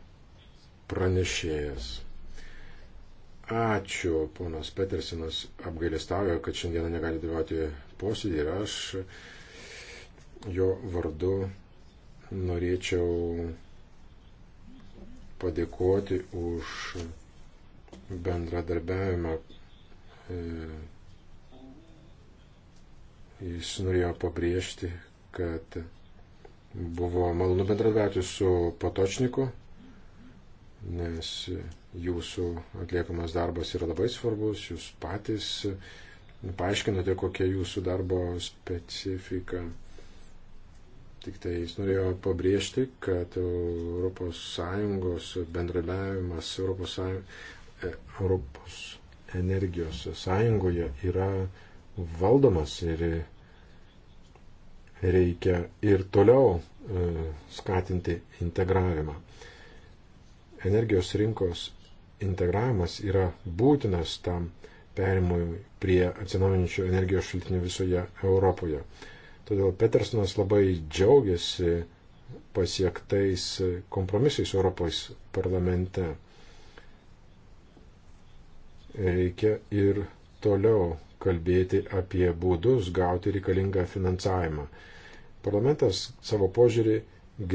pranešėjas. Ačiū, ponas Petersinas apgailestauja, kad šiandieną negali dalyvauti posėdį ir aš jo vardu norėčiau padėkoti už bendradarbiavimą. E, jis norėjo pabrėžti, kad buvo malonu bendradarbiauti su Patočniku, nes jūsų atliekamas darbas yra labai svarbus, jūs patys paaiškinote, kokia jūsų darbo specifika. Tik tai jis norėjo pabrėžti, kad ES bendradavimas Europos, e, Europos energijos sąjungoje yra valdomas ir reikia ir toliau e, skatinti integravimą energijos rinkos integravimas yra būtinas tam perimui prie atsinaujinančių energijos šaltinių visoje Europoje. Todėl Petersonas labai džiaugiasi pasiektais kompromisais Europos parlamente. Reikia ir toliau kalbėti apie būdus gauti reikalingą finansavimą. Parlamentas savo požiūrį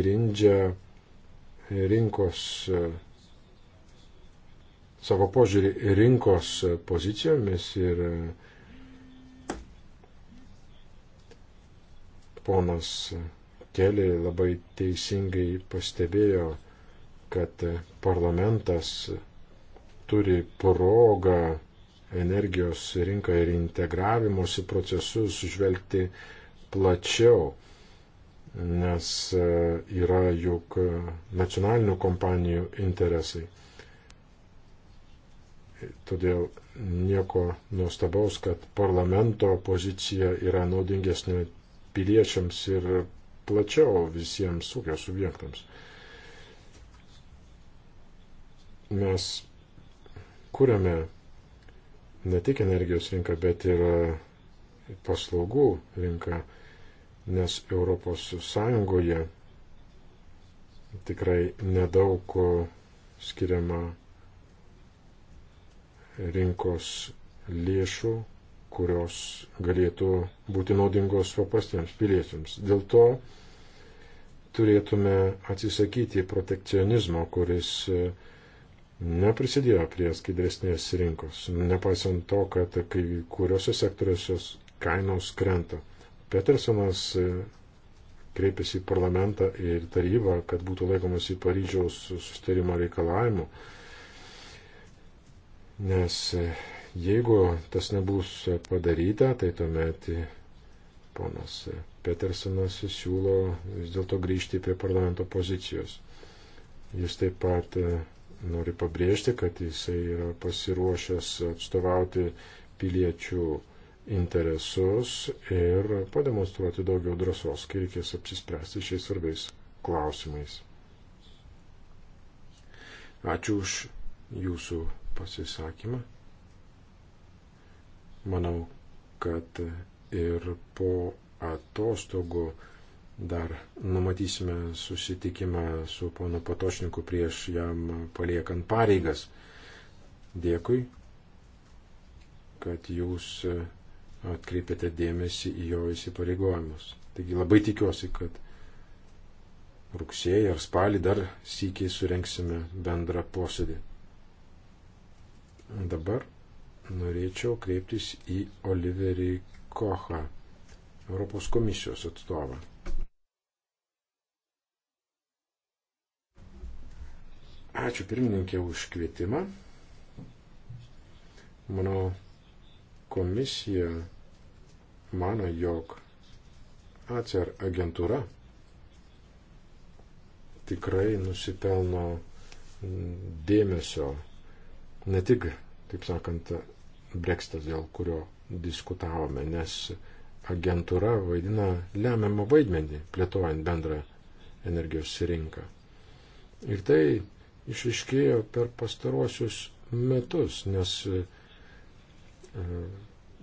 grindžia rinkos savo požiūrį rinkos pozicijomis ir ponas Kelė labai teisingai pastebėjo, kad parlamentas turi progą energijos rinką ir integravimosi procesus žvelgti plačiau nes e, yra juk e, nacionalinių kompanijų interesai. Todėl nieko nuostabaus, kad parlamento pozicija yra naudingesnė piliečiams ir plačiau visiems ūkio subjektams. Mes kūrėme ne tik energijos rinką, bet ir e, paslaugų rinką nes Europos Sąjungoje tikrai nedaug e, skiriama rinkos lėšų, kurios galėtų būti naudingos paprastiems piliečiams. Dėl to turėtume atsisakyti protekcionizmo, kuris e, neprisidėjo prie skaidresnės rinkos, nepaisant to, kad kai kuriuose sektoriuose kainos krenta. Petersonas e, kreipėsi į parlamentą ir tarybą, kad būtų laikomasi Paryžiaus sustarimo reikalavimų. Nes e, jeigu tas nebus padaryta, tai tuomet e, ponas Petersonas siūlo vis dėlto grįžti prie parlamento pozicijos. Jis taip pat nori pabrėžti, kad jisai yra pasiruošęs atstovauti piliečių interesus ir pademonstruoti daugiau drąsos, kai reikės apsispręsti šiais svarbiais klausimais. Ačiū už jūsų pasisakymą. Manau, kad ir po atostogų dar numatysime susitikimą su ponu Patošniku prieš jam paliekant pareigas. Dėkui, kad jūs atkreipėte dėmesį į jo įsipareigojimus. Taigi labai tikiuosi, kad rugsėjai ar spalį dar sykiai surenksime bendrą posėdį. Dabar norėčiau kreiptis į Oliverį Kochą, Europos komisijos atstovą. Ačiū pirmininkė už kvietimą. Manau, Komisija mano, jog ACER agentūra tikrai nusipelno dėmesio ne tik, taip sakant, breksitas, dėl kurio diskutavome, nes agentūra vaidina lemiamą vaidmenį plėtojant bendrą energijos rinką. Ir tai išriškėjo per pastaruosius metus, nes E,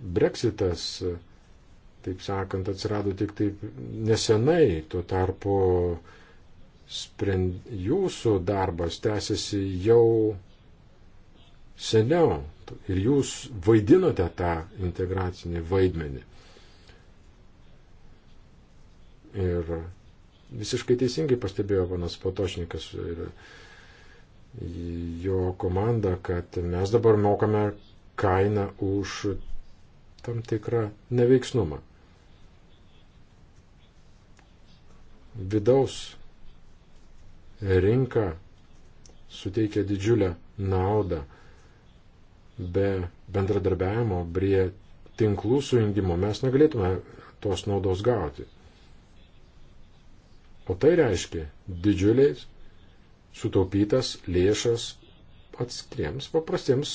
Brexitas, e, taip sakant, atsirado tik taip nesenai, tuo tarpu sprend... jūsų darbas tęsiasi jau seniau ir jūs vaidinote tą integracinį vaidmenį. Ir visiškai teisingai pastebėjo panas Potošnikas ir jo komanda, kad mes dabar mokame kainą už tam tikrą neveiksnumą. Vidaus rinka suteikia didžiulę naudą. Be bendradarbiavimo, prie tinklų sujungimo mes negalėtume tos naudos gauti. O tai reiškia didžiuliais sutaupytas lėšas atskiriems paprastiems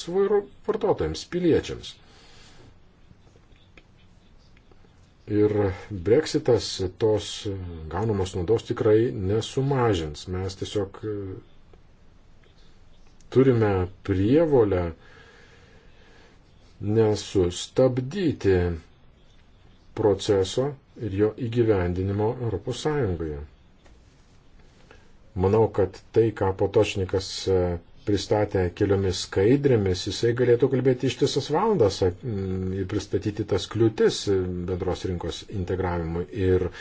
vartotojams, piliečiams. Ir breksitas tos gaunamos naudos tikrai nesumažins. Mes tiesiog e, turime prievolę nesustabdyti proceso ir jo įgyvendinimo ES. Manau, kad tai, ką Potošnikas e, pristatė keliomis skaidrėmis, jisai galėtų kalbėti ištisas valandas mm, ir pristatyti tas kliūtis bendros rinkos integravimui ir e,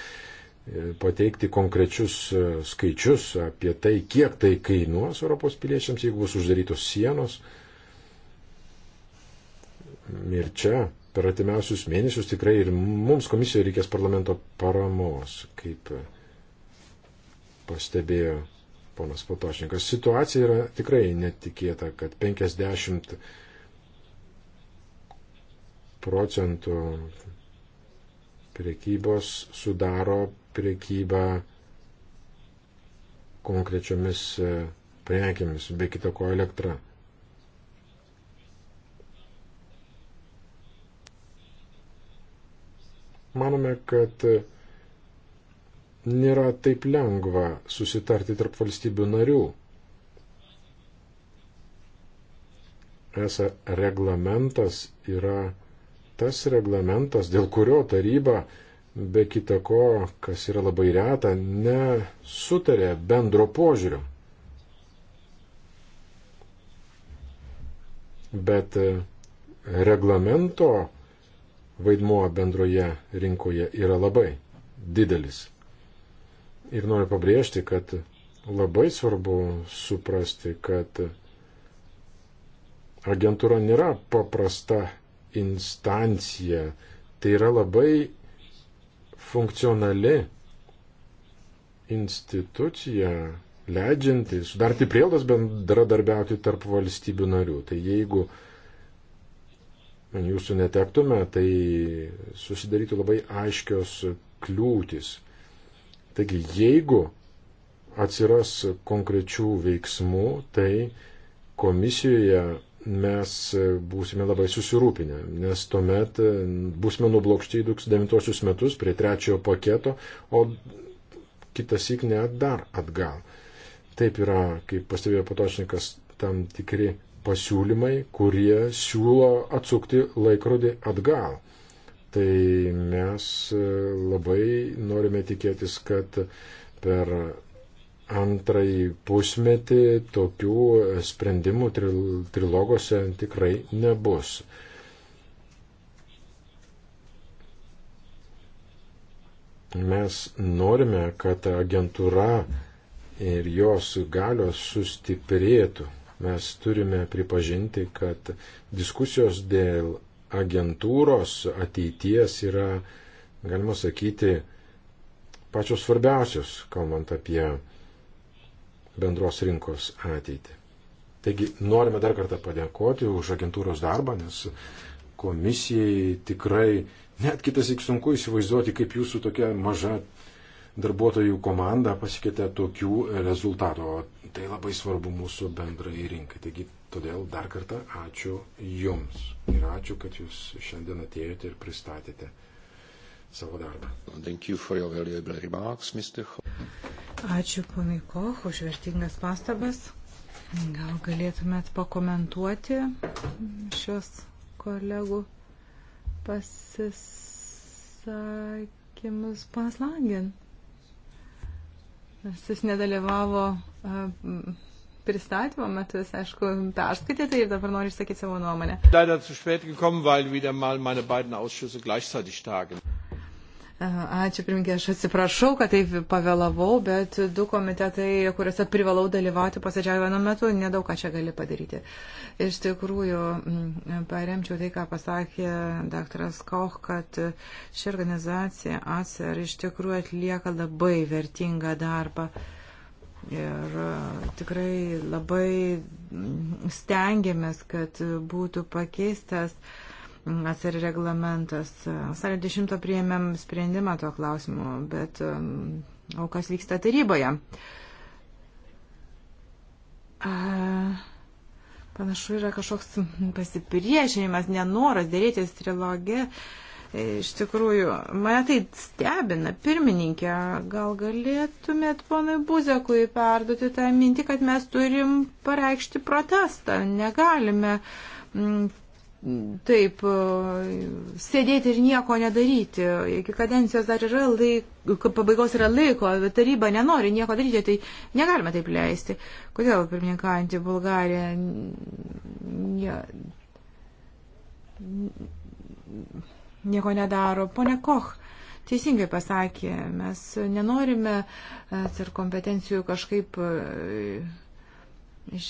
pateikti konkrečius e, skaičius apie tai, kiek tai kainuos Europos piliečiams, jeigu bus uždarytos sienos. Ir čia per atimiausius mėnesius tikrai ir mums komisijoje reikės parlamento paramos, kaip pastebėjo ponas Potošnikas. Situacija yra tikrai netikėta, kad 50 procentų priekybos sudaro priekybą konkrečiomis e, prekėmis, be kita ko elektra. Manome, kad nėra taip lengva susitarti tarp valstybių narių. Esa reglamentas yra tas reglamentas, dėl kurio taryba, be kita ko, kas yra labai reta, nesutarė bendro požiūrio. Bet e, reglamento vaidmuo bendroje rinkoje yra labai didelis. Ir noriu pabrėžti, kad labai svarbu suprasti, kad agentūra nėra paprasta instancija, tai yra labai funkcionali institucija, leidžianti sudarti prieldas bendradarbiauti tarp valstybių narių. Tai jeigu jūsų netektume, tai susidarytų labai aiškios kliūtis Taigi, jeigu atsiras konkrečių veiksmų, tai komisijoje mes būsime labai susirūpinę, nes tuomet būsime nublokšti į 2009 metus prie trečiojo paketo, o kitas įk net dar atgal. Taip yra, kaip pastebėjo Patočnikas, tam tikri pasiūlymai, kurie siūlo atsukti laikrodį atgal tai mes e, labai norime tikėtis, kad per antrąjį pusmetį tokių e, sprendimų trilogose tikrai nebus. Mes norime, kad agentūra ir jos galios sustiprėtų. Mes turime pripažinti, kad diskusijos dėl agentūros ateities yra, galima sakyti, pačios svarbiausios, kalbant apie bendros rinkos ateitį. Taigi norime dar kartą padėkoti už agentūros darbą, nes komisijai tikrai net kitas įk sunku įsivaizduoti, kaip jūsų tokia maža darbuotojų komanda pasikeitė tokių rezultatų. O tai labai svarbu mūsų bendrai rinkai. Taigi, todėl dar kartą ačiū Jums. Ir ačiū, kad Jūs šiandien atėjote ir pristatėte savo darbą. You remarks, ačiū, ponai Koch, už vertingas pastabas. Gal galėtumėt pakomentuoti šios kolegų pasisakymus paslangin. Nes jis nedalyvavo pristatymo metu, jis aišku, perskaitė tai ir dabar nori išsakyti savo nuomonę. Leider zu spät gekommen, weil wieder mal meine beiden Ausschüsse gleichzeitig tagen. Ačiū, pirmininkė, aš atsiprašau, kad taip pavėlavau, bet du komitetai, kuriuose privalau dalyvauti posėdžiavo vienu metu, nedaug ką čia gali padaryti. Iš tikrųjų, mm, paremčiau tai, ką pasakė daktaras Koch, kad ši organizacija ASER iš tikrųjų atlieka labai vertingą darbą. Ir e, tikrai labai mm, stengiamės, kad būtų pakeistas uh, atsir reglamentas. Vasario e, 10 prieėmėm sprendimą tuo klausimu, bet e, o kas vyksta taryboje? Panašu yra kažkoks pasipriešinimas, nenoras dėrėtis trilogė. E, iš tikrųjų, mane tai stebina, pirmininkė, gal galėtumėt ponui Buzekui perduoti tą mintį, kad mes turim pareikšti protestą, negalime mm, taip e, sėdėti ir nieko nedaryti. Iki kadencijos dar yra laiko, pabaigos yra laiko, bet taryba nenori nieko daryti, tai negalime taip leisti. Kodėl pirmininkaujantį Bulgariją ne, nieko nedaro? Pone Koch. Teisingai pasakė, mes nenorime ir e, kompetencijų kažkaip e, iš,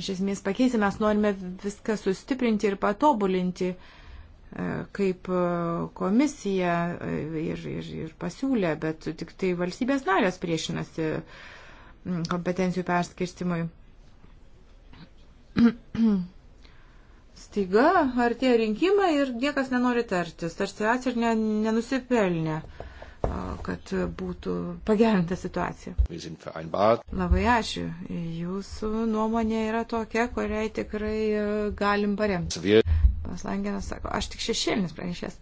iš esmės pakeisti, mes norime viską sustiprinti ir patobulinti, e, kaip e, komisija e, ir, ir, ir pasiūlė, bet tik tai valstybės narės priešinasi kompetencijų perskirstimui. Staiga artėja rinkimai ir niekas nenori tartis, tarsi atsir ne, nenusipelnė. Ne kad būtų pagerinta situacija. Labai ačiū. Jūsų nuomonė yra tokia, kuriai tikrai e, galim paremti. Pas Langenas sako, aš tik šešėlinis pranešęs.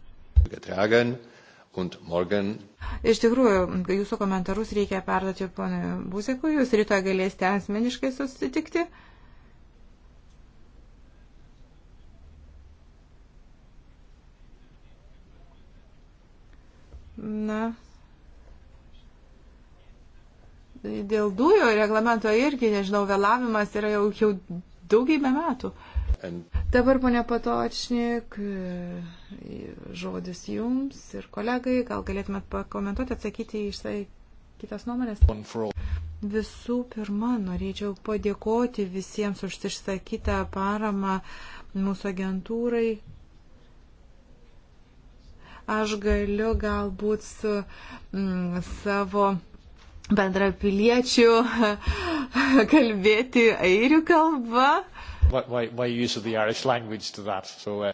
Iš tikrųjų, jūsų komentarus reikia perduoti ponui Būzekui, jūs rytoj galėsite asmeniškai susitikti. Na, dėl dujų reglamento irgi, nežinau, vėlavimas yra jau, jau daugybę metų. And... Dabar, ponia Patočnik, žodis jums ir kolegai, gal galėtumėt pakomentuoti, atsakyti į štai kitas nuomonės. Visų pirma, norėčiau padėkoti visiems už išsakytą paramą mūsų agentūrai, aš galiu galbūt su m, mm, savo bendrapiliečių kalbėti airių kalba. Why, why use of the Irish language to that? So, uh...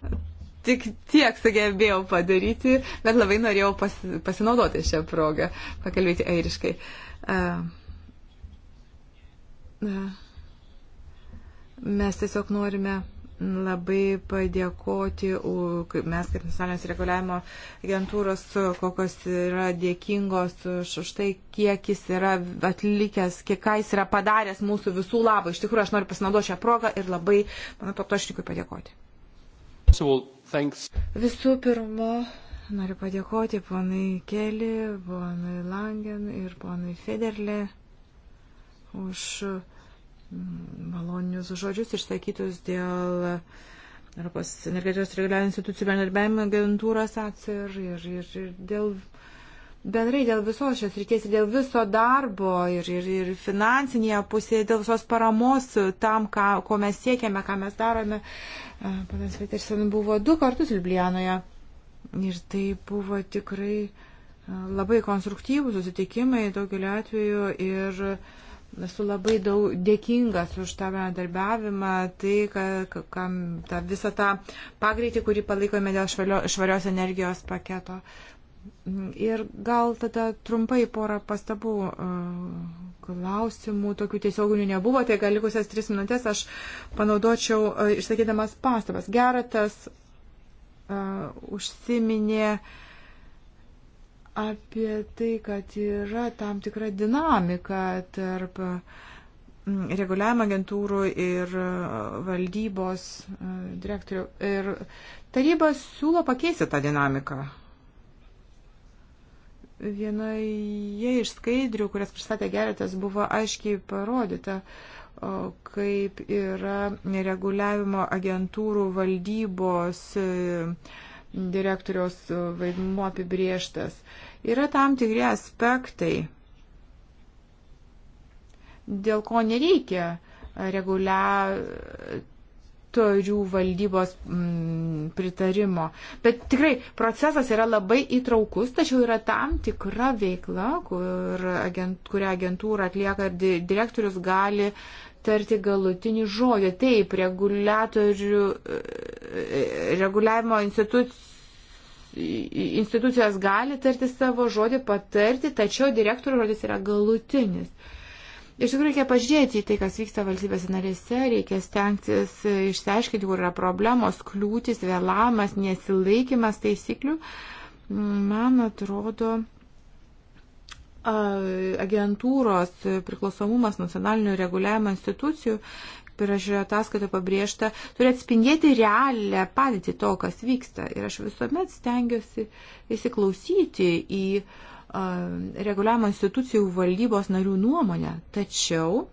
Tik tiek sugebėjau padaryti, bet labai norėjau pas, pasinaudoti šią progą, pakalbėti airiškai. Uh, uh, mes tiesiog norime labai padėkoti, mes kaip nacionalinės reguliavimo agentūros, kokios yra dėkingos už tai, kiek jis yra atlikęs, kiek ką jis yra padaręs mūsų visų labą. Iš tikrųjų, aš noriu pasinaudoti šią progą ir labai mano paptošnikui padėkoti. So, Visų pirma, noriu padėkoti ponai Keli, ponai Langen ir ponai Federle už. Uh, malonius žodžius išsakytus dėl Europos energetijos reguliavimo institucijų bendradarbiavimo agentūros ACER ir, ir, ir dėl bendrai dėl visos šios ryties ir dėl viso darbo ir, ir, ir finansinėje pusėje, dėl visos paramos tam, ką, ko mes siekiame, ką mes darome. Panas Petersen buvo du kartus Ljubljanoje ir tai buvo tikrai labai konstruktyvų susitikimai daugeliu atveju ir uh, Esu labai daug dėkingas už tą bendarbiavimą, tai, ka, ka, ka, ta, visą tą pagreitį, kurį palaikome dėl švalio, švarios energijos paketo. Ir gal tada trumpai porą pastabų uh, klausimų, tokių tiesioginių nebuvo, tai gal likusias tris minutės aš panaudočiau uh, išsakydamas pastabas. Geratas uh, užsiminė uh, apie tai, kad yra tam tikra dinamika tarp mm, reguliavimo agentūrų ir e, valdybos e, direktorių. Ir taryba siūlo pakeisti tą dinamiką. Vienoje iš skaidrių, kurias pristatė Geretas, buvo aiškiai parodyta, kaip yra reguliavimo agentūrų valdybos e, direktoriaus vaidmuo apibrieštas. Yra tam tikri aspektai, dėl ko nereikia reguliatorių valdybos m, mm, pritarimo. Bet tikrai procesas yra labai įtraukus, tačiau yra tam tikra veikla, kur agent, kurią agentūra atlieka ir direktorius gali tarti galutinį žodį. Taip, reguliatorių, e, e, reguliavimo institucijų institucijos gali tarti savo žodį, patarti, tačiau direktorių žodis yra galutinis. Iš tikrųjų, reikia pažiūrėti į tai, kas vyksta valstybės narėse, reikia stengtis išsiaiškinti, kur yra problemos, kliūtis, vėlamas, nesilaikimas taisyklių. Man atrodo, agentūros priklausomumas nacionalinių reguliavimo institucijų priežiūrio ataskaitoje pabrėžta, turi atspindėti realią padėtį to, kas vyksta. Ir aš visuomet stengiuosi įsiklausyti į uh, reguliavimo institucijų valdybos narių nuomonę. Tačiau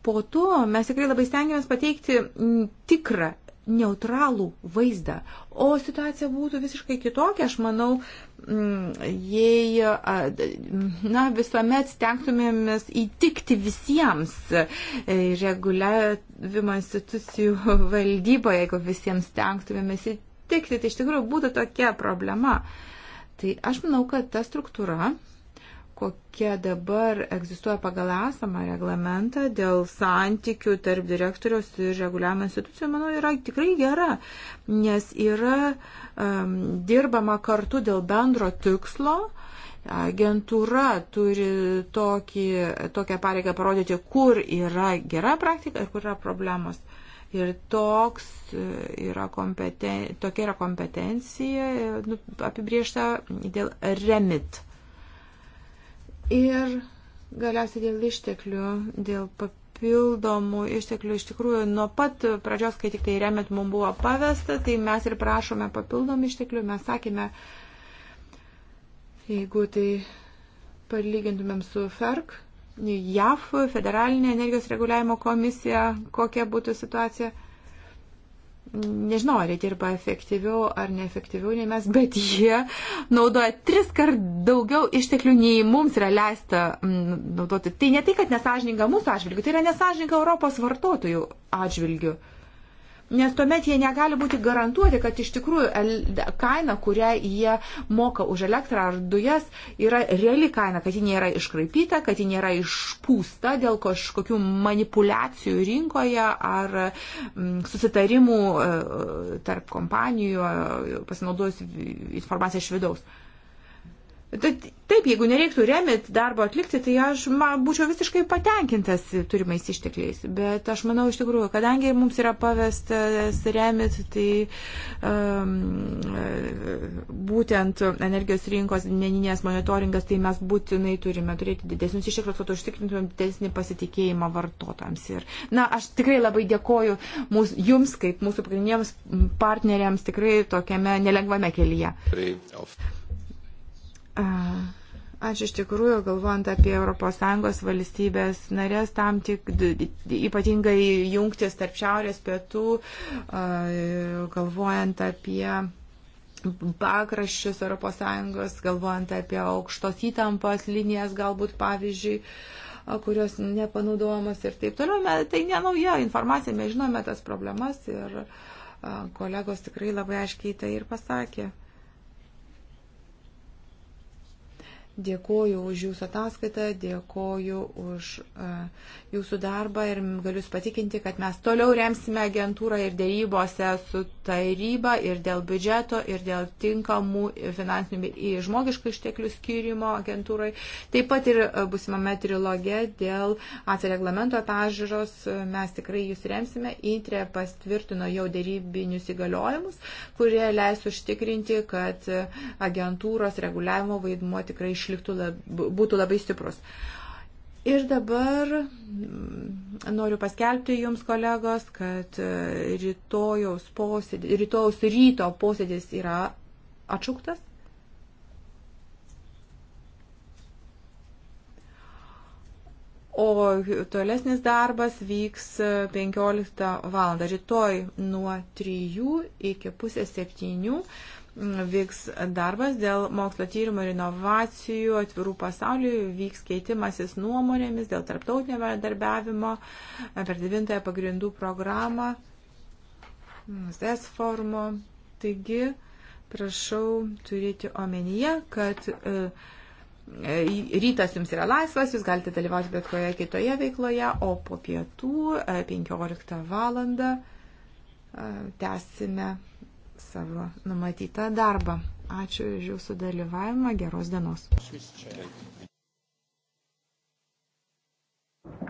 po to mes tikrai labai stengiamės pateikti tikrą neutralų vaizdą. O situacija būtų visiškai kitokia, aš manau, mm, jei na, visuomet stengtumėmės įtikti visiems e, reguliavimo institucijų valdyboje, jeigu visiems stengtumėmės įtikti, tai iš tikrųjų būtų tokia problema. Tai aš manau, kad ta struktūra kokia dabar egzistuoja pagal esamą reglamentą dėl santykių tarp direktoriaus ir reguliavimo institucijų, manau, yra tikrai gera, nes yra um, dirbama kartu dėl bendro tikslo. Agentūra turi tokį, tokią pareigą parodyti, kur yra gera praktika ir kur yra problemos. Ir toks e, yra kompeten, tokia yra kompetencija e, nu, apibriešta dėl remit. Ir galiausiai dėl išteklių, dėl papildomų išteklių, iš tikrųjų, nuo pat pradžios, kai tik tai remet mums buvo pavesta, tai mes ir prašome papildomų išteklių, mes sakėme, jeigu tai palygintumėm su FERC, JAF, Federalinė energijos reguliavimo komisija, kokia būtų situacija nežinau, ar jie dirba efektyviau ar neefektyviau nei mes, bet jie naudoja tris kart daugiau išteklių nei mums yra leista mm, naudoti. Tai ne tai, kad nesažininga mūsų atžvilgių, tai yra nesažininga Europos vartotojų atžvilgių nes tuomet jie negali būti garantuoti, kad iš tikrųjų kaina, kurią jie moka už elektrą ar dujas, yra reali kaina, kad ji nėra iškraipyta, kad ji nėra išpūsta dėl kažkokių manipulacijų rinkoje ar mm, susitarimų e, tarp kompanijų e, pasinaudojus informaciją iš vidaus. Taip, jeigu nereiktų remit darbo atlikti, tai aš ma, būčiau visiškai patenkintas turimais ištekliais. Bet aš manau iš tikrųjų, kadangi mums yra pavestas remit, tai um, būtent energijos rinkos dieninės monitoringas, tai mes būtinai turime turėti didesnius išteklius, kad užtikrintumėm didesnį pasitikėjimą vartotojams. Ir, na, aš tikrai labai dėkoju mūs, jums, kaip mūsų pagrindiniams partneriams, tikrai tokiame nelengvame kelyje. Prie, Ačiū iš tikrųjų, galvojant apie ES valstybės narės, tam tik ypatingai jungtis tarp šiaurės pietų, galvojant apie pakraščius ES, galvojant apie aukštos įtampos linijas galbūt pavyzdžiui kurios nepanaudojamos ir taip toliau. Tai nenauja informacija, mes žinome tas problemas ir kolegos tikrai labai aiškiai tai ir pasakė. Dėkoju už Jūsų ataskaitą, dėkoju už uh, Jūsų darbą ir galiu patikinti, kad mes toliau remsime agentūrą ir dėrybose su taryba ir dėl biudžeto ir dėl tinkamų finansinių į žmogiškų išteklių skirimo agentūrai. Taip pat ir uh, e, busimame trilogė dėl atsireglamento atažiūros uh, e, mes tikrai Jūs remsime. Intrė pastvirtino jau dėrybinius įgaliojimus, kurie leis užtikrinti, kad agentūros reguliavimo vaidmuo tikrai išlieka išliktų, lab, būtų labai stiprus. Ir dabar mm, noriu paskelbti Jums, kolegos, kad e, rytojaus, posėdė, rytojaus ryto posėdis yra atšauktas. O tolesnis darbas vyks 15 val. rytoj nuo 3 iki pusės 7 vyks darbas dėl mokslo tyrimų ir inovacijų atvirų pasaulių, vyks keitimasis nuomonėmis dėl tarptautinio bendradarbiavimo per devintąją pagrindų programą, S formo. Taigi, prašau turėti omenyje, kad e, e, rytas jums yra laisvas, jūs galite dalyvauti bet koje kitoje veikloje, o po pietų 15 e, valandą tęsime savo numatytą darbą. Ačiū už jūsų dalyvavimą. Geros dienos.